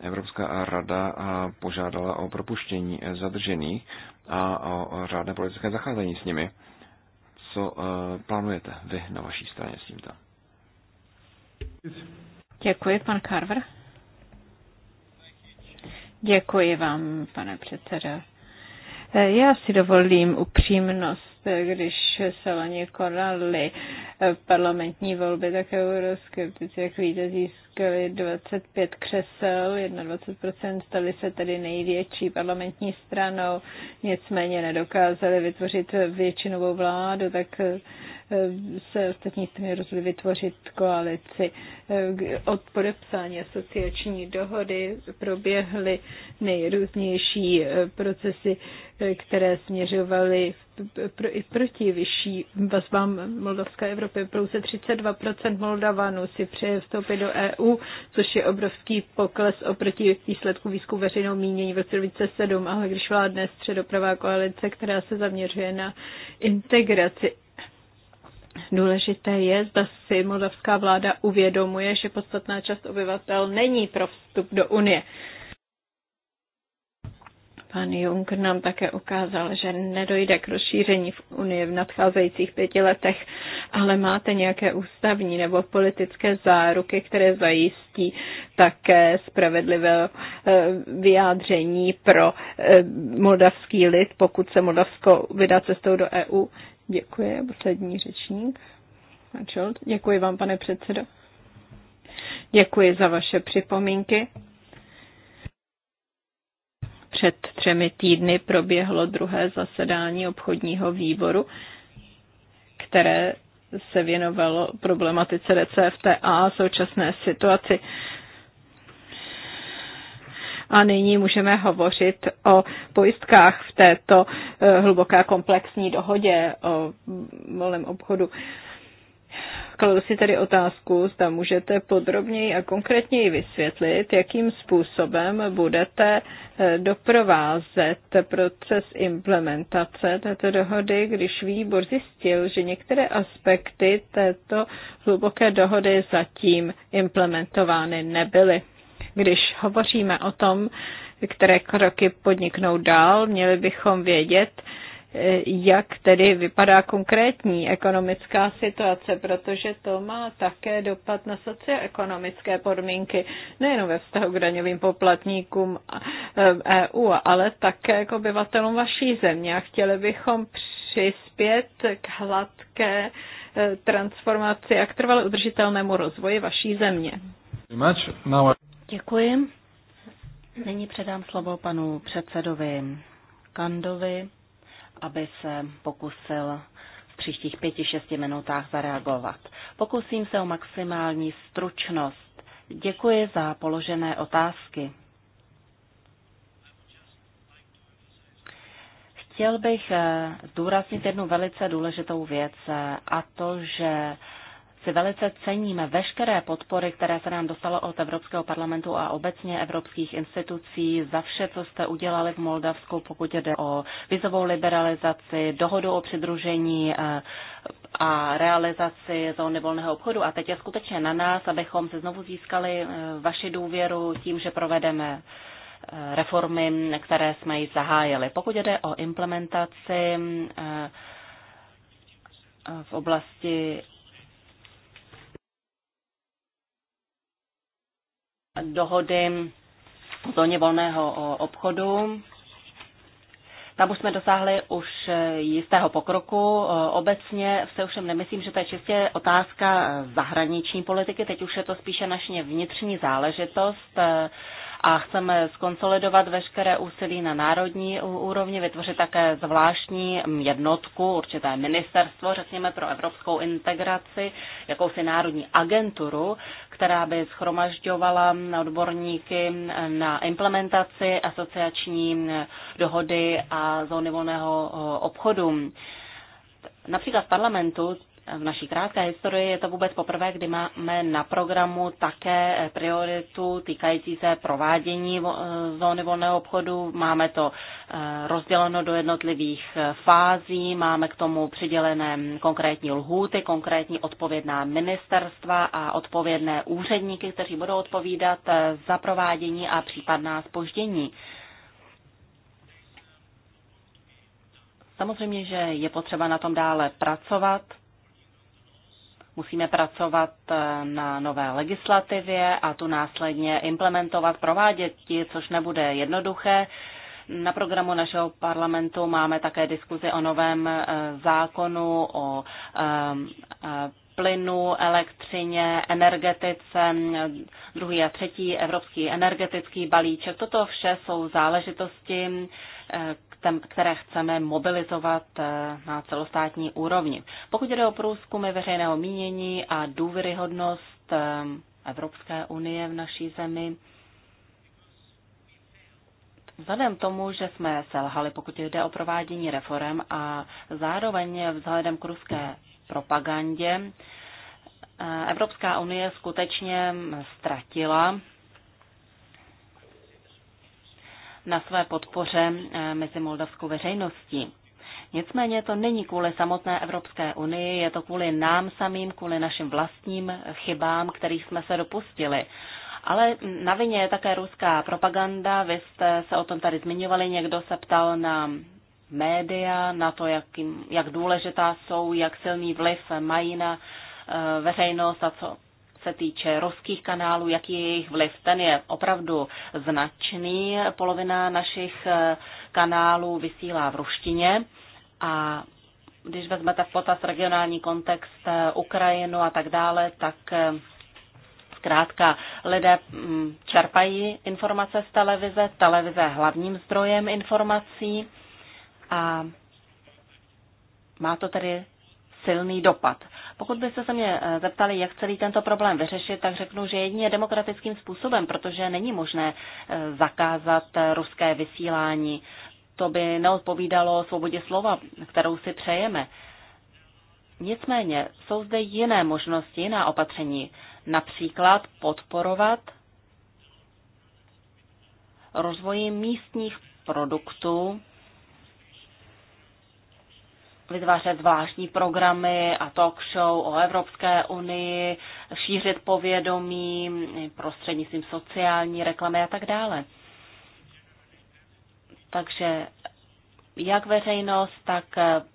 Speaker 2: Evropská rada požádala o propuštění zadržených a o řádné politické zacházení s nimi. Co plánujete vy na vaší straně s tímto?
Speaker 3: Děkuji, pan Carver. Děkuji vám, pane předseda. Já si dovolím upřímnost, když se loni konaly parlamentní volby, tak euroskeptici, jak víte, získali 25 křesel, 21%, stali se tedy největší parlamentní stranou, nicméně nedokázali vytvořit většinovou vládu, tak eh, se ostatní strany rozhodly vytvořit koalici. Eh, od podepsání asociační dohody proběhly nejrůznější eh, procesy, které směřovaly i proti další vazbám Moldavské Evropy. Pouze 32% Moldavanů si přeje vstoupit do EU, což je obrovský pokles oproti výsledku výzkumu veřejnou mínění v roce 2007, ale když vládne středopravá koalice, která se zaměřuje na integraci Důležité je, zda si moldavská vláda uvědomuje, že podstatná část obyvatel není pro vstup do Unie. Pan Juncker nám také ukázal, že nedojde k rozšíření v Unii v nadcházejících pěti letech, ale máte nějaké ústavní nebo politické záruky, které zajistí také spravedlivé eh, vyjádření pro eh, moldavský lid, pokud se Moldavsko vydá cestou do EU. Děkuji, poslední řečník. Děkuji vám, pane předsedo. Děkuji za vaše připomínky. Před třemi týdny proběhlo druhé zasedání obchodního výboru, které se věnovalo problematice DCFT a současné situaci. A nyní můžeme hovořit o pojistkách v této eh, hluboké komplexní dohodě o volném obchodu. Uh, Kladu si tedy otázku, zda můžete podrobněji a konkrétněji vysvětlit, jakým způsobem budete eh, doprovázet proces implementace této dohody, když výbor zjistil, že některé aspekty této hluboké dohody zatím implementovány nebyly. Když hovoříme o tom, které kroky podniknou dál, měli bychom vědět, E, jak tedy vypadá konkrétní ekonomická situace, protože to má také dopad na socioekonomické podmínky, nejenom ve vztahu k daňovým poplatníkům EU, e ale také k obyvatelům vaší země. A chtěli bychom přispět k hladké e, transformaci a k trvale udržitelnému rozvoji vaší
Speaker 5: země. Děkuji. Nyní předám slovo panu předsedovi Kandovi aby se pokusil v příštích pěti, šesti minutách zareagovat. Pokusím se o maximální stručnost. Děkuji za položené otázky. Chtěl bych eh, zdůraznit jednu velice důležitou věc eh, a to, že si velice ceníme veškeré podpory, které se nám dostalo od Evropského parlamentu a obecně evropských institucí za vše, co jste udělali v Moldavsku, pokud jde o vizovou liberalizaci, dohodu o přidružení eh, a realizaci zóny volného obchodu. A teď je skutečně na nás, abychom se znovu získali eh, vaši důvěru tím, že provedeme eh, reformy, které jsme ji zahájili. Pokud jde o implementaci v oblasti dohody o zóně volného obchodu. Tam už jsme dosáhli už jistého pokroku. Obecně se ovšem nemyslím, že to je čistě otázka zahraniční politiky, teď už je to spíše naše vnitřní záležitost a chceme skonsolidovat veškeré úsilí na národní úrovni, vytvořit také zvláštní jednotku, určité ministerstvo, řekněme, pro evropskou integraci, jakousi národní agenturu, která by schromažďovala odborníky na implementaci asociační dohody a zóny volného obchodu. Například v parlamentu v naší krátké historii je to vůbec poprvé, kdy máme na programu také prioritu týkající se provádění zóny volného obchodu. Máme to eh, rozděleno do jednotlivých eh, fází, máme k tomu přidělené mm, konkrétní lhůty, konkrétní odpovědná ministerstva a odpovědné úředníky, kteří budou odpovídat eh, za provádění a případná spoždění. Samozřejmě, že je potřeba na tom dále pracovat musíme pracovat eh, na nové legislativě a tu následně implementovat, provádět ti, což nebude jednoduché. Na programu našeho parlamentu máme také diskuzi o novém eh, zákonu, o ehm, eh, plynu, elektřině, energetice, druhý a třetí evropský energetický balíček. Toto vše jsou záležitosti, které chceme mobilizovat eh, na celostátní úrovni. Pokud jde o průzkumy veřejného mínění a důvěryhodnost eh, Evropské unie v naší zemi, Vzhledem tomu, že jsme selhali, pokud jde o provádění reform a zároveň vzhledem k ruské propagandě, eh, Evropská unie skutečně ztratila na své podpoře eh, mezi moldavskou veřejností. Nicméně to není kvůli samotné Evropské unii, je to kvůli nám samým, kvůli našim vlastním chybám, kterých jsme se dopustili. Ale na vině je také ruská propaganda, vy jste se o tom tady zmiňovali, někdo se ptal na média, na to, jak, jak důležitá jsou, jak silný vliv mají na eh, veřejnost a co se týče roských kanálů, jaký je jejich vliv. Ten je opravdu značný. Polovina našich eh, kanálů vysílá v ruštině a když vezmete v potaz regionální kontext eh, Ukrajinu a tak dále, tak eh, zkrátka lidé mm, čerpají informace z televize, televize je hlavním zdrojem informací a má to tedy silný dopad. Pokud byste se mě eh, zeptali, jak celý tento problém vyřešit, tak řeknu, že jedině demokratickým způsobem, protože není možné eh, zakázat eh, ruské vysílání. To by neodpovídalo svobodě slova, kterou si přejeme. Nicméně jsou zde jiné možnosti, jiná opatření. Například podporovat rozvoji místních produktů vytvářet zvláštní programy a talk show o Evropské unii, šířit povědomí prostřednictvím sociální reklamy a tak dále. Takže jak veřejnost, tak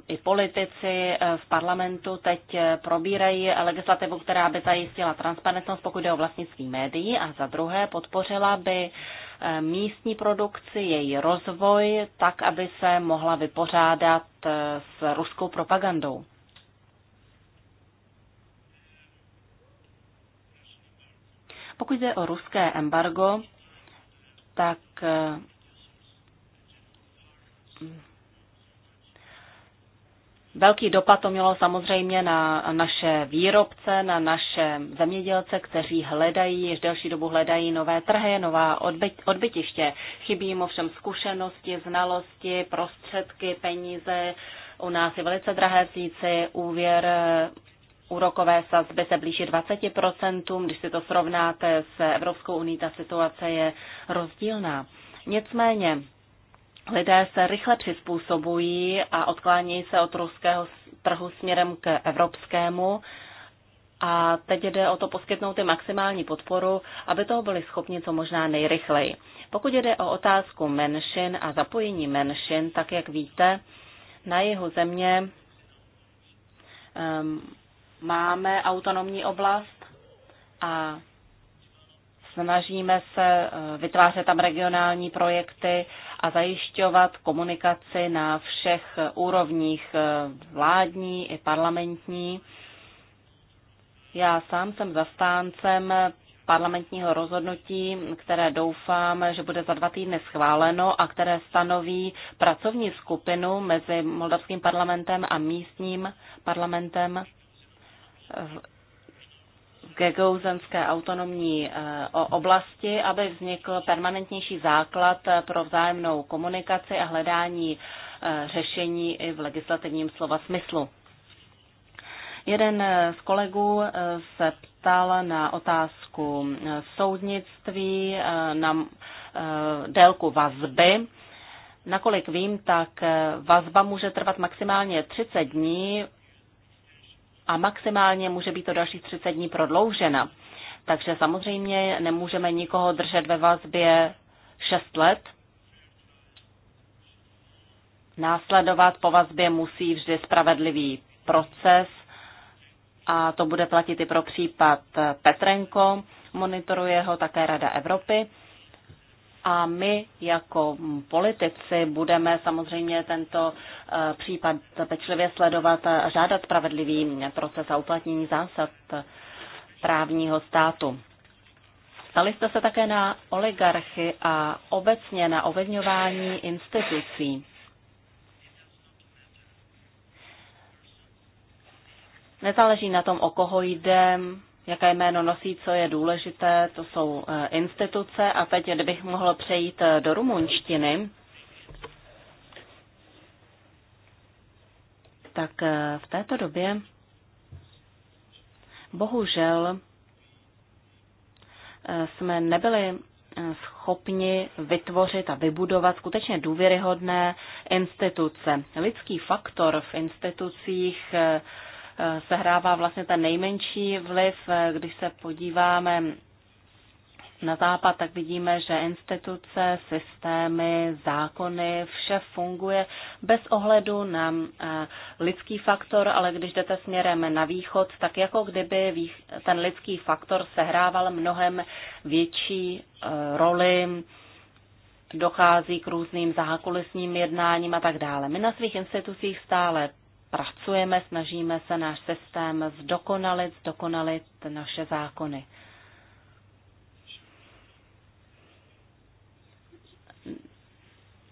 Speaker 5: i politici v parlamentu teď probírají legislativu, která by zajistila transparentnost, pokud jde o vlastnictví médií a za druhé podpořila by Eh, místní produkci, její rozvoj, tak, aby se mohla vypořádat eh, s ruskou propagandou. Pokud jde o ruské embargo, tak eh, Velký dopad to mělo samozřejmě na naše výrobce, na naše zemědělce, kteří hledají, již delší dobu hledají nové trhy, nová odbytiště. Chybí jim ovšem zkušenosti, znalosti, prostředky, peníze. U nás je velice drahé vzít úvěr Úrokové sazby se blíží 20%, když si to srovnáte s Evropskou uní, ta situace je rozdílná. Nicméně lidé se rychle přizpůsobují a odklánějí se od ruského trhu směrem k evropskému. A teď jde o to poskytnout i maximální podporu, aby toho byli schopni co možná nejrychleji. Pokud jde o otázku menšin a zapojení menšin, tak jak víte, na jeho země um, máme autonomní oblast a Snažíme se eh, vytvářet tam regionální projekty a zajišťovat komunikaci na všech eh, úrovních eh, vládní i parlamentní. Já sám jsem zastáncem parlamentního rozhodnutí, které doufám, že bude za dva týdny schváleno a které stanoví pracovní skupinu mezi Moldavským parlamentem a místním parlamentem gegouzenské autonomní eh, oblasti, aby vznikl permanentnější základ eh, pro vzájemnou komunikaci a hledání eh, řešení i v legislativním slova smyslu. Jeden z kolegů se ptal na otázku soudnictví, na délku vazby. Nakolik vím, tak vazba může trvat maximálně 30 dní a maximálně může být to dalších 30 dní prodloužena. Takže samozřejmě nemůžeme nikoho držet ve vazbě 6 let. Následovat po vazbě musí vždy spravedlivý proces a to bude platit i pro případ Petrenko, monitoruje ho také Rada Evropy. A my jako politici budeme samozřejmě tento eh, případ pečlivě sledovat a žádat spravedlivý proces a uplatnění zásad právního státu. Stali jste se také na oligarchy a obecně na ovlivňování institucí. Nezáleží na tom, o koho jde, jaké jméno nosí, co je důležité, to jsou eh, instituce. A teď, kdybych mohl přejít eh, do rumunštiny, tak eh, v této době bohužel jsme nebyli schopni vytvořit a vybudovat skutečně důvěryhodné instituce. Lidský faktor v institucích sehrává vlastně ten nejmenší vliv. Když se podíváme na západ, tak vidíme, že instituce, systémy, zákony, vše funguje bez ohledu na eh, lidský faktor, ale když jdete směrem na východ, tak jako kdyby ten lidský faktor sehrával mnohem větší eh, roli, dochází k různým zákulisním jednáním a tak dále. My na svých institucích stále pracujeme, snažíme se náš systém zdokonalit, zdokonalit naše zákony.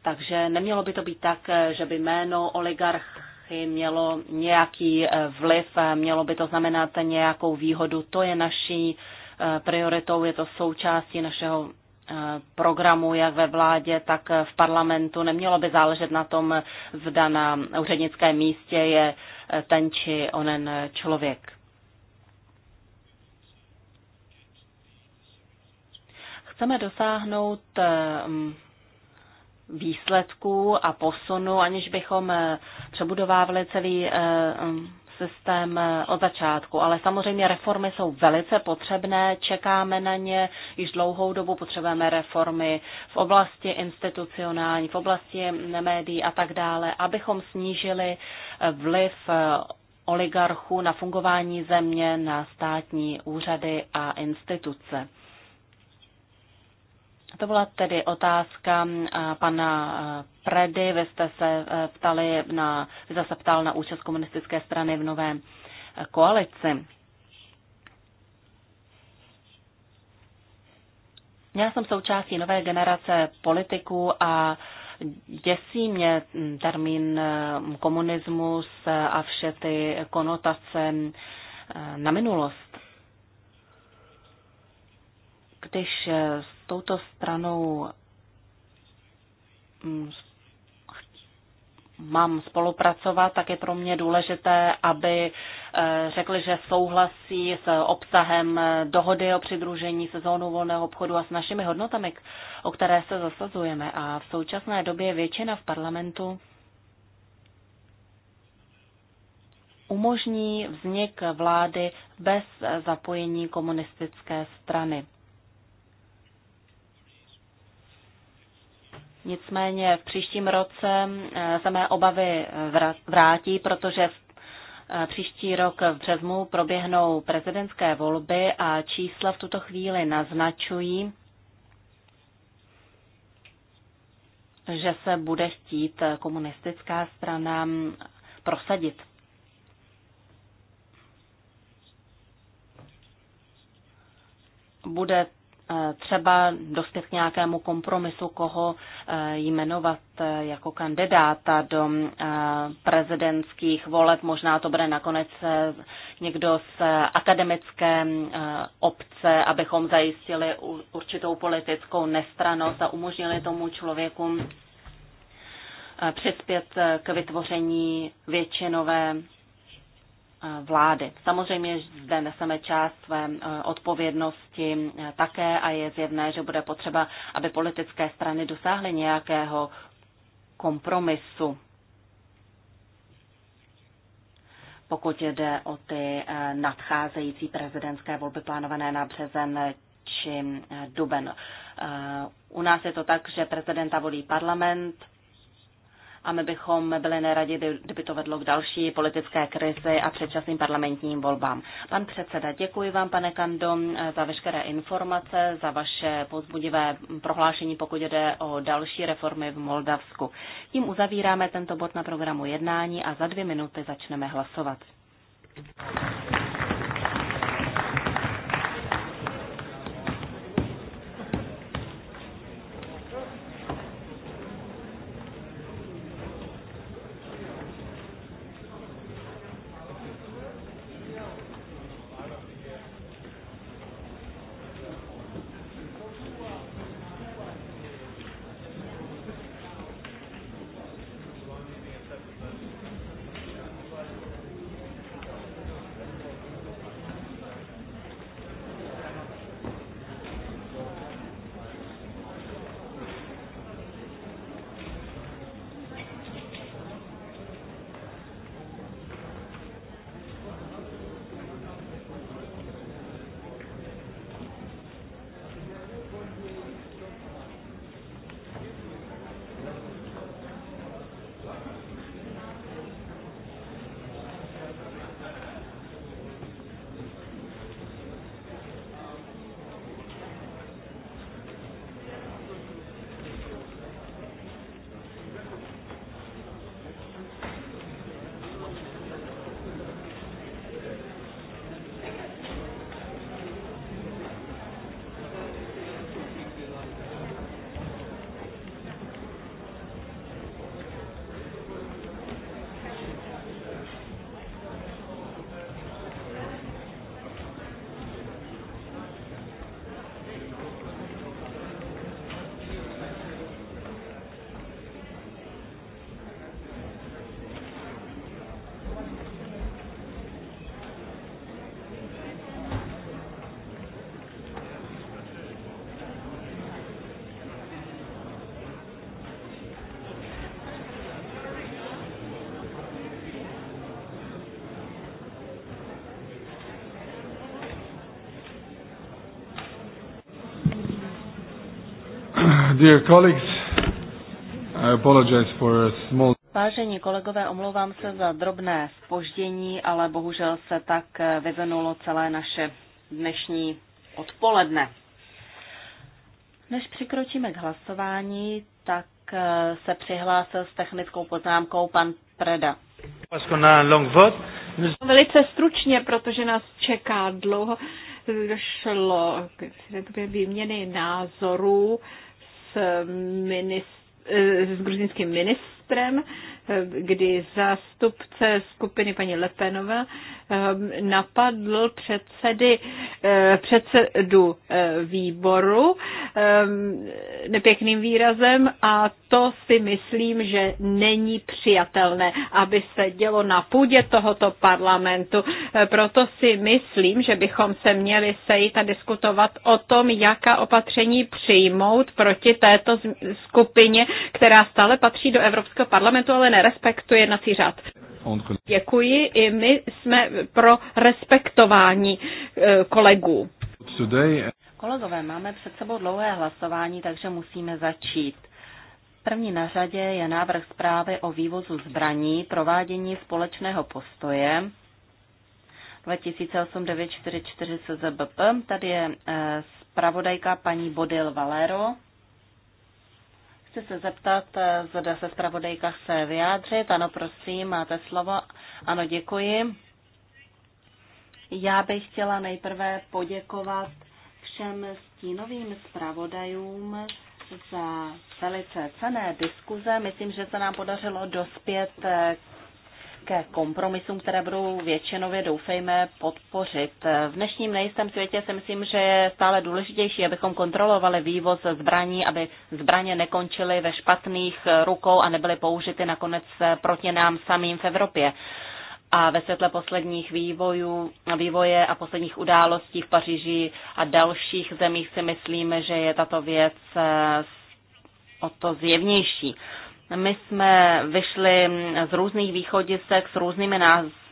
Speaker 5: Takže nemělo by to být tak, že by jméno oligarchy mělo nějaký eh, vliv, eh, mělo by to znamenat nějakou výhodu. To je naší eh, prioritou, je to součástí našeho programu jak ve vládě, tak v parlamentu. Nemělo by záležet na tom, zda na úřednickém místě je ten či onen člověk. Chceme dosáhnout mm, výsledků a posunu, aniž bychom eh, přebudovávali celý eh, mm, systém eh, od začátku. Ale samozřejmě reformy jsou velice potřebné, čekáme na ně již dlouhou dobu, potřebujeme reformy v oblasti institucionální, v oblasti médií a tak dále, abychom snížili eh, vliv eh, oligarchů na fungování země, na státní úřady a instituce. To byla tedy otázka pana Predy. Vy jste se e, ptali na, vy zase ptal na účast komunistické strany v nové e, koalici. Já jsem součástí nové generace politiků a děsí mě termín e, komunismus a vše ty konotace na minulost. Když touto stranou mm, mám spolupracovat, tak je pro mě důležité, aby eh, řekli, že souhlasí s obsahem eh, dohody o přidružení se zónou volného obchodu a s našimi hodnotami, o které se zasazujeme. A v současné době většina v parlamentu umožní vznik vlády bez zapojení komunistické strany. Nicméně v příštím roce eh, se mé obavy vrátí, protože v eh, Příští rok v březnu proběhnou prezidentské volby a čísla v tuto chvíli naznačují, že se bude chtít komunistická strana prosadit. Bude Eh, třeba dospět k nějakému kompromisu, koho eh, jmenovat eh, jako kandidáta do prezidentských voleb. Možná to bude nakonec někdo z akademické obce, abychom zajistili určitou politickou nestranost a umožnili tomu člověku přispět k vytvoření většinové vlády. Samozřejmě zde neseme část své e, odpovědnosti e, také a je zjevné, že bude potřeba, aby politické strany dosáhly nějakého kompromisu. Pokud jde o ty e, nadcházející prezidentské volby plánované na březen či duben. U nás je to tak, že prezidenta volí parlament, a my bychom byli neradi, kdyby to vedlo k další politické krizi a předčasným parlamentním volbám. Pan předseda, děkuji vám, pane Kando, za veškeré informace, za vaše pozbudivé prohlášení, pokud jde o další reformy v Moldavsku. Tím uzavíráme tento bod na programu jednání a za dvě minuty začneme hlasovat.
Speaker 1: Dear colleagues, I apologize for a small...
Speaker 5: Vážení kolegové, omlouvám se za drobné spoždění, ale bohužel se tak vyvinulo celé naše dnešní odpoledne. Než přikročíme k hlasování, tak se přihlásil s technickou poznámkou pan Preda. Velice stručně, protože nás čeká dlouho, došlo
Speaker 3: k výměny názorů s, eh, s gruzinským ministrem, eh, kdy zástupce skupiny paní Lepenova Ehm, napadl předsedy, eh, předsedu eh, výboru ehm, nepěkným výrazem a to si myslím, že není přijatelné, aby se dělo na půdě tohoto parlamentu. Eh, proto si myslím, že bychom se měli sejít a diskutovat o tom, jaká opatření přijmout proti této skupině, která stále patří do Evropského parlamentu, ale nerespektuje jednací řád. Děkuji, i my
Speaker 5: jsme pro
Speaker 3: respektování eh, kolegů.
Speaker 5: Kolegové, máme před sebou dlouhé hlasování, takže musíme začít. První na řadě je návrh zprávy o vývozu zbraní, provádění společného postoje 2008-944 CZBP. Tady je eh, zpravodajka paní Bodil Valero. Chci se zeptat, eh, zda se zpravodajka chce vyjádřit. Ano, prosím, máte slovo. Ano, děkuji. Já bych chtěla nejprve poděkovat všem stínovým zpravodajům za velice cené diskuze. Myslím, že se nám podařilo dospět eh, ke kompromisům, které budou většinově, doufejme, podpořit. V dnešním nejistém světě si myslím, že je stále důležitější, abychom kontrolovali vývoz zbraní, aby zbraně nekončily ve špatných rukou a nebyly použity nakonec proti nám samým v Evropě. A ve světle posledních vývojů, vývoje a posledních událostí v Paříži a dalších zemích si myslíme, že je tato věc eh, o to zjevnější. My jsme vyšli z různých východisek s různými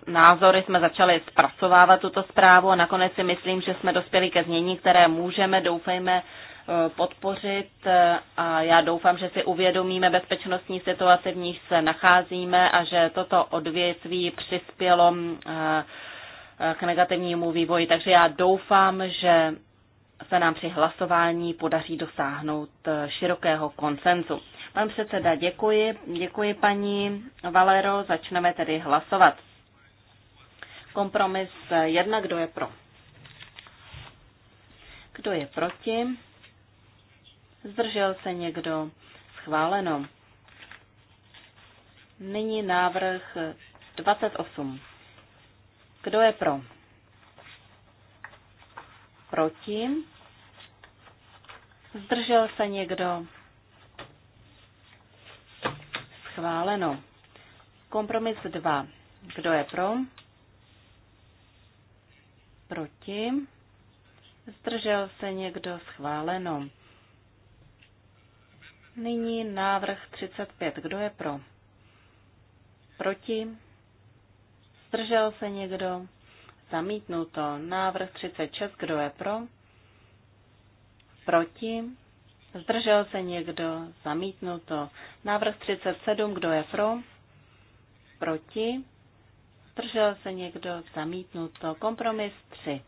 Speaker 5: názory, jsme začali zpracovávat tuto zprávu a nakonec si myslím, že jsme dospěli ke změní, které můžeme, doufejme, eh, podpořit a já doufám, že si uvědomíme bezpečnostní situaci, v níž se nacházíme a že toto odvětví přispělo eh, k negativnímu vývoji. Takže já doufám, že se nám při hlasování podaří dosáhnout eh, širokého konsenzu. Pan předseda, děkuji. Děkuji paní Valero. Začneme tedy hlasovat. Kompromis jedna, kdo je pro? Kdo je proti? Zdržel se někdo? Schváleno. Nyní návrh 28. Kdo je pro? Proti? Zdržel se někdo? Schváleno. Kompromis 2. Kdo je pro? Proti? Zdržel se někdo? Schváleno. Nyní návrh 35. Kdo je pro? Proti? Zdržel se někdo? Zamítnuto. Návrh 36. Kdo je pro? Proti? Zdržel se někdo? to Návrh 37. Kdo je pro? Proti? Zdržel se někdo? to Kompromis 3.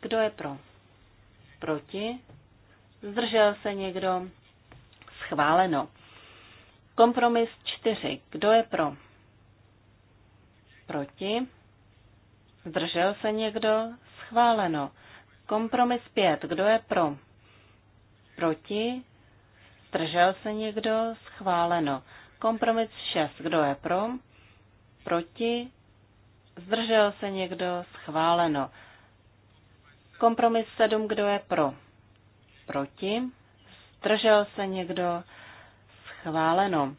Speaker 5: Kdo je pro? Proti? Zdržel se někdo? Schváleno. Kompromis 4. Kdo je pro? Proti? Zdržel se někdo? Schváleno. Kompromis 5. Kdo je pro? Proti? Zdržel se někdo? Schváleno. Kompromis 6. Kdo je pro? Proti? Zdržel se někdo? Schváleno. Kompromis 7. Kdo je pro? Proti? Zdržel se někdo? Schváleno.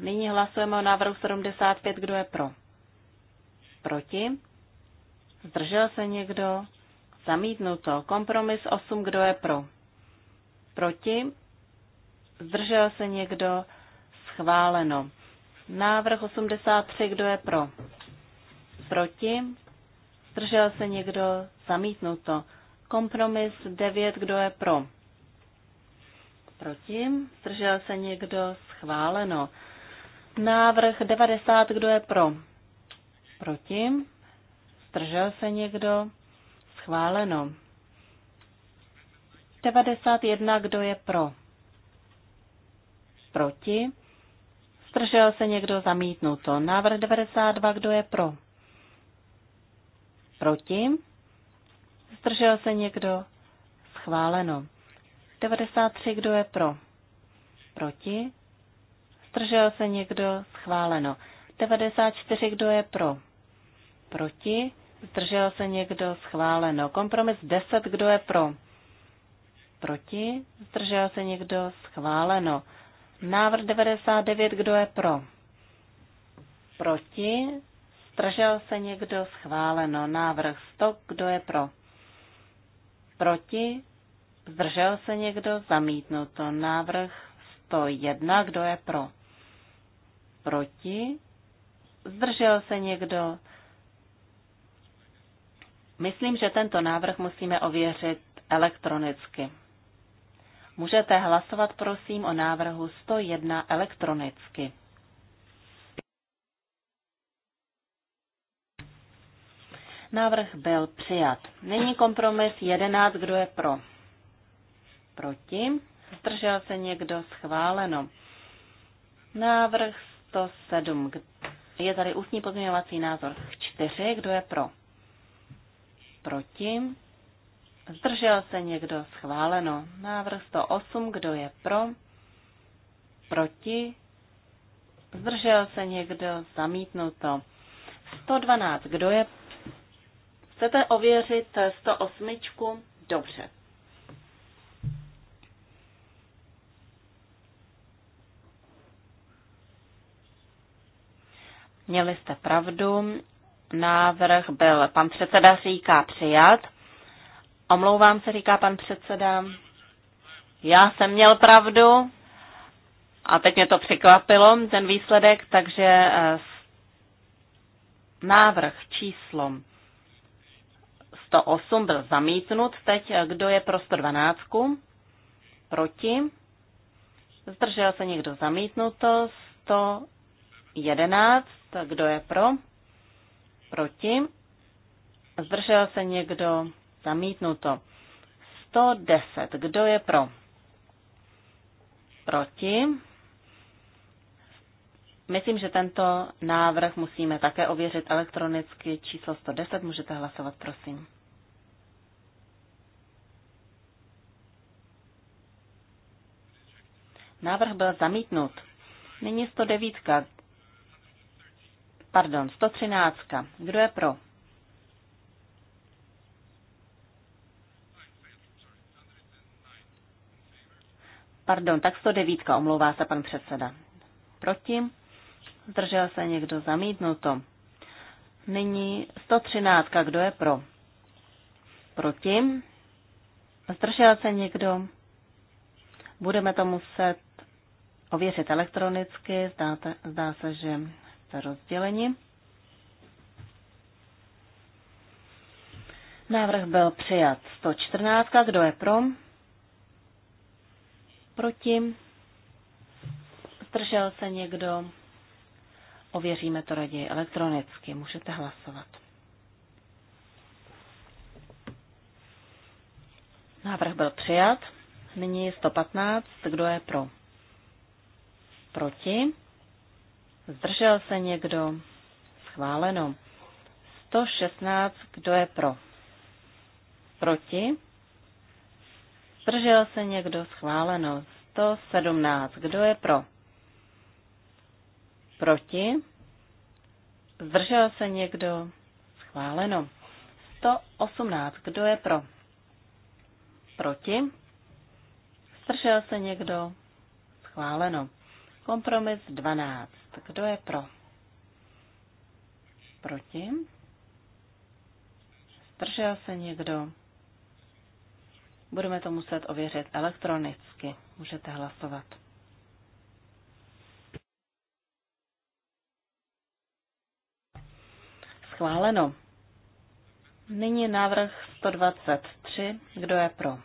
Speaker 5: Nyní hlasujeme o návrhu 75. Kdo je pro? Proti? Zdržel se někdo? Zamítnuto. Kompromis 8. Kdo je pro? Proti? Zdržel se někdo? Schváleno. Návrh 83, kdo je pro? Proti? Zdržel se někdo? Zamítnuto. Kompromis 9, kdo je pro? Proti? Zdržel se někdo? Schváleno. Návrh 90, kdo je pro? Proti? Zdržel se někdo? Schváleno. 91, kdo je pro? Proti? Zdržel se někdo zamítnuto. Návrh 92, kdo je pro? Proti? Zdržel se někdo schváleno. 93, kdo je pro? Proti? Zdržel se někdo schváleno. 94, kdo je pro? Proti? Zdržel se někdo schváleno. Kompromis 10, kdo je pro? Proti? Zdržel se někdo? Schváleno. Návrh 99, kdo je pro? Proti? Zdržel se někdo? Schváleno. Návrh 100, kdo je pro? Proti? Zdržel se někdo? Zamítnuto. Návrh 101, kdo je pro? Proti? Zdržel se někdo? Myslím, že tento návrh musíme ověřit elektronicky. Můžete hlasovat prosím o návrhu 101 elektronicky. Návrh byl přijat. Nyní kompromis 11, kdo je pro? Proti? Zdržel se někdo? Schváleno. Návrh 107. Je tady ústní pozměňovací názor 4, kdo je pro? Proti? Zdržel se někdo? Schváleno. Návrh 108. Kdo je pro? Proti? Zdržel se někdo? Zamítnuto. 112. Kdo je? Chcete ověřit 108? Dobře. Měli jste pravdu. Návrh byl, pan předseda říká, přijat. Omlouvám se, říká pan předseda. Já jsem měl pravdu a teď mě to překvapilo, ten výsledek, takže eh, návrh číslo 108 byl zamítnut. Teď eh, kdo je pro 112? Proti? Zdržel se někdo zamítnuto? 111. Kdo je pro? Proti? Zdržel se někdo Zamítnuto. 110. Kdo je pro? Proti? Myslím, že tento návrh musíme také ověřit elektronicky. Číslo 110 můžete hlasovat, prosím. Návrh byl zamítnut. Nyní 109. Pardon, 113. Kdo je pro? Pardon, tak 109, omlouvá se pan předseda. Proti? Zdržel se někdo zamítnuto. Nyní 113, kdo je pro? Proti? Zdržel se někdo? Budeme to muset ověřit elektronicky. Zdáte, zdá se, že jste rozděleni. Návrh byl přijat 114. Kdo je pro? Proti? Zdržel se někdo? Ověříme to raději elektronicky. Můžete hlasovat. Návrh byl přijat. Nyní 115. Kdo je pro? Proti? Zdržel se někdo? Schváleno. 116. Kdo je pro? Proti? Zdržel se někdo? Schváleno. 117. Kdo je pro? Proti? Zdržel se někdo? Schváleno. 118. Kdo je pro? Proti? Zdržel se někdo? Schváleno. Kompromis 12. Kdo je pro? Proti? Zdržel se někdo? Budeme to muset ověřit elektronicky. Můžete hlasovat. Schváleno. Nyní návrh 123. Kdo je pro?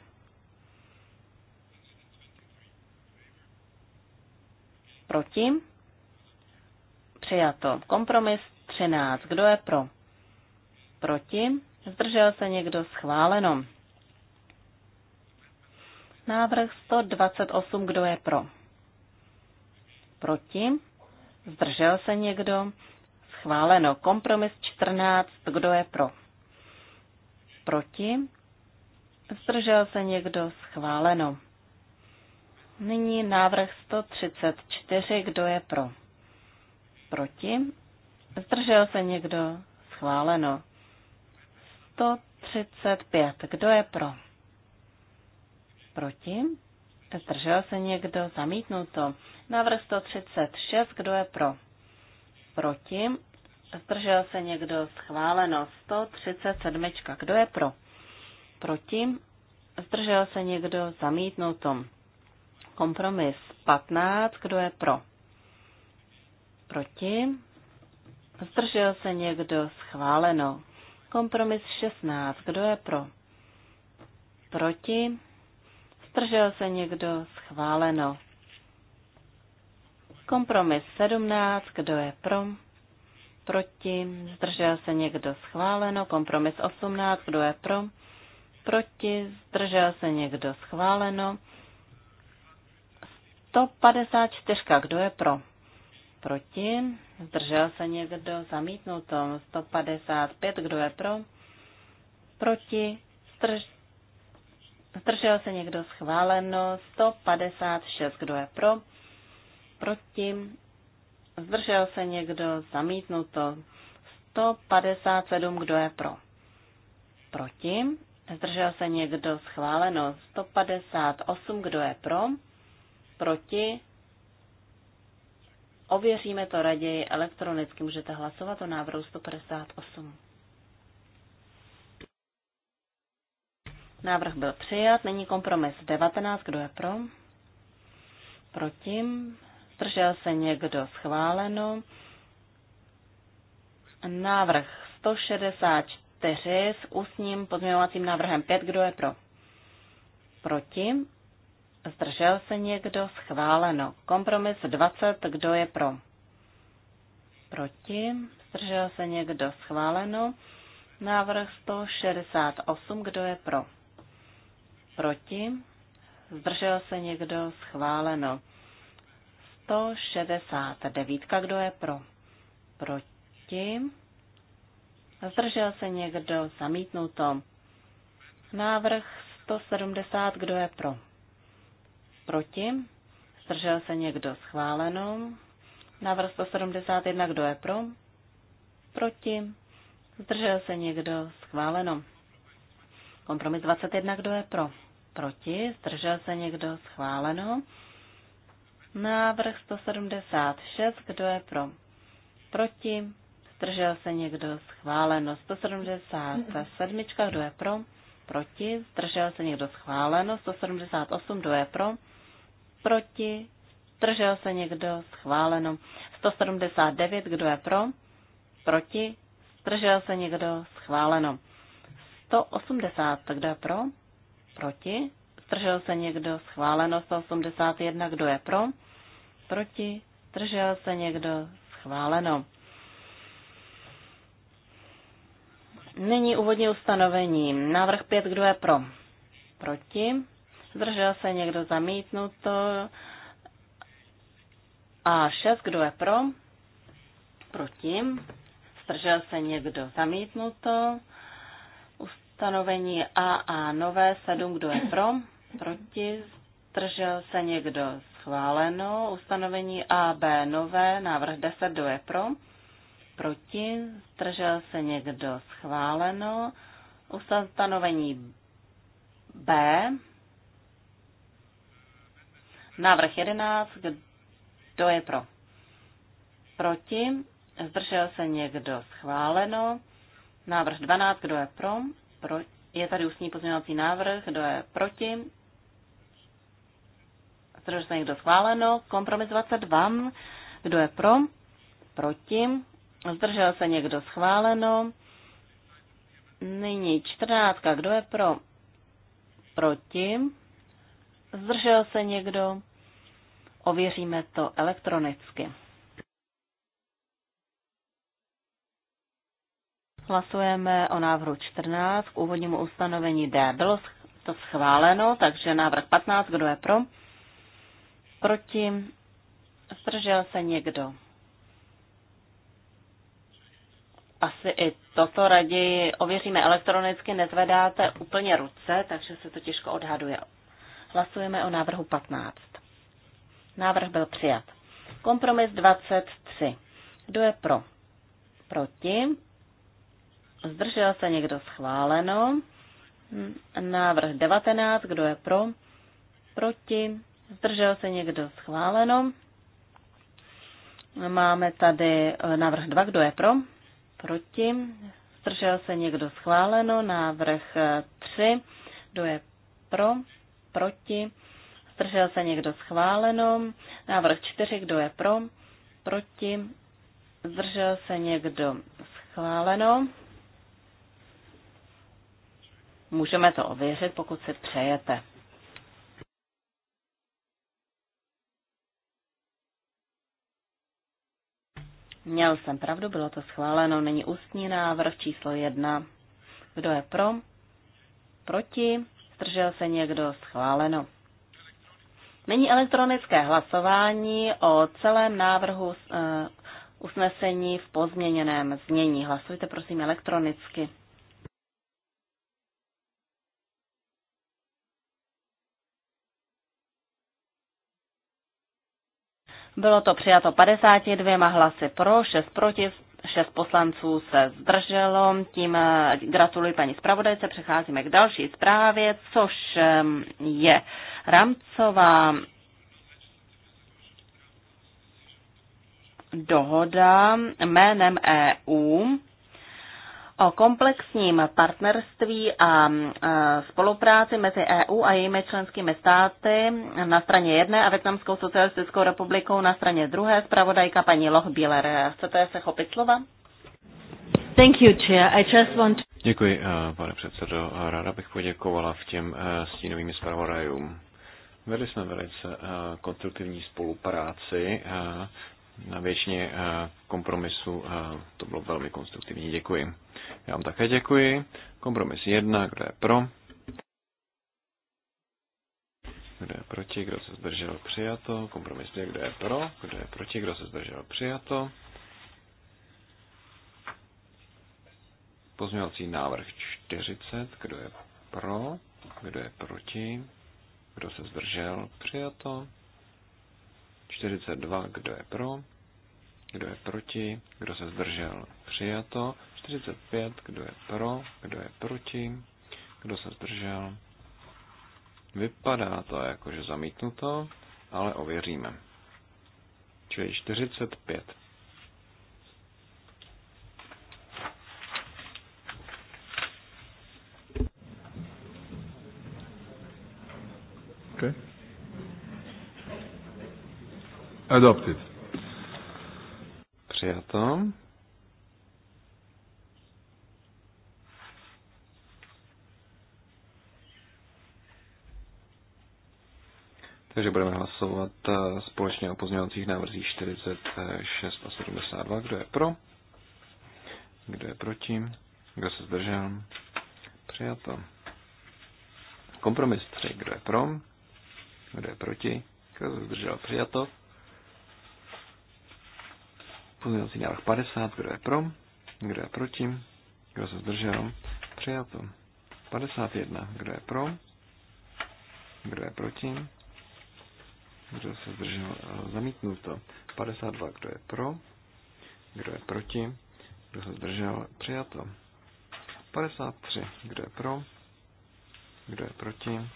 Speaker 5: Proti? Přijato. Kompromis 13. Kdo je pro? Proti? Zdržel se někdo schváleno. Návrh 128, kdo je pro? Proti? Zdržel se někdo? Schváleno. Kompromis 14, kdo je pro? Proti? Zdržel se někdo? Schváleno. Nyní návrh 134, kdo je pro? Proti? Zdržel se někdo? Schváleno. 135, kdo je pro? Proti? Zdržel se někdo? Zamítnuto. Návrh 136. Kdo je pro? Proti? Zdržel se někdo? Schváleno. 137. Kdo je pro? Proti? Zdržel se někdo? Zamítnuto. Kompromis 15. Kdo je pro? Proti? Zdržel se někdo? Schváleno. Kompromis 16. Kdo je pro? Proti? Zdržel se někdo? Schváleno. Kompromis 17. Kdo je pro? Proti. Zdržel se někdo? Schváleno. Kompromis 18. Kdo je pro? Proti. Zdržel se někdo? Schváleno. 154. Kdo je pro? Proti. Zdržel se někdo? Zamítnuto. 155. Kdo je pro? Proti. Zdrž, Zdržel se někdo schváleno 156. Kdo je pro? Proti? Zdržel se někdo zamítnuto 157. Kdo je pro? Proti? Zdržel se někdo schváleno 158. Kdo je pro? Proti? Ověříme to raději elektronicky. Můžete hlasovat o návrhu 158. Návrh byl přijat. Není kompromis 19. Kdo je pro? Proti? Zdržel se někdo? Schváleno. Návrh 164 s ústním pozměňovacím návrhem 5. Kdo je pro? Proti? Zdržel se někdo? Schváleno. Kompromis 20. Kdo je pro? Proti? Zdržel se někdo? Schváleno. Návrh 168. Kdo je pro? Proti? Zdržel se někdo? Schváleno. 169. Kdo je pro? Proti? Zdržel se někdo? Zamítnuto. Návrh 170. Kdo je pro? Proti? Zdržel se někdo? Schváleno. Návrh 171. Kdo je pro? Proti? Zdržel se někdo? Schváleno. Kompromis 21. Kdo je pro? proti, zdržel se někdo, schváleno. Návrh 176, kdo je pro, proti, zdržel se někdo, schváleno. 177, kdo je pro, proti, zdržel se někdo, schváleno. 178, kdo je pro, proti, zdržel se někdo, schváleno. 179, kdo je pro, proti, zdržel se někdo, schváleno. 180, kdo je pro, Proti? Zdržel se někdo? Schváleno 181. Kdo je pro? Proti? Zdržel se někdo? Schváleno. Nyní úvodní ustanovení. Návrh 5. Kdo je pro? Proti? Zdržel se někdo? Zamítnuto. A 6. Kdo je pro? Proti? Zdržel se někdo? Zamítnuto. Stanovení A a nové 7, kdo je pro, proti, zdržel se někdo schváleno. Ustanovení A, B, nové, návrh 10, kdo je pro, proti, zdržel se někdo schváleno. Ustanovení B, návrh 11, kdo je pro, proti, zdržel se někdo schváleno. Návrh 12, kdo je pro, pro, je tady ústní pozměňovací návrh, kdo je proti, zdržel se někdo schváleno, kompromis 22, kdo je pro, proti, zdržel se někdo schváleno, nyní 14, kdo je pro, proti, zdržel se někdo, ověříme to elektronicky. Hlasujeme o návrhu 14 k úvodnímu ustanovení D. Bylo to schváleno, takže návrh 15, kdo je pro? Proti? Zdržel se někdo? Asi i toto raději ověříme elektronicky, nezvedáte úplně ruce, takže se to těžko odhaduje. Hlasujeme o návrhu 15. Návrh byl přijat. Kompromis 23. Kdo je pro? Proti? Zdržel se někdo schváleno. Návrh 19, kdo je pro? Proti. Zdržel se někdo schváleno. Máme tady eh, návrh 2, kdo je pro? Proti. Zdržel se někdo schváleno. Návrh 3, eh, kdo je pro? Proti. Zdržel se někdo schváleno. Návrh 4, kdo je pro? Proti. Zdržel se někdo schváleno. Můžeme to ověřit, pokud si přejete. Měl jsem pravdu, bylo to schváleno. Není ústní návrh číslo jedna. Kdo je pro? Proti? Zdržel se někdo? Schváleno. Není elektronické hlasování o celém návrhu eh, usnesení v pozměněném znění. Hlasujte prosím elektronicky. Bylo to přijato 52 hlasy pro, 6 proti, 6 poslanců se zdrželo. Tím eh, gratuluji paní zpravodajce. Přecházíme k další zprávě, což je rámcová dohoda jménem EU o komplexním partnerství a spolupráci mezi EU a jejími členskými státy na straně jedné a Větnamskou socialistickou republikou na straně druhé. Spravodajka paní Loch Bieler. Chcete se chopit slova? Thank you, Chair. I just want to...
Speaker 2: Děkuji, eh, pane předsedo. Ráda bych poděkovala v těm eh, stínovým zpravodajům. Vedli jsme velice eh, konstruktivní spolupráci na většině eh, kompromisu eh, to bylo velmi konstruktivní. Děkuji. Já vám také děkuji. Kompromis 1, kdo je pro? Kdo je proti, kdo se zdržel, přijato. Kompromis 2, kdo je pro? Kdo je proti, kdo se zdržel, přijato. Pozměňovací návrh 40, kdo je pro? Kdo je proti? Kdo se zdržel, přijato. 42, kdo je pro, kdo je proti, kdo se zdržel, přijato. 45, kdo je pro, kdo je proti, kdo se zdržel. Vypadá to jako, že zamítnuto, ale ověříme. Čili 45. Adopted. Přijato. Takže budeme hlasovat eh, společně o pozměňovacích návrzích 46 a 72. Kdo je pro? Kdo je proti? Kdo se zdržel? Přijato. Kompromis 3. Kdo je pro? Kdo je proti? Kdo se zdržel? Přijato. Pozměňovací návrh 50, kdo je pro, kdo je proti, kdo se zdržel, přijato. 51, kdo je pro, kdo je proti, kdo se zdržel, zamítnuto. 52, kdo je pro, kdo je proti, kdo se zdržel, přijato. 53, kdo je pro, kdo je proti,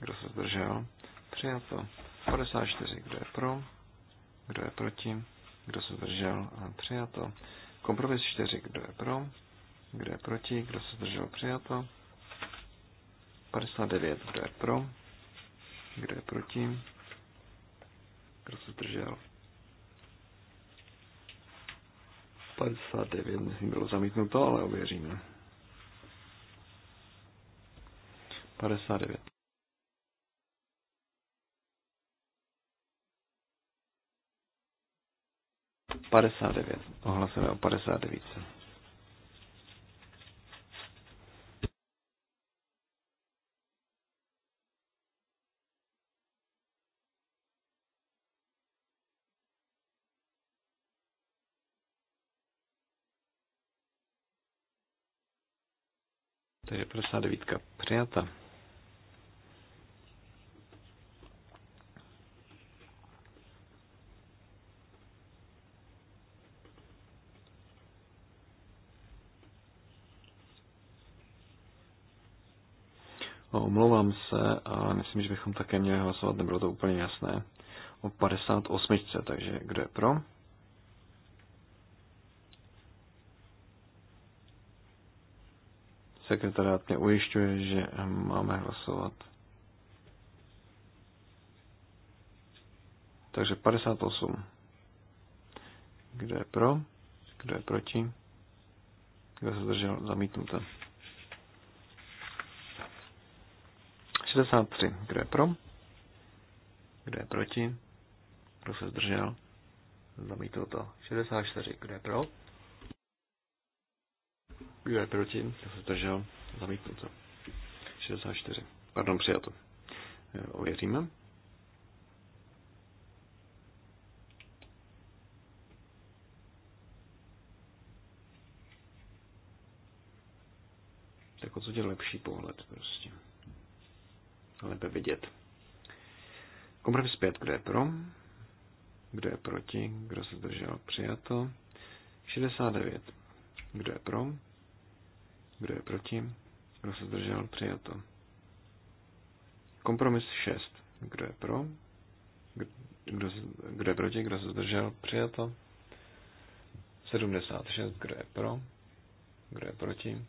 Speaker 2: kdo se zdržel, přijato. 54, kdo je pro, kdo je proti, kdo se zdržel? Přijato. Kompromis 4. Kdo je pro? Kdo je proti? Kdo se zdržel? Přijato. 59. Kdo je pro? Kdo je proti? Kdo se zdržel? 59, myslím, bylo zamítnuto, ale ověříme. 59. 59. Ohlasujeme o 59. Takže 59. Přijata. Omlouvám se a myslím, že bychom také měli hlasovat, nebylo to úplně jasné, o 58. Takže kdo je pro? Sekretariat mě ujišťuje, že máme hlasovat. Takže 58. Kdo je pro? Kdo je proti? Kdo se zdržel? Zamítnuté. 63. Kdo je pro? Kdo je proti? Kdo se zdržel? Zamítl to. 64. Kdo je pro? Kdo je proti? Kdo se zdržel? Zamítl to. 64. Pardon, přijato. Eh, ověříme. tak o co tě lepší pohled prostě lépe vidět. Kompromis 5, kdo je pro? Kdo je proti? Kdo se zdržel? Přijato. 69. Kdo je pro? Kdo je proti? Kdo se zdržel? Přijato. Kompromis 6. Kdo je pro? Kdo, kdo je proti? Kdo se zdržel? Přijato. 76. Kdo je pro? Kdo je proti?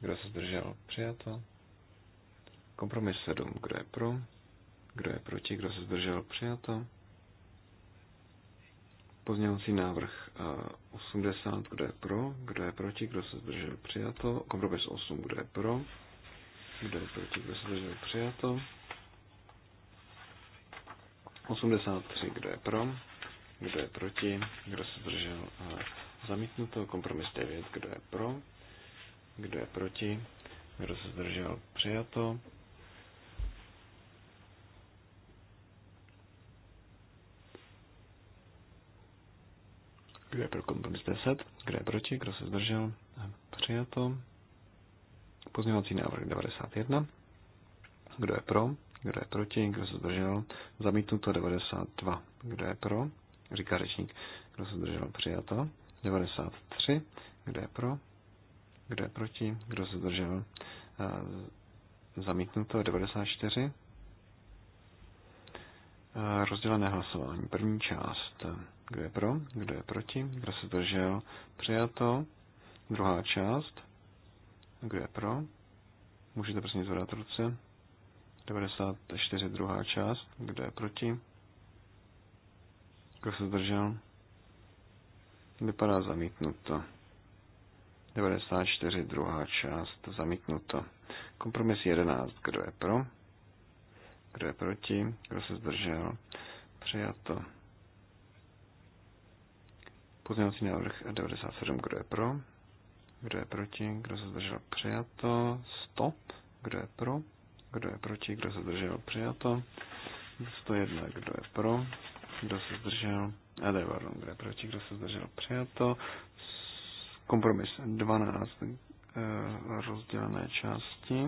Speaker 2: Kdo se zdržel? Přijato. Kompromis 7. Kdo je pro? Kdo je proti? Kdo se zdržel? Přijato. Pozměňovací návrh 80. Kdo je pro? Kdo je proti? Kdo se zdržel? Přijato. Kompromis 8. Kdo je pro? Kdo je proti? Kdo se zdržel? Přijato. 83. Kdo je pro? Kdo je proti? Kdo se zdržel? Zamítnuto. Kompromis 9. Kdo je pro? Kdo je proti? Kdo se zdržel? Přijato. Kdo je pro kompromis 10? Kdo je proti? Kdo se zdržel? Přijato. Pozměňovací návrh 91. Kdo je pro? Kdo je proti? Kdo se zdržel? Zamítnuto 92. Kdo je pro? Říká řečník. Kdo se zdržel? Přijato. 93. Kdo je pro? Kdo je proti? Kdo se zdržel? Eh, zamítnuto 94. Eh, rozdělené hlasování. První část. Kdo je pro? Kdo je proti? Kdo se zdržel? Přijato. Druhá část. Kdo je pro? Můžete prosím zvedat ruce. 94. druhá část. Kdo je proti? Kdo se zdržel? Vypadá zamítnuto. 94. druhá část. Zamítnuto. Kompromis 11. Kdo je pro? Kdo je proti? Kdo se zdržel? Přijato. Pozměňovací návrh 97, kdo je pro? Kdo je proti? Kdo se zdržel? Přijato. stop Kdo je pro? Kdo je proti? Kdo se zdržel? Přijato. 101. Kdo je pro? Kdo se zdržel? A eh, ne, pardon, kdo je proti? Kdo se zdržel? Přijato. Kompromis 12 eh, rozdělené části.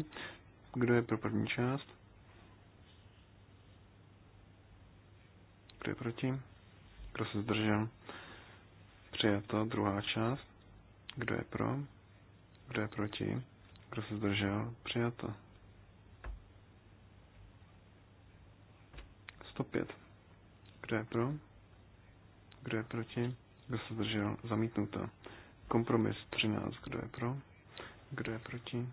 Speaker 2: Kdo je pro první část? Kdo je proti? Kdo se zdržel? Přijato druhá část. Kdo je pro? Kdo je proti? Kdo se zdržel? Přijato. 105. Kdo je pro? Kdo je proti? Kdo se zdržel? Zamítnuto. Kompromis 13. Kdo je pro? Kdo je proti?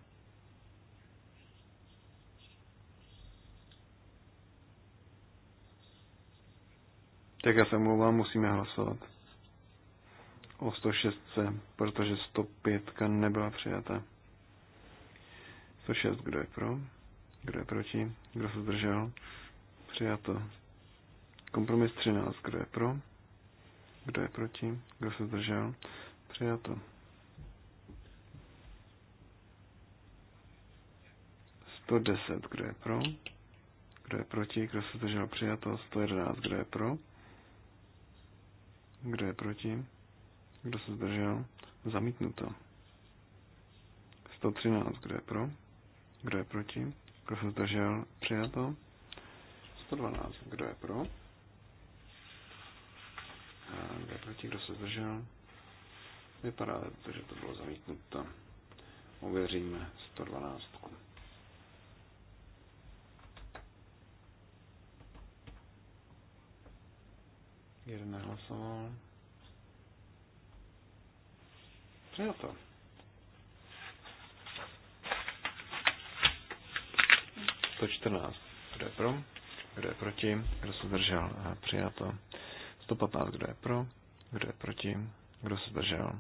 Speaker 2: Tak já se omlouvám, musíme hlasovat o 106, protože 105 nebyla přijata. 106, kdo je pro? Kdo je proti? Kdo se zdržel? Přijato. Kompromis 13, kdo je pro? Kdo je proti? Kdo se zdržel? Přijato. 110, kdo je pro? Kdo je proti? Kdo se zdržel? Přijato. 111, kdo je pro? Kdo je proti? Kdo se zdržel? Zamítnuto. 113. Kdo je pro? Kdo je proti? Kdo se zdržel? Přijato. 112. Kdo je pro? A kdo je proti? Kdo se zdržel? Vypadá to, že to bylo zamítnuto. Ověříme 112. Jeden nehlasoval. Přijato. To 14. Kdo je pro? Kdo je proti? Kdo se zdržel? přijato. 115. Kdo je pro? Kdo je proti? Kdo se zdržel?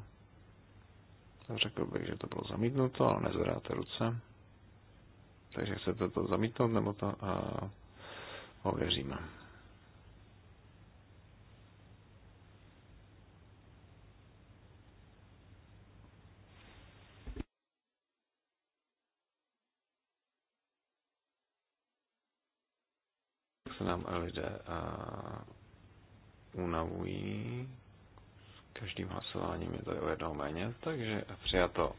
Speaker 2: Řekl bych, že to bylo zamítnuto, ale nezvedáte ruce. Takže chcete to zamítnout, nebo to a, ověříme. nám lidé unavují. S každým hlasováním je to o jednoho méně, takže přijato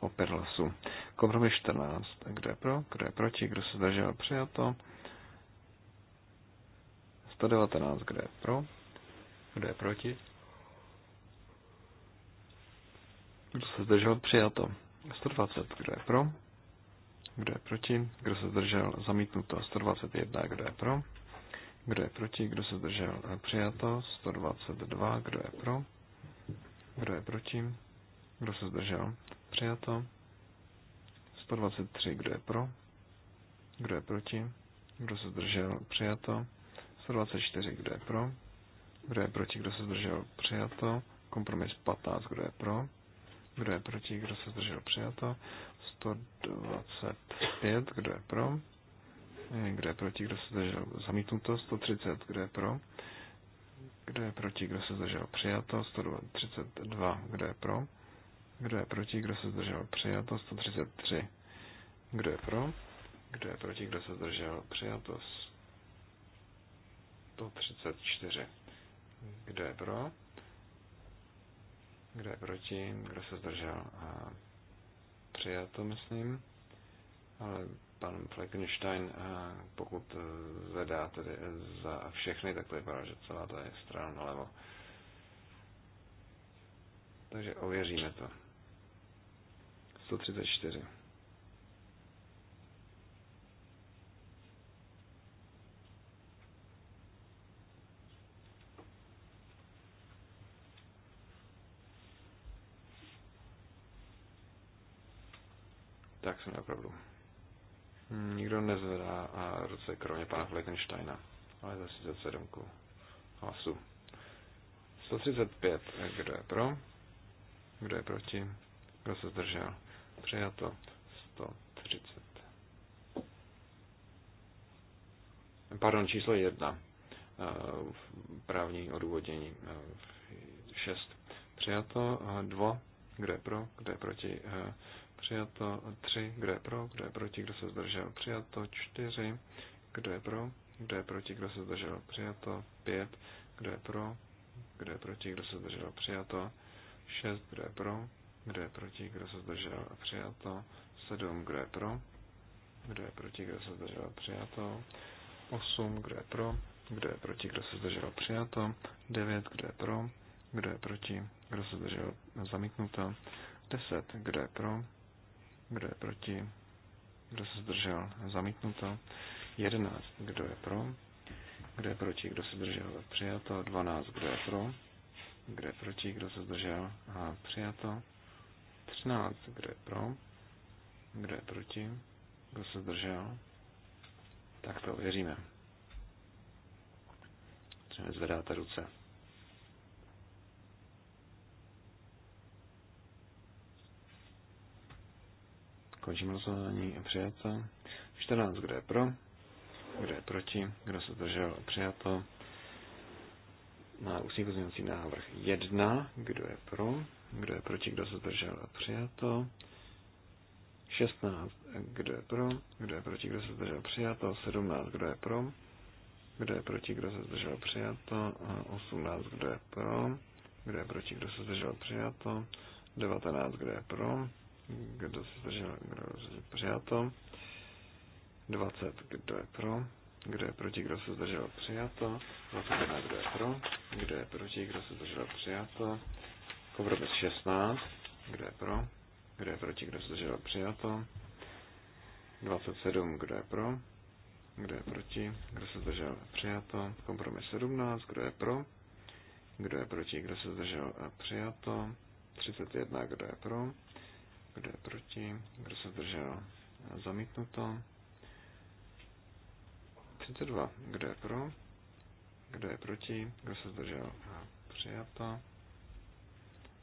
Speaker 2: o hlasů. Kompromis 14. Kdo je pro, kdo je proti, kdo se zdržel, přijato. 119. Kdo je pro, kdo je proti, kdo se zdržel, přijato. 120. Kdo je pro, kdo je proti, kdo se zdržel, zamítnuto. 121. Kdo je pro, kdo je proti? Kdo se zdržel? Přijato. 122. Kdo je pro? Kdo je proti? Kdo se zdržel? Přijato. 123. Kdo je pro? Kdo je proti? Kdo se zdržel? Přijato. 124. Kdo je pro? Kdo je proti? Kdo se zdržel? Přijato. Kompromis 15. Kdo je pro? Kdo je proti? Kdo se zdržel? Přijato. 125. Kdo je pro? Eh, kdo je proti, kdo se zdržel? Zamítnuto 130. Kdo je pro? Kdo je proti, kdo se zdržel? Přijato 132. Kdo je pro? Kdo je proti, kdo se zdržel? Přijato 133. Kdo je pro? Kdo je proti, kdo se zdržel? Přijato 134. Kdo je pro? Kdo je proti? Kdo se zdržel? A přijato, myslím. Ale pan Fleckenstein, eh, pokud eh, zvedá tedy eh, za všechny, tak to vypadá, že celá ta je strana nalevo. Takže ověříme to. 134. Tak jsem opravdu. Nikdo nezvedá a eh, ruce kromě pana Fleckensteina, ale za 37 hlasů. 135. Kdo je pro? Kdo je proti? Kdo se zdržel? Přijato. 130. Pardon, číslo 1. Eh, právní odůvodnění 6. Eh, Přijato. 2. Kdo je pro? Kdo je proti? Přijato 3. Kdo je pro? Kdo je proti? Kdo se zdržel? Přijato 4. Kdo je pro? Kdo je proti? Kdo se zdržel? Přijato 5. Kdo je pro? Kdo je proti? Kdo se zdržel? Přijato 6. Kdo je pro? Kdo je proti? Kdo se zdržel? Přijato 7. Kdo je pro? Kdo je proti? Kdo se zdržel? Přijato 8. Kdo je pro? Kdo je proti? Kdo se zdržel? Přijato 9. Kdo je pro? Kdo je proti? Kdo se zdržel? Zamítnuto 10. Kdo je pro? Kdo je proti? Kdo se zdržel? Zamítnuto. 11. Kdo je pro? Kdo je proti? Kdo se zdržel? Přijato. 12. Kdo je pro? Kdo je proti? Kdo se zdržel? A přijato. 13. Kdo je pro? Kdo je proti? Kdo se zdržel? Tak to věříme. Zvedáte ruce. Končím a Přijato. 14. Kdo je pro? Kdo je proti? Kdo se zdržel? Přijato. Na ústní pozměnací návrh 1. Kdo je pro? Kdo je proti? Kdo se zdržel? Přijato. 16. Kdo je pro? Kdo je proti? Kdo se zdržel? Přijato. 17. Kdo je pro? Kdo je proti? Kdo se zdržel? Přijato. 18. Kdo je pro? Kdo je proti? Kdo se zdržel? Přijato. 19. Kdo je pro? Kdo se zdržel? Kdo se přijato? 20. Kdo je pro? Kdo je proti? Kdo se zdržel? Přijato. 21. Kdo je pro? Kdo je proti? Kdo se zdržel? Přijato. Kompromis 16. Kdo je pro? Kdo je proti? Kdo se zdržel? Přijato. 27. Kdo je pro? Kdo je proti? Kdo se zdržel? Přijato. Kompromis 17. Kdo je pro? Kdo je proti? Kdo se zdržel? Přijato. 31. Kdo je pro? Kdo je proti? Kdo se zdržel? Zamítnuto. 32. Kdo je pro? Kdo je proti? Kdo se zdržel? Přijato.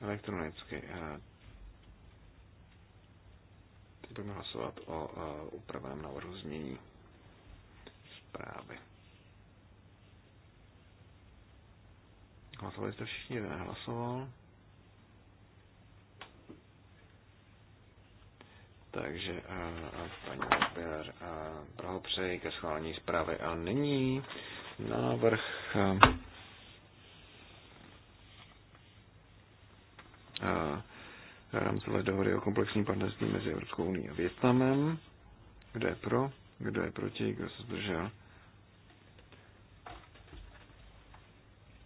Speaker 2: Elektronicky. Eh, teď budeme hlasovat o upraveném eh, návrhu změní zprávy. Hlasovali jste všichni, jeden hlasoval. Takže a, eh, a paní Pilar, eh, blahopřeji ke schválení zprávy. A nyní návrh a, eh, a, rámcové dohody o komplexním partnerství mezi Evropskou unii a Větnamem. Kdo je pro, kdo je proti, kdo se zdržel.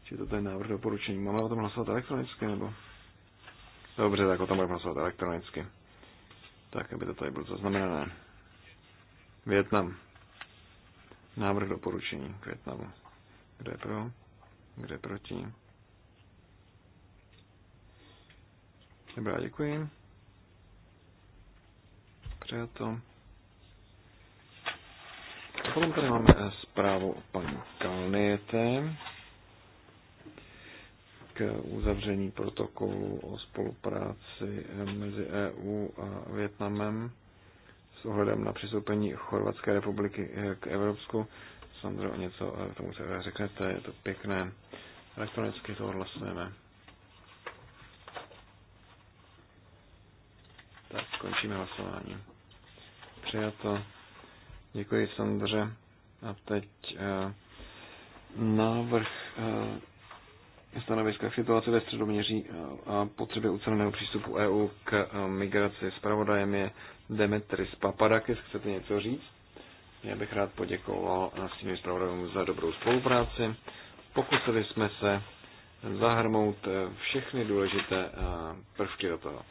Speaker 2: Či to ten návrh doporučení. Máme o tom hlasovat elektronicky, nebo? Dobře, tak o tom budeme hlasovat elektronicky. Tak, aby to tady bylo zaznamenané. Větnam. Návrh doporučení k Větnamu. Kdo je pro? Kdo je proti? Dobrá, děkuji. Přijato. A potom tady máme zprávu paní Kalniete k uzavření protokolu o spolupráci mezi EU a Větnamem s ohledem na přistoupení Chorvatské republiky k Evropsku. Sandro, o něco eh, tomu se řeknete, je to pěkné. Elektronicky to odhlasujeme. Tak, končíme hlasování. Přijato. Děkuji, Sandře. A teď eh, návrh eh, stanoviska k situaci ve středoměří eh, a potřeby uceleného přístupu EU k eh, migraci. Spravodajem je Demetris Papadakis. Chcete něco říct? Já bych rád poděkoval tím zpravodajům za dobrou spolupráci. Pokusili jsme se zahrnout eh, všechny důležité prvky do toho.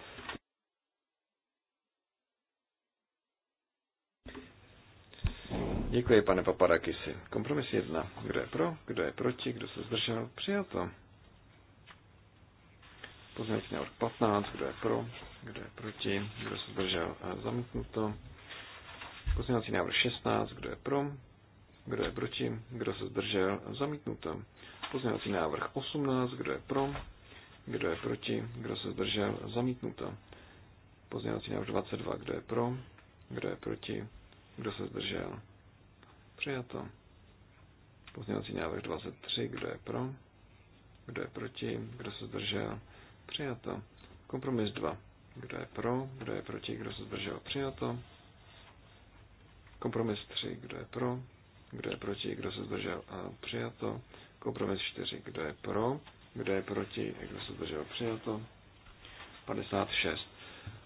Speaker 2: Děkuji, pane Papadakisi. Kompromis jedna. Kdo je pro, kdo je proti, kdo se zdržel, přijato. Pozměňovací návrh 15, kdo je pro, kdo je proti, kdo se zdržel zamítnuto. Pozměňovací návrh 16, kdo je pro, kdo je proti, kdo se zdržel zamítnuto. Pozměňovací návrh 18, kdo je pro, kdo je proti, kdo se zdržel zamítnuto. Pozměňovací návrh 22, kdo je pro, kdo je proti, kdo se zdržel přijato. Pozměňovací návrh 23, kdo je pro, kdo je proti, kdo se zdržel, Přijato. Kompromis 2. Kdo je pro? Kdo je proti? Kdo se zdržel? Přijato. Kompromis 3. Kdo je pro? Kdo je proti? Kdo se zdržel? A přijato. Kompromis 4. Kdo je pro? Kdo je proti? Kdo se zdržel? Přijato. 56.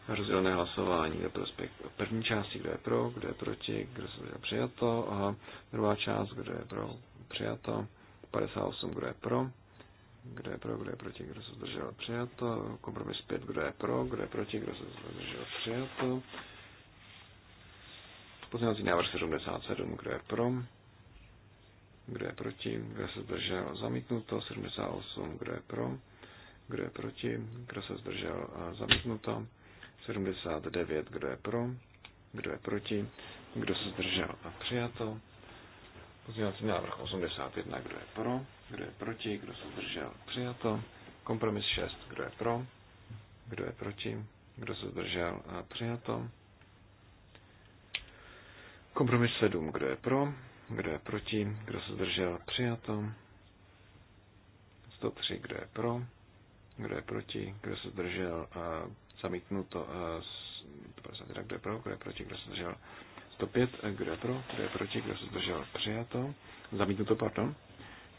Speaker 2: Rozdělené hlasování ve prospěch první části, kdo je pro, kdo je proti, kdo se zdržel přijato, a druhá část, kdo je pro, přijato, 58, kdo je pro, kdo je pro, kdo je proti, kdo se zdržel přijato. Kompromis 5, kdo je pro, kdo je proti, kdo se zdržel přijato. Pozměňovací návrh 77, kdo je pro, kdo je proti, kdo se zdržel zamítnuto. 78, kdo je pro, kdo je proti, kdo se zdržel zamítnuto. 79, kdo je pro, kdo je proti, kdo se zdržel a přijato. Pozměňovací návrh 81, kdo je pro, kdo je proti, kdo se zdržel, přijato. Kompromis 6, kdo je pro, kdo je proti, kdo se zdržel, přijato. Kompromis 7, kdo je pro, kdo je proti, kdo se zdržel, přijato. 103, kdo je pro, kdo je proti, kdo se zdržel, zamítnuto, kdo je pro, kdo je proti, kdo se zdržel, 105, kdo je pro, kdo je proti, kdo se zdržel, přijato. Zamítnuto, pardon.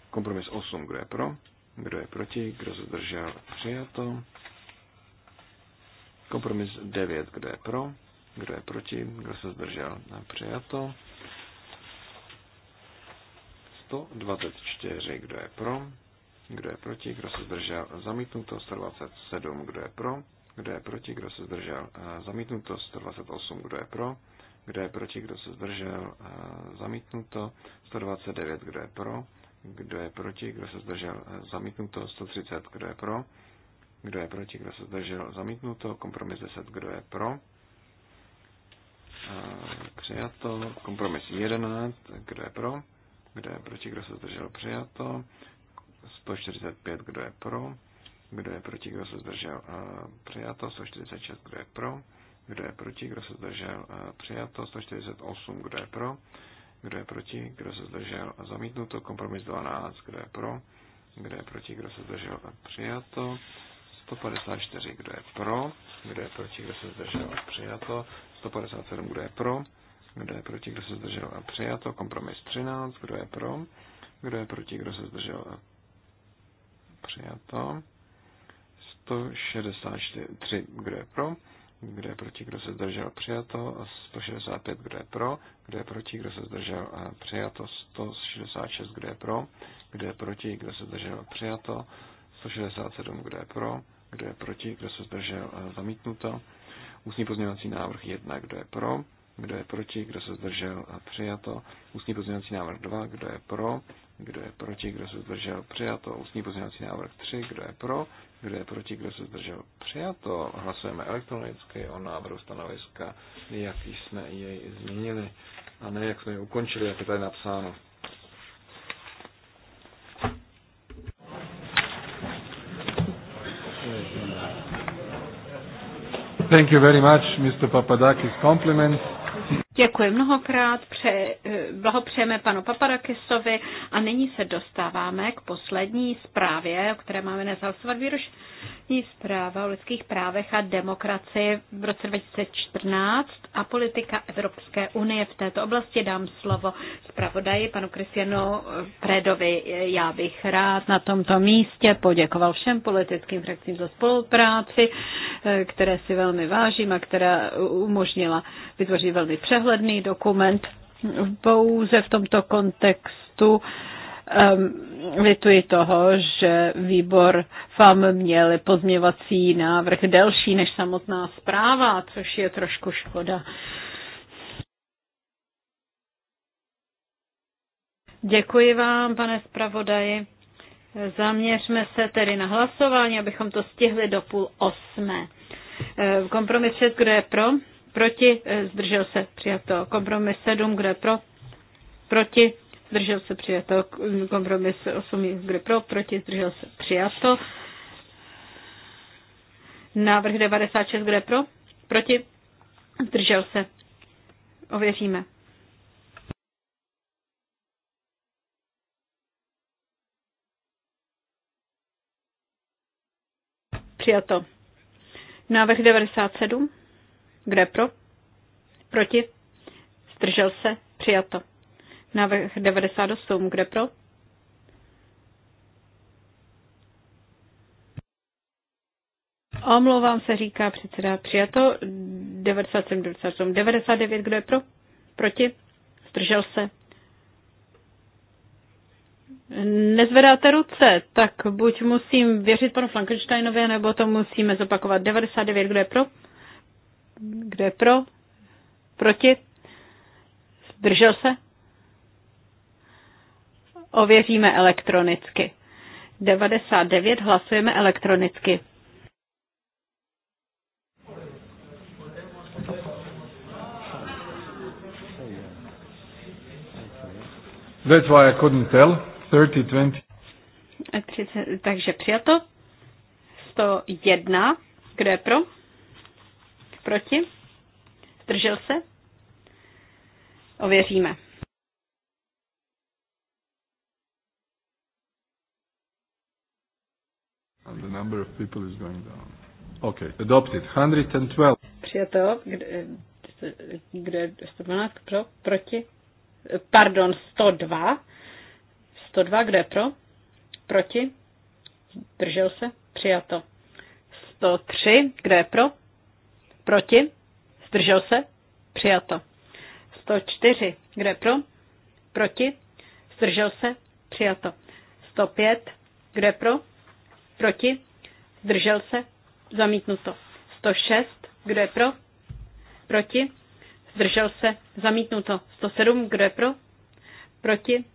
Speaker 2: Kompromis 8, kdo je pro, kdo je proti, kdo se zdržel, přijato. Kompromis 9, kdo je pro, kdo je proti, kdo se zdržel, přijato. 124, kdo je pro, kdo je proti, kdo se zdržel, zamítnuto, 127, kdo je pro, kdo je proti, kdo se zdržel, zamítnuto, 128, kdo je pro, kdo je proti, kdo se zdržel, zamítnuto, 129, kdo je pro, kdo je proti, kdo se zdržel, zamítnuto, 130, kdo je pro, kdo je proti, kdo se zdržel, zamítnuto, kompromis 10, kdo je pro, přijato, kompromis 11, kdo je pro, kdo je proti, kdo se zdržel, přijato, 145, kdo je pro, kdo je proti, kdo se zdržel, přijato, 146, kdo je pro, kdo je proti? Kdo se zdržel? Přijato. 148. Kdo je pro? Kdo je proti? Kdo se zdržel? Zamítnuto. Kompromis 12. Kdo je pro? Kdo je proti? Kdo se zdržel? Přijato. 154. Kdo je pro? Kdo je proti? Kdo se zdržel? Přijato. 157. Kdo je pro? Kdo je proti? Kdo se zdržel? Přijato. Kompromis 13. Kdo je pro? Kdo je proti? Kdo se zdržel? Přijato. 163. Kdo je pro? kdo je proti, kdo se zdržel, přijato, 165, kdo je pro, kdo je proti, kdo se zdržel, přijato, 166, kdo je pro, kdo je proti, kdo se zdržel, přijato, 167, kdo je pro, kdo je proti, kdo se zdržel, zamítnuto, ústní pozměňovací návrh 1, kdo je pro, kdo je proti, kdo se zdržel, přijato, ústní pozměňovací návrh 2, kdo je pro, kdo je proti, kdo se zdržel, přijato. Ústní pozměňovací návrh 3, kdo je pro, kdo je proti, kdo se zdržel, přijato. Hlasujeme elektronicky o návrhu stanoviska, jak jsme jej změnili a ne jak jsme ji ukončili, jak je tady napsáno.
Speaker 1: Thank you very much, Mr. Papadakis. Compliments.
Speaker 3: Děkuji mnohokrát, pře, eh, blahopřejeme panu Paparakisovi a nyní se dostáváme k poslední zprávě, o které máme nezalsovat výroční zpráva o lidských právech a demokracii v roce 2014 a politika Evropské unie v této oblasti. Dám slovo zpravodaji panu Kristianu Predovi. Já bych rád na tomto místě poděkoval všem politickým frakcím za spolupráci, eh, které si velmi vážím a která umožnila vytvořit velmi přehled nepřehledný dokument. Pouze v tomto kontextu um, lituji toho, že výbor FAM měl pozměvací návrh delší než samotná zpráva, což je trošku škoda. Děkuji vám, pane zpravodaji. Zaměřme se tedy na hlasování, abychom to stihli do půl osmé. Ehm, kompromis 6, kdo je pro? proti, eh, zdržel se přijato. Kompromis 7, kdo je pro, proti, zdržel se přijato. Kompromis 8, kdo je pro, proti, zdržel se přijato. Návrh 96, kdo je pro, proti, zdržel se. Ověříme. Přijato. Návrh 97. Kde pro? Proti? Zdržel se? Přijato. Návrh 98. Kde pro? Omlouvám se, říká předseda. Přijato 97, 98, 99. Kdo je pro? Proti? Zdržel se? Nezvedáte ruce, tak buď musím věřit panu Frankensteinovi, nebo to musíme zopakovat. 99, kdo je pro? Kdo je pro? Proti? Zdržel se? Ověříme elektronicky. 99 hlasujeme elektronicky.
Speaker 1: That's why I couldn't tell. 30, 20. 30, takže přijato.
Speaker 3: 101. Kdo je pro? Proti? Zdržel se? Ověříme.
Speaker 1: The number of people is going down. Okay, adopted. 112.
Speaker 4: Přijato.
Speaker 3: Kde, kde 112 pro? Proti? Pardon, 102. 102, kde pro? Proti? Držel se? Přijato. 103, kde pro? Proti? Zdržel se? Přijato. 104. Kde pro? Proti? Zdržel se? Přijato. 105. Kde pro? Proti? Zdržel se? Zamítnuto. 106. Kdo je pro? Proti? Zdržel se? Zamítnuto. 107. Kdo je pro? Proti?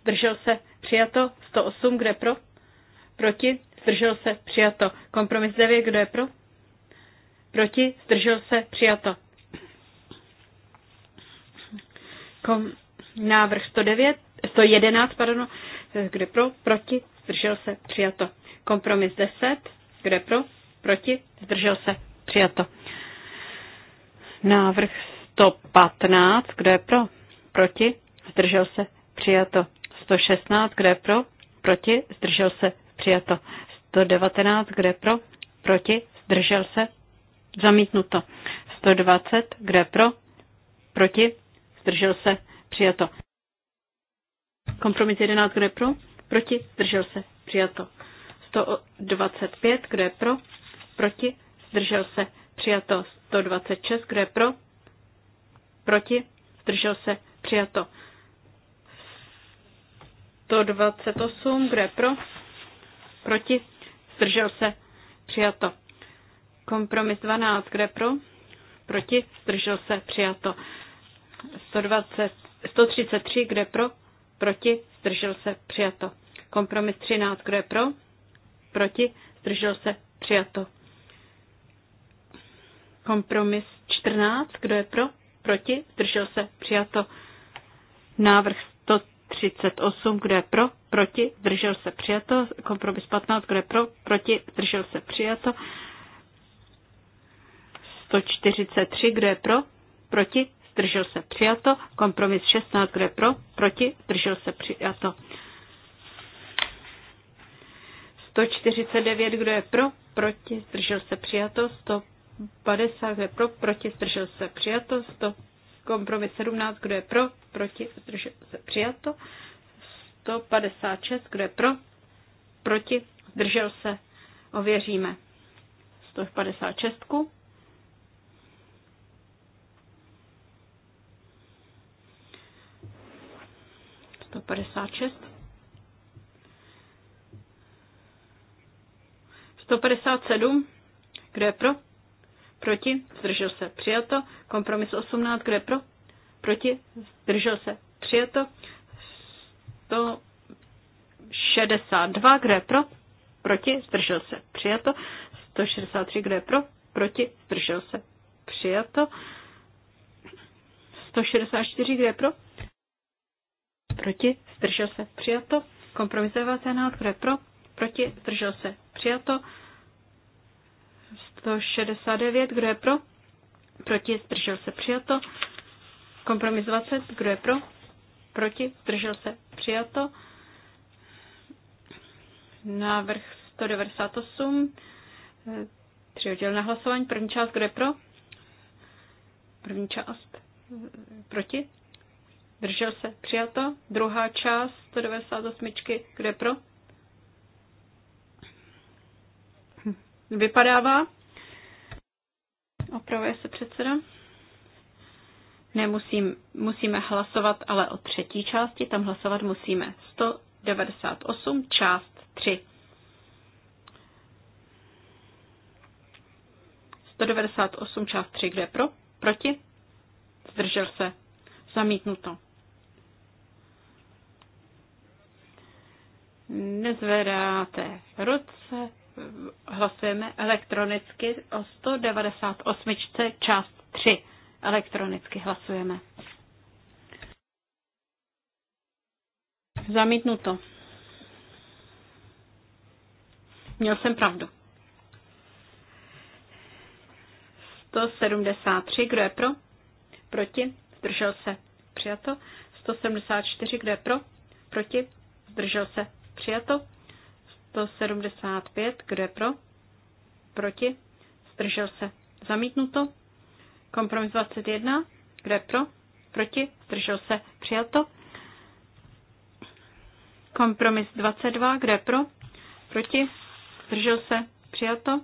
Speaker 3: Zdržel se? Přijato. 108. Kdo je pro? Proti? Zdržel se? Přijato. Kompromis 9. Kdo je pro? proti, zdržel se, přijato. Kom, návrh 109, 111, pardon, kde pro, proti, zdržel se, přijato. Kompromis 10, kde pro, proti, zdržel se, přijato. Návrh 115, kde je pro, proti, zdržel se, přijato. 116, kde je pro, proti, zdržel se, přijato. 119, kde je pro, proti, zdržel se, zamítnuto. 120, kde pro, proti, zdržel se, přijato. Kompromis 11, kde pro, proti, zdržel se, přijato. 125, kde pro, proti, zdržel se, přijato. 126, kde pro, proti, zdržel se, přijato. 128, kde pro, proti, zdržel se, přijato. Kompromis 12, kde pro? Proti? Zdržel se? Přijato. 120, 133, kde pro? Proti? Zdržel se? Přijato. Kompromis 13, kde pro? Proti? Zdržel se? Přijato. Kompromis 14, kdo je pro? Proti? Zdržel se? Přijato. Návrh 138, kdo je pro? Proti? Zdržel se? Přijato. Kompromis 15, kdo je pro? Proti? Zdržel se? Přijato. 143, kdo je pro, proti, zdržel se přijato. Kompromis 16, kdo je pro, proti, zdržel se přijato. 149, kdo je pro, proti, zdržel se přijato. 150, kdo je pro, proti, zdržel se přijato. 100, kompromis 17, kdo je pro, proti, zdržel se přijato. 156, kdo je pro, proti, zdržel se, ověříme. 156. 156. 157. Kdo je pro? Proti? Zdržel se. Přijato. Kompromis 18. Kdo je pro? Proti? Zdržel se. Přijato. 162. Kdo je pro? Proti? Zdržel se. Přijato. 163. Kdo je pro? Proti? Zdržel se. Přijato. 164. Kdo je pro? proti, zdržel se, přijato. Kompromis 19, kdo je pro, proti, zdržel se, přijato. 169, kdo je pro, proti, zdržel se, přijato. Kompromis 20, kdo je pro, proti, zdržel se, přijato. Návrh 198, tři oddělené hlasování, první část, kdo je pro, první část, proti, Držel se? Přijato. Druhá část 198. Kde pro? Hm. Vypadává. Opravuje se předseda. Nemusím, musíme hlasovat, ale o třetí části tam hlasovat musíme. 198, část 3. 198, část 3, kde pro? Proti? Zdržel se. Zamítnuto. nezvedáte ruce, hlasujeme elektronicky o 198. část 3. Elektronicky hlasujeme. Zamítnuto. Měl jsem pravdu. 173, kdo je pro? Proti? Zdržel se. Přijato. 174, kdo je pro? Proti? Zdržel se Přijato. 175. Kdo je pro? Proti? Zdržel se. Zamítnuto. Kompromis 21. Kdo je pro? Proti? Zdržel se. Přijato. Kompromis 22. Kdo je pro? Proti? Zdržel se. Přijato.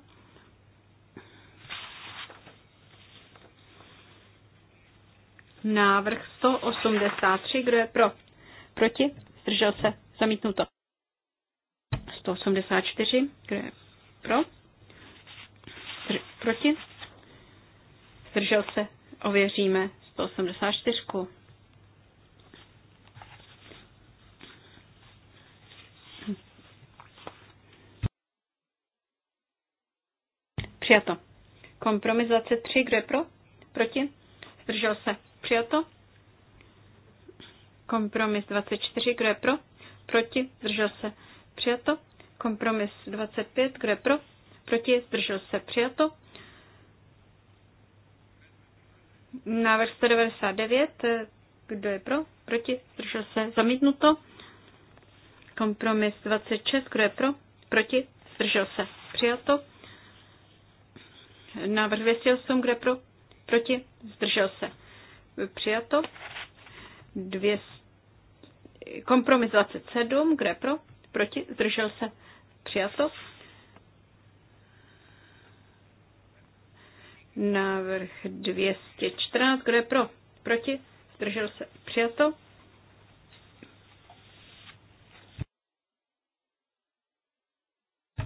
Speaker 3: Návrh 183. Kdo je pro? Proti? Zdržel se. Zamítnuto. 184, kdo je pro? Proti? Zdržel se, ověříme 184. Přijato. Kompromis 23, kdo je pro? Proti? Zdržel se. Přijato. Kompromis 24, kdo je pro? Proti? Zdržel se. Přijato. Kompromis 25, kdo je pro? Proti? Zdržel se přijato. Návrh 199, kdo je pro? Proti? Zdržel se zamítnuto. Kompromis 26, kdo je pro? Proti? Zdržel se přijato. Návrh 208, kdo je pro? Proti? Zdržel se přijato. 200, kompromis 27, kdo je pro? Proti? Zdržel se? Přijato? Návrh 214. Kdo je pro? Proti? Zdržel se? Přijato?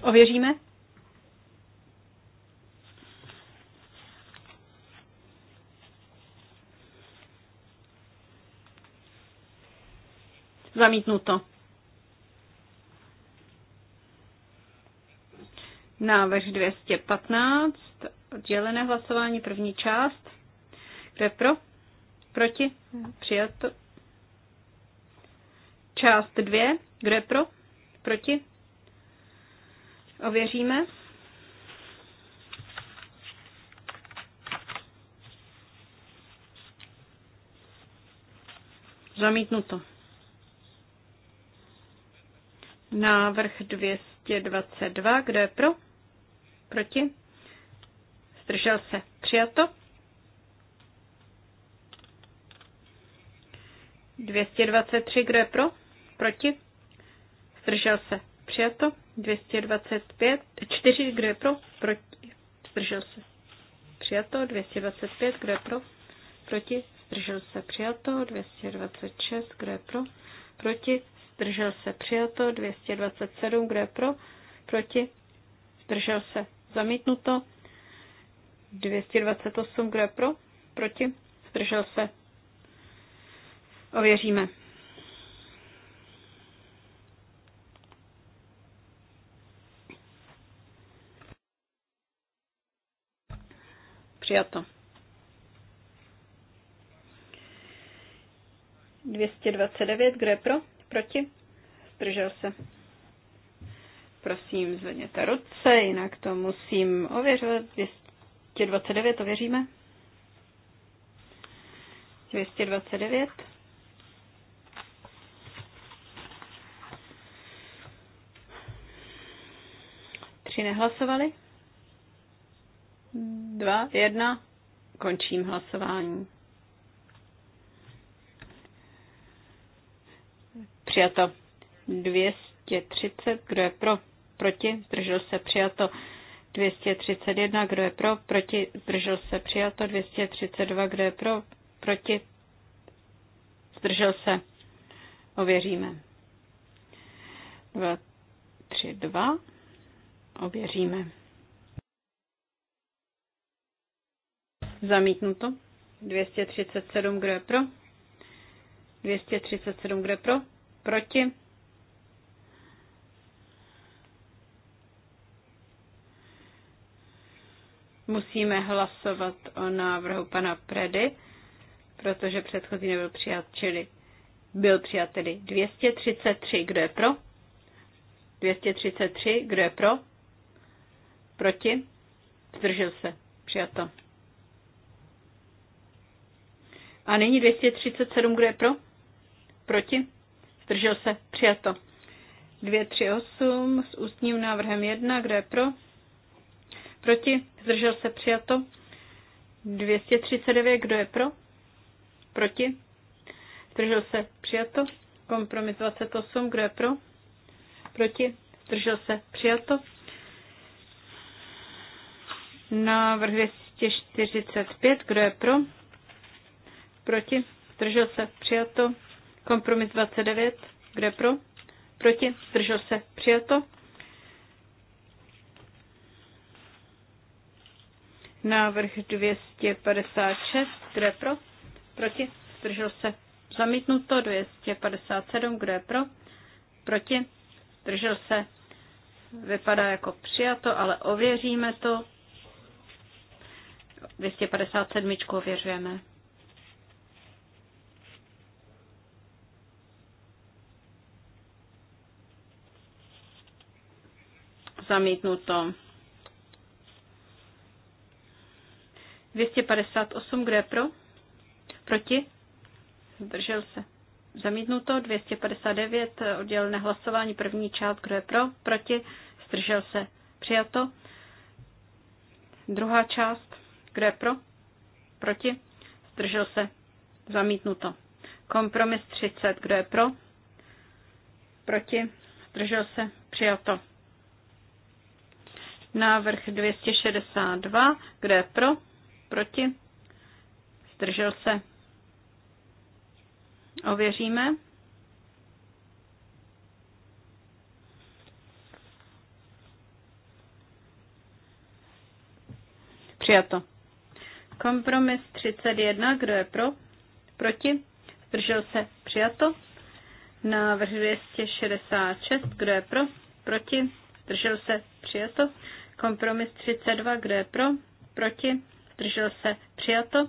Speaker 3: Ověříme? Zamítnuto. Návrh 215, oddělené hlasování, první část. Kdo je pro? Proti? Přijato. Část 2. Kdo je pro? Proti? Ověříme. Zamítnuto. Návrh 222. Kdo je pro? Proti? Zdržel se. Přijato. 223, kdo je pro? Proti? Zdržel se. Přijato. 225, 4, kdo je pro? Proti? Zdržel se. Přijato. 225, kdo je pro? Proti? Zdržel se. Přijato. 226, kdo je pro? Proti? Zdržel se. Přijato. 227, kdo je pro? Proti? Zdržel se. Zamítnuto. 228, kdo je pro? Proti? Zdržel se? Ověříme. Přijato. 229, kdo je pro? Proti? Zdržel se. Prosím, zvedněte ruce, jinak to musím ověřovat. 229 to věříme. 229. Tři nehlasovali. Dva, jedna. Končím hlasování. Přijato. 230. Kdo je pro? proti, zdržel se přijato 231, kdo je pro, proti, zdržel se přijato 232, kdo je pro, proti, zdržel se, ověříme. 2, 3, 2, ověříme. Zamítnuto. 237, kdo je pro? 237, kdo je pro? Proti? musíme hlasovat o návrhu pana Predy, protože předchozí nebyl přijat, čili byl přijat tedy 233. Kdo je pro? 233. Kdo je pro? Proti? Zdržel se. Přijato. A nyní 237. Kdo je pro? Proti? Zdržel se. Přijato. 238 s ústním návrhem 1. Kdo je pro? Proti? Zdržel se přijato. 239. Kdo je pro? Proti? Zdržel se přijato. Kompromis 28. Kdo je pro? Proti? Zdržel se přijato. Návrh 245. Kdo je pro? Proti? Zdržel se přijato. Kompromis 29. Kdo je pro? Proti? Zdržel se přijato. Návrh 256, kdo je pro? Proti? Zdržel se. Zamítnuto 257, kdo je pro? Proti? Zdržel se. Vypadá jako přijato, ale ověříme to. 257 ověřujeme. Zamítnuto. 258, kdo je pro? Proti? Zdržel se. Zamítnuto 259, oddělené hlasování, první část, kdo je pro, proti, zdržel se, přijato. Druhá část, kdo je pro, proti, zdržel se, zamítnuto. Kompromis 30, kdo je pro, proti, zdržel se, přijato. Návrh 262, kdo je pro, Proti? Zdržel se? Ověříme. Přijato. Kompromis 31. Kdo je pro? Proti? Zdržel se? Přijato. Návrh 266. Kdo je pro? Proti? Zdržel se? Přijato. Kompromis 32. Kdo je pro? Proti? zdržel se, přijato.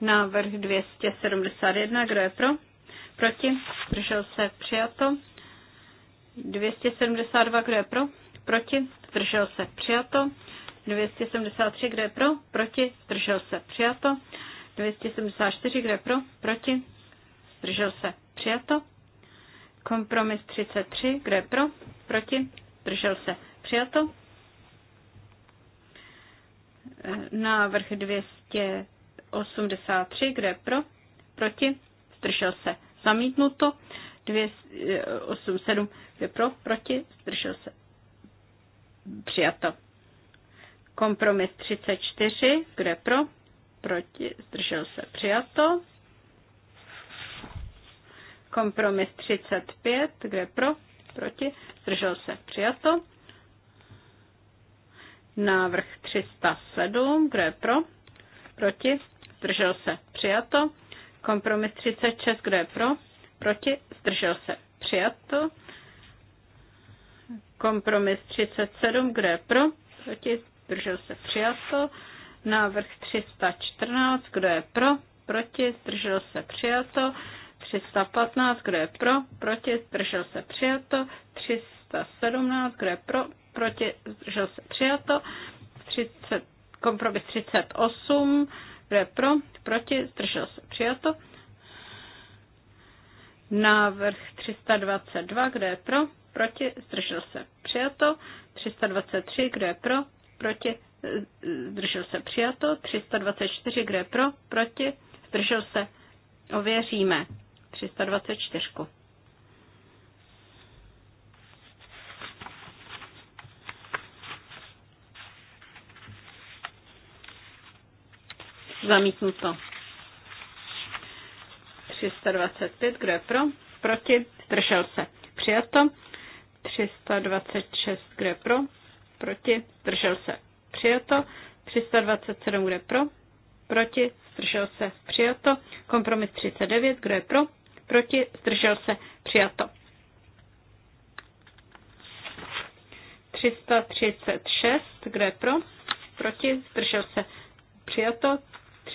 Speaker 3: Návrh 271, kdo je pro? Proti, zdržel se, přijato. 272, kdo je pro? Proti, zdržel se, přijato. 273, kdo je pro? Proti, zdržel se, přijato. 274, kdo je pro? Proti, zdržel se, přijato. Kompromis 33, kdo je pro? Proti, zdržel se, přijato. Návrh 283, kde je pro, proti, zdržel se zamítnuto. 287, eh, kde pro, proti, zdržel se přijato. Kompromis 34, kde pro, proti, zdržel se přijato. Kompromis 35, kde pro, proti, zdržel se přijato. Návrh 307, kdo je pro? Proti? Zdržel se. Přijato. Kompromis 36, kdo je pro? Proti? Zdržel se. Přijato. Kompromis 37, kdo je pro? Proti? Zdržel se. Přijato. Návrh 314, kdo je pro? Proti? Zdržel se. Přijato. 315, kdo je pro? Proti? Zdržel se. Přijato. 317, kdo je pro? proti, zdržel se přijato. 30, kompromis 38, kdo je pro, proti, zdržel se přijato. Návrh 322, kdo je pro, proti, zdržel se přijato. 323, kdo je pro, proti, zdržel se přijato. 324, kdo je pro, proti, zdržel se, ověříme. 324. Zamítnuto. 325, kdo je pro? Proti? Zdržel se. Přijato. 326, kdo je pro? Proti? Zdržel se. Přijato. 327, kdo je pro? Proti? Zdržel se. Přijato. Kompromis 39, kdo je pro? Proti? Zdržel se. Přijato. 336, kdo je pro? Proti? Zdržel se. Přijato.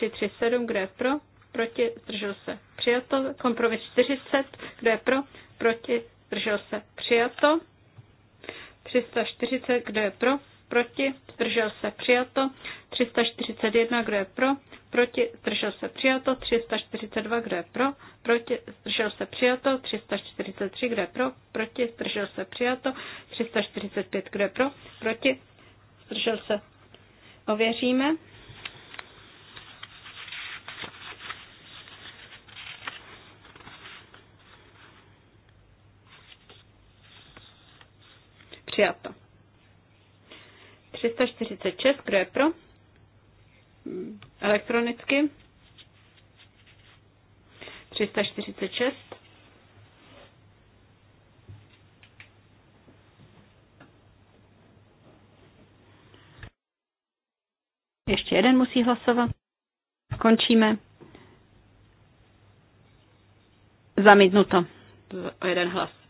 Speaker 3: 337, kdo je pro, proti, zdržel se, přijato. Kompromis 40, kdo je pro, proti, zdržel se, přijato. 340, kdo je pro, proti, zdržel se, přijato. 341, kdo je pro, proti, zdržel se, přijato. 342, kdo je pro, proti, zdržel se, přijato. 343, kdo je pro, proti, zdržel se, přijato. 345, kdo je pro, proti, zdržel se. Ověříme. Přijato. 346, kdo je pro? Elektronicky. 346. Ještě jeden musí hlasovat. Končíme. Zamítnuto. O jeden hlas.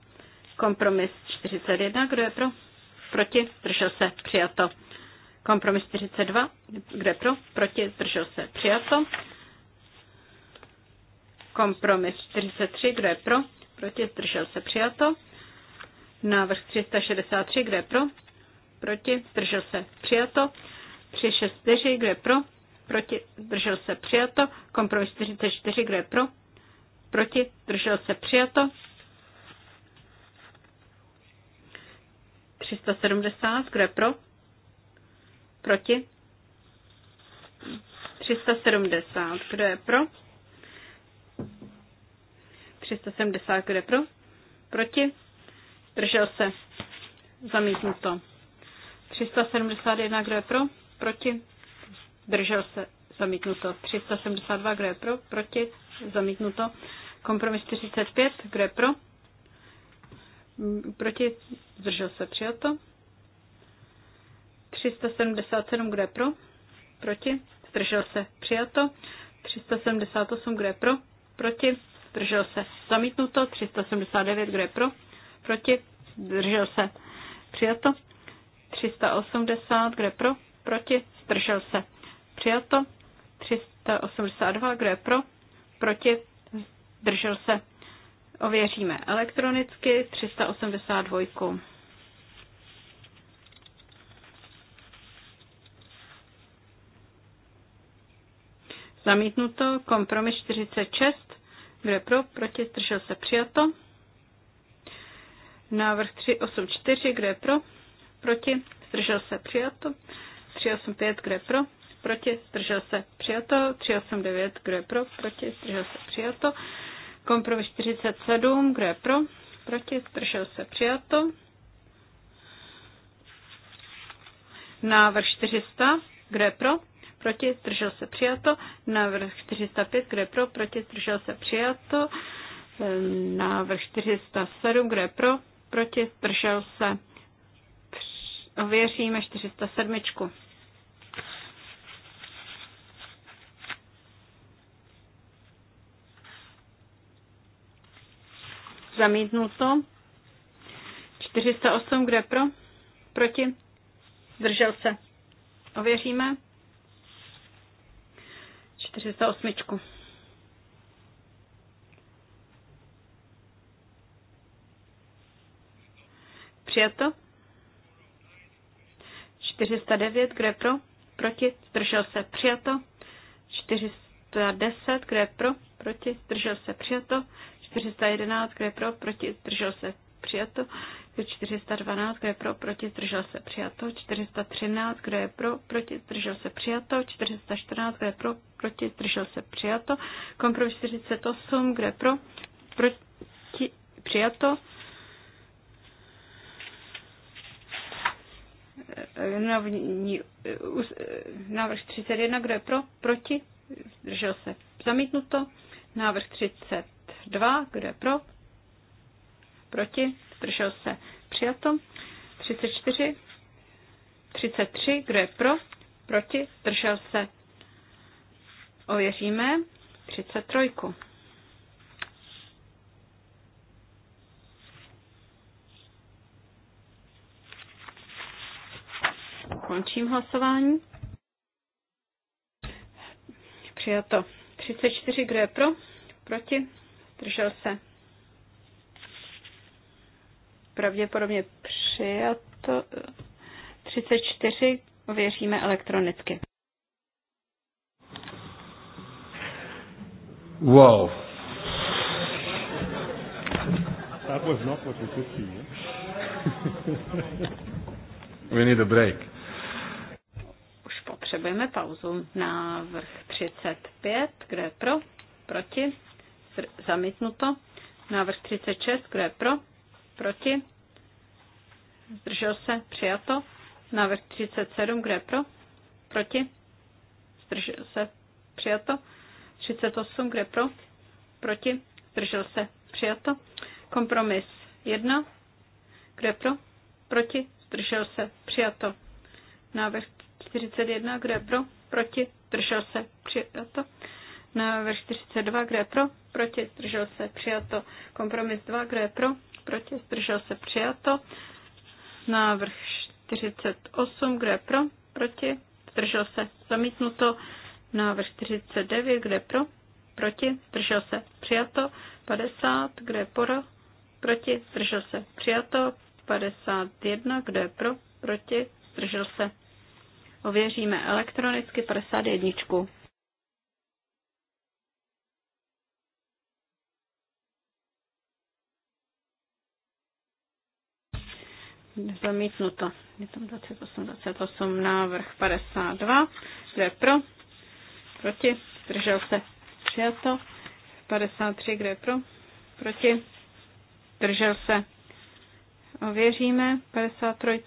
Speaker 3: Kompromis 41, kdo je pro? Proti, zdržel se, přijato. Kompromis 42, kdo je pro? Proti, zdržel se, přijato. Kompromis 43, kdo je pro? Proti, zdržel se, přijato. Návrh 363, kdo je pro? Proti, zdržel se, přijato. 364, kdo je pro? Proti, zdržel se, přijato. Kompromis 44, kdo je pro? Proti, zdržel se, přijato. 370, kdo je pro? Proti? 370, kdo je pro? 370, kdo je pro? Proti? Držel se. Zamítnuto. 371, kdo je pro? Proti? Držel se. Zamítnuto. 372, kdo je pro? Proti? Zamítnuto. Kompromis 45, kdo je pro? Proti? Zdržel se přijato. 377, kdo je pro? Proti? Zdržel se přijato. 378, kdo je pro? Proti? Zdržel se zamítnuto. 379, kdo je pro? Proti? Zdržel se přijato. 380, kdo je pro? Proti? Zdržel se přijato. 382, kdo je pro? Proti? Zdržel se Ověříme elektronicky 382. Zamítnuto. Kompromis 46. Kdo je pro? Proti? Zdržel se přijato. Návrh 384. Kdo je pro? Proti? Zdržel se přijato. 385. Kdo je pro? Proti? Zdržel se přijato. 389. Kdo je pro? Proti? Zdržel se přijato. Kompromis 47, kdo je pro? Proti, zdržel se, přijato. Návrh 400, kdo je pro? Proti, zdržel se, přijato. Návrh 405, kdo je pro? Proti, zdržel se, přijato. Ehm, návrh 407, kdo je pro? Proti, zdržel se. Ověříme 407. Zamítnuto. 408, kde pro? Proti? Zdržel se. Ověříme. 408. Přijato. 409, kdo je pro? Proti, zdržel se, přijato. 410, kdo je pro? Proti, zdržel se, přijato. 411, kdo je pro, proti, zdržel se, přijato. 412, kdo je pro, proti, zdržel se, přijato. 413, kdo je pro, proti, zdržel se, přijato. 414, kdo je pro, proti, zdržel se, přijato. Kompromis 48, kdo je pro, proti, přijato. Uh, uh, návrh, návrh 31, kdo je pro, proti, zdržel se, zamítnuto. Návrh 30 2, kdo je pro? Proti? Zdržel se. Přijato. 34. 33, kdo je pro? Proti? Zdržel se. Ověříme. 33. Končím hlasování. Přijato. 34, kdo je pro? Proti? držel se. Pravděpodobně přijato. 34 eh, ověříme elektronicky.
Speaker 1: Wow. That was not what we could see. Yeah? we need a break.
Speaker 3: Už potřebujeme pauzu. vrch 35. kde je pro? Proti? zamítnuto. Návrh 36, kdo je pro? Proti? Zdržel se? Přijato. Návrh 37, kdo je pro? Proti? Zdržel se? Přijato. 38, kdo je pro? Proti? Zdržel se? Přijato. Kompromis 1, kdo je pro? Proti? Zdržel se? Přijato. Návrh 41, kdo je pro? Proti? Zdržel se? Přijato. Návrh 42, kdo je pro? proti, zdržel se, přijato. Kompromis 2, kdo je pro, proti, zdržel se, přijato. Návrh 48, kdo je pro, proti, zdržel se, zamítnuto. Návrh 49, je pro, proti, zdržel se, přijato. 50, je pro, proti, zdržel se, přijato. 51, je pro, proti, zdržel se. Ověříme
Speaker 1: elektronicky 51.
Speaker 3: Zamítnuto. Je tam 28, 28, návrh 52. Kdo je pro? Proti? Zdržel se? Přijato. 53, kdo je pro? Proti? Držel se? Ověříme 53.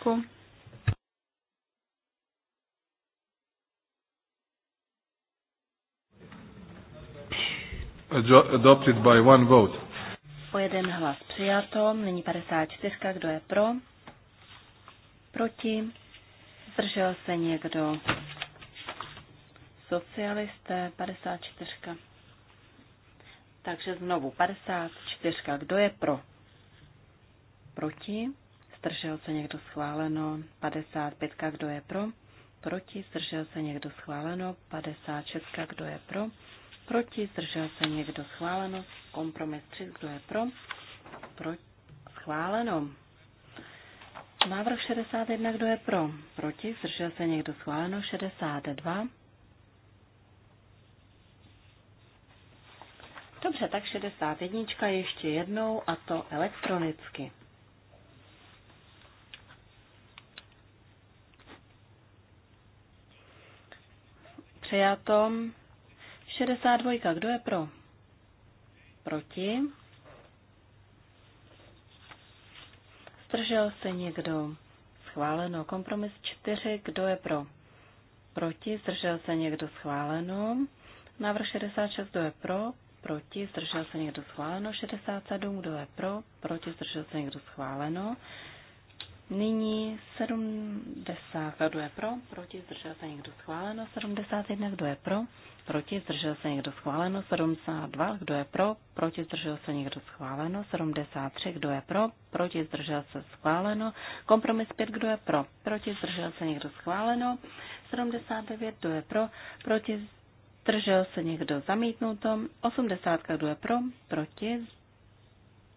Speaker 1: Adopted by one vote.
Speaker 5: O jeden hlas přijato, nyní 54, kdo je pro? Proti? Zdržel se někdo? Socialisté 54. Takže znovu 54. Kdo je pro? Proti? Zdržel se někdo schváleno? 55. Kdo je pro? Proti? Zdržel se někdo schváleno? 56. Kdo je pro? Proti? Zdržel se někdo schváleno? Kompromis 3. Kdo je pro? Proti? Schváleno. Návrh 61, kdo je pro? Proti? Zdržel se někdo schváleno? 62. Dobře, tak 61 ještě jednou a to elektronicky. Přijatom 62. Kdo je pro? Proti? Zdržel se někdo? Schváleno. Kompromis 4. Kdo je pro? Proti. Zdržel se někdo? Schváleno. Návrh 66. Kdo je pro? Proti. Zdržel se někdo? Schváleno. 67. Kdo je pro? Proti. Zdržel se někdo? Schváleno. Nyní 70, kdo je pro, proti, zdržel se někdo schváleno, 71, kdo je pro, proti, zdržel se někdo schváleno, 72, kdo je pro, proti, zdržel se někdo schváleno, 73, kdo je pro, proti, zdržel se schváleno, kompromis 5, kdo je pro, proti, zdržel se někdo schváleno, 79, kdo je pro, proti, zdržel se někdo zamítnuto, 80, kdo je pro, proti,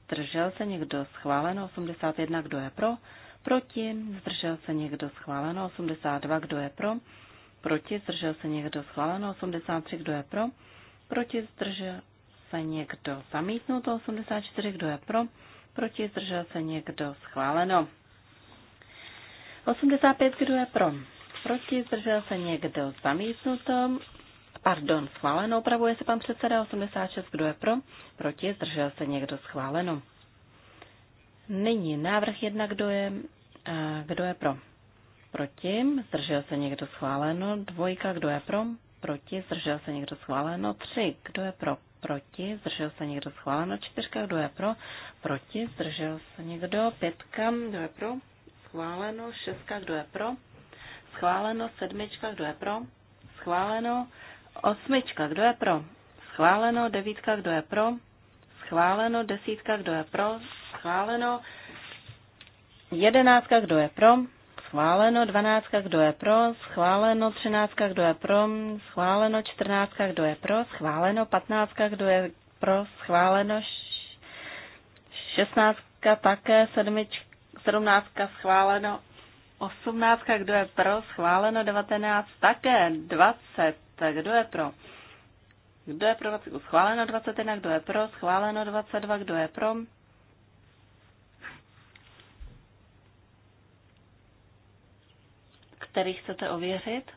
Speaker 5: zdržel se někdo schváleno, 81, kdo je pro, Proti? Zdržel se někdo? Schváleno 82. Kdo je pro? Proti? Zdržel se někdo? Schváleno 83. Kdo je pro? Proti? Zdržel se někdo? Zamítnuto 84. Kdo je pro? Proti? Zdržel se někdo? Schváleno. 85. Kdo je pro? Proti? Zdržel se někdo? Zamítnuto. Pardon, schváleno. Opravuje se pan předseda 86. Kdo je pro? Proti? Zdržel se někdo? Schváleno. Nyní návrh jedna, kdo je kdo je pro? Proti. Zdržel se někdo schváleno. Dvojka. Kdo je pro? Proti. Zdržel se někdo schváleno. Tři. Kdo je pro? Proti. Zdržel se někdo schváleno. Čtyřka. Kdo je pro? Proti. Zdržel se někdo. Pětka. Kdo je pro? Schváleno. Šestka. Kdo je pro? Schváleno. Sedmička. Kdo je pro? Schváleno. Osmička. Kdo je pro? Schváleno. Devítka. Kdo je pro? Schváleno. Desítka. Kdo je pro? Schváleno. Jedenáctka, kdo je pro? Schváleno. Dvanáctka, kdo je pro? Schváleno. Třináctka, kdo je pro? Schváleno. Čtrnáctka, kdo je pro? Schváleno. Patnáctka, kdo je pro? Schváleno. Šestnáctka také, sedmička, sedmnáctka schváleno. Osmnáctka, kdo je pro? Schváleno. Devatenáct také. Dvacet, kdo je pro? Kdo je pro 20? Schváleno 21, kdo je pro? Schváleno 22, kdo je pro? který chcete ověřit?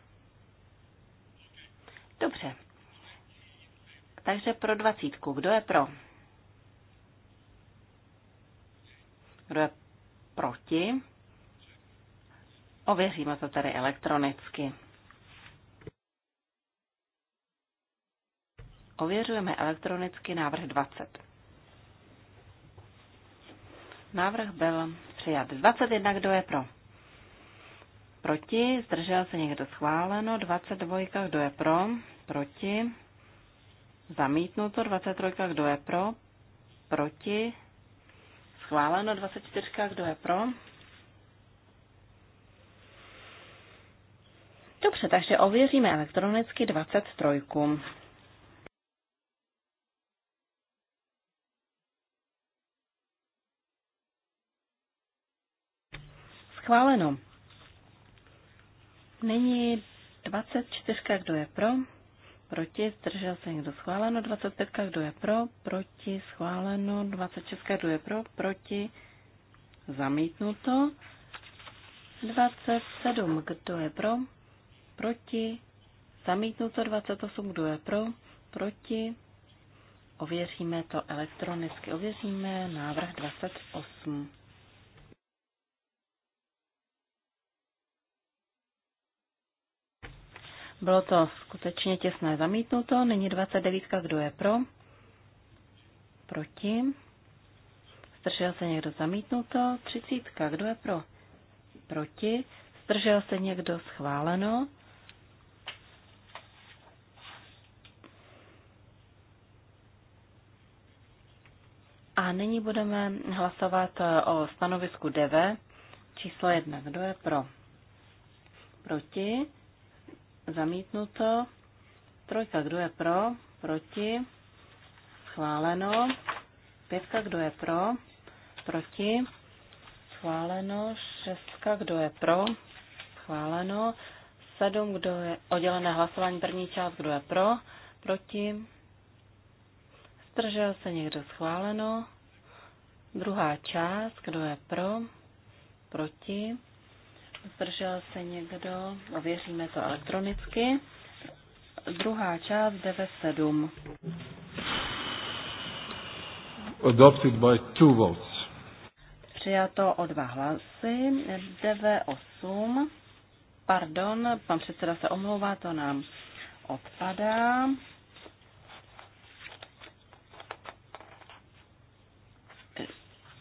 Speaker 5: Dobře. Takže pro dvacítku. Kdo je pro? Kdo je proti? Ověříme to tady elektronicky. Ověřujeme elektronicky návrh 20. Návrh byl přijat. 21, kdo je pro? Proti? Zdržel se někdo schváleno? 22. Kdo je pro? Proti? Zamítnuto. 23. Kdo je pro? Proti? Schváleno. 24. Kdo je pro? Dobře, takže ověříme elektronicky 23. Schváleno. Není 24, kdo je pro, proti, zdržel se někdo schváleno, 25, kdo je pro, proti, schváleno, 26, kdo je pro, proti, zamítnuto, 27, kdo je pro, proti, zamítnuto, 28, kdo je pro, proti, ověříme to elektronicky, ověříme návrh 28. Bylo to skutečně těsné zamítnuto. Nyní 29. Kdo je pro? Proti. Zdržel se někdo zamítnuto. 30. Kdo je pro? Proti. Zdržel se někdo schváleno. A nyní budeme hlasovat eh, o stanovisku DV číslo 1. Kdo je pro? Proti. Zamítnuto. Trojka, kdo je pro? Proti. Schváleno. Pětka, kdo je pro? Proti. Schváleno. Šestka, kdo je pro? Schváleno. Sedm, kdo je oddělené hlasování první část, kdo je pro? Proti. Zdržel se někdo schváleno. Druhá část, kdo je pro? Proti. Zdržel se někdo? Ověříme to elektronicky. Druhá část 97.
Speaker 1: Adopted by two votes.
Speaker 5: Přijato o dva hlasy. 98. Pardon, pan předseda se omlouvá, to nám odpadá.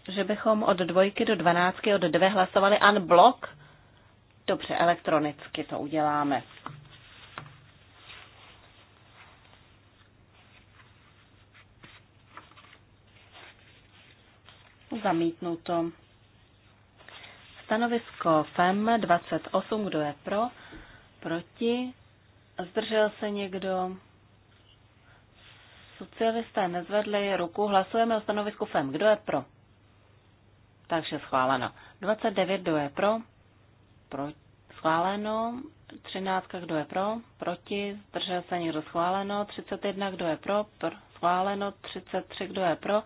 Speaker 5: Že bychom od dvojky do dvanáctky od dvě hlasovali an blok? Dobře, elektronicky to uděláme. Zamítnu to. Stanovisko FEM 28, kdo je pro, proti, zdržel se někdo, socialisté nezvedli ruku, hlasujeme o stanovisku FEM, kdo je pro. Takže schváleno. 29, kdo je pro, pro, schváleno, 13, kdo je pro, proti, zdržel se někdo schváleno, 31, kdo je pro, pro schváleno, 33, kdo je pro,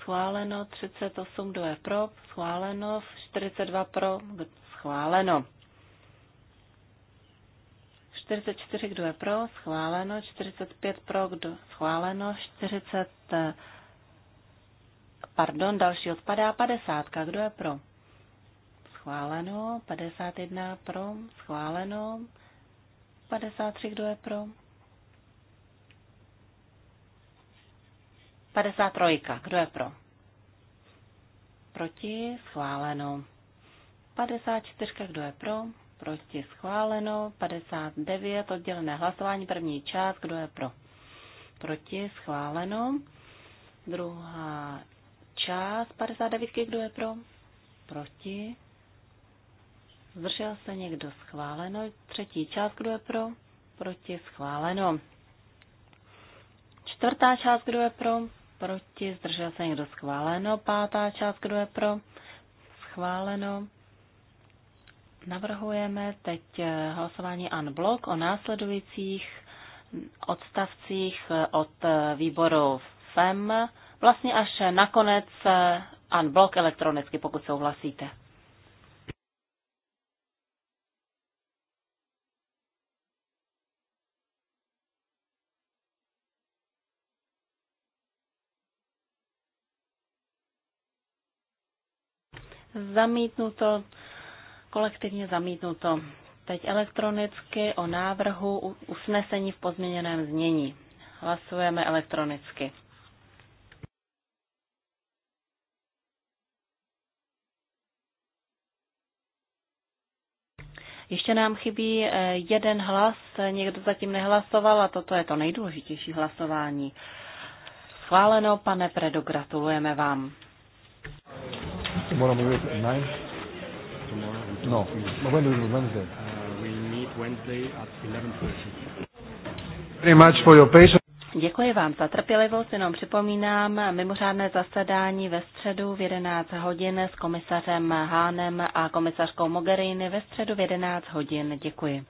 Speaker 5: schváleno, 38, kdo je pro, schváleno, 42 pro, schváleno. 44, kdo je pro, schváleno, 45 pro, kdo, schváleno, 40, eh, pardon, další odpadá, 50, kdo je pro, schváleno, 51 pro, schváleno, 53 kdo je pro, 53 kdo je pro, proti, schváleno, 54 kdo je pro, proti, schváleno, 59 oddělené hlasování, první část, kdo je pro, proti, schváleno, druhá část, 59 kdo je pro, proti, Zdržel se někdo schváleno. Třetí část, kdo je pro? Proti schváleno. Čtvrtá část, kdo je pro? Proti zdržel se někdo schváleno. Pátá část, kdo je pro? Schváleno. Navrhujeme teď eh, hlasování unblock o následujících odstavcích eh, od eh, výboru FEM, vlastně až nakonec unblock elektronicky, pokud souhlasíte. Zamítnuto, kolektivně zamítnuto. Teď elektronicky o návrhu usnesení v pozměněném znění. Hlasujeme elektronicky. Ještě nám chybí eh, jeden hlas, někdo zatím nehlasoval a toto je to nejdůležitější hlasování. Schváleno, pane Predo, gratulujeme vám.
Speaker 1: Tomorrow we meet at nine. Tomorrow. No. we No. When do we meet? Wednesday? Uh, we meet Wednesday at 11:30. Very much for your patience.
Speaker 5: Děkuji vám za trpělivost, jenom připomínám mimořádné zasedání ve středu v 11 hodin s komisařem Hánem a komisařkou Mogherini ve středu v 11 hodin. Děkuji.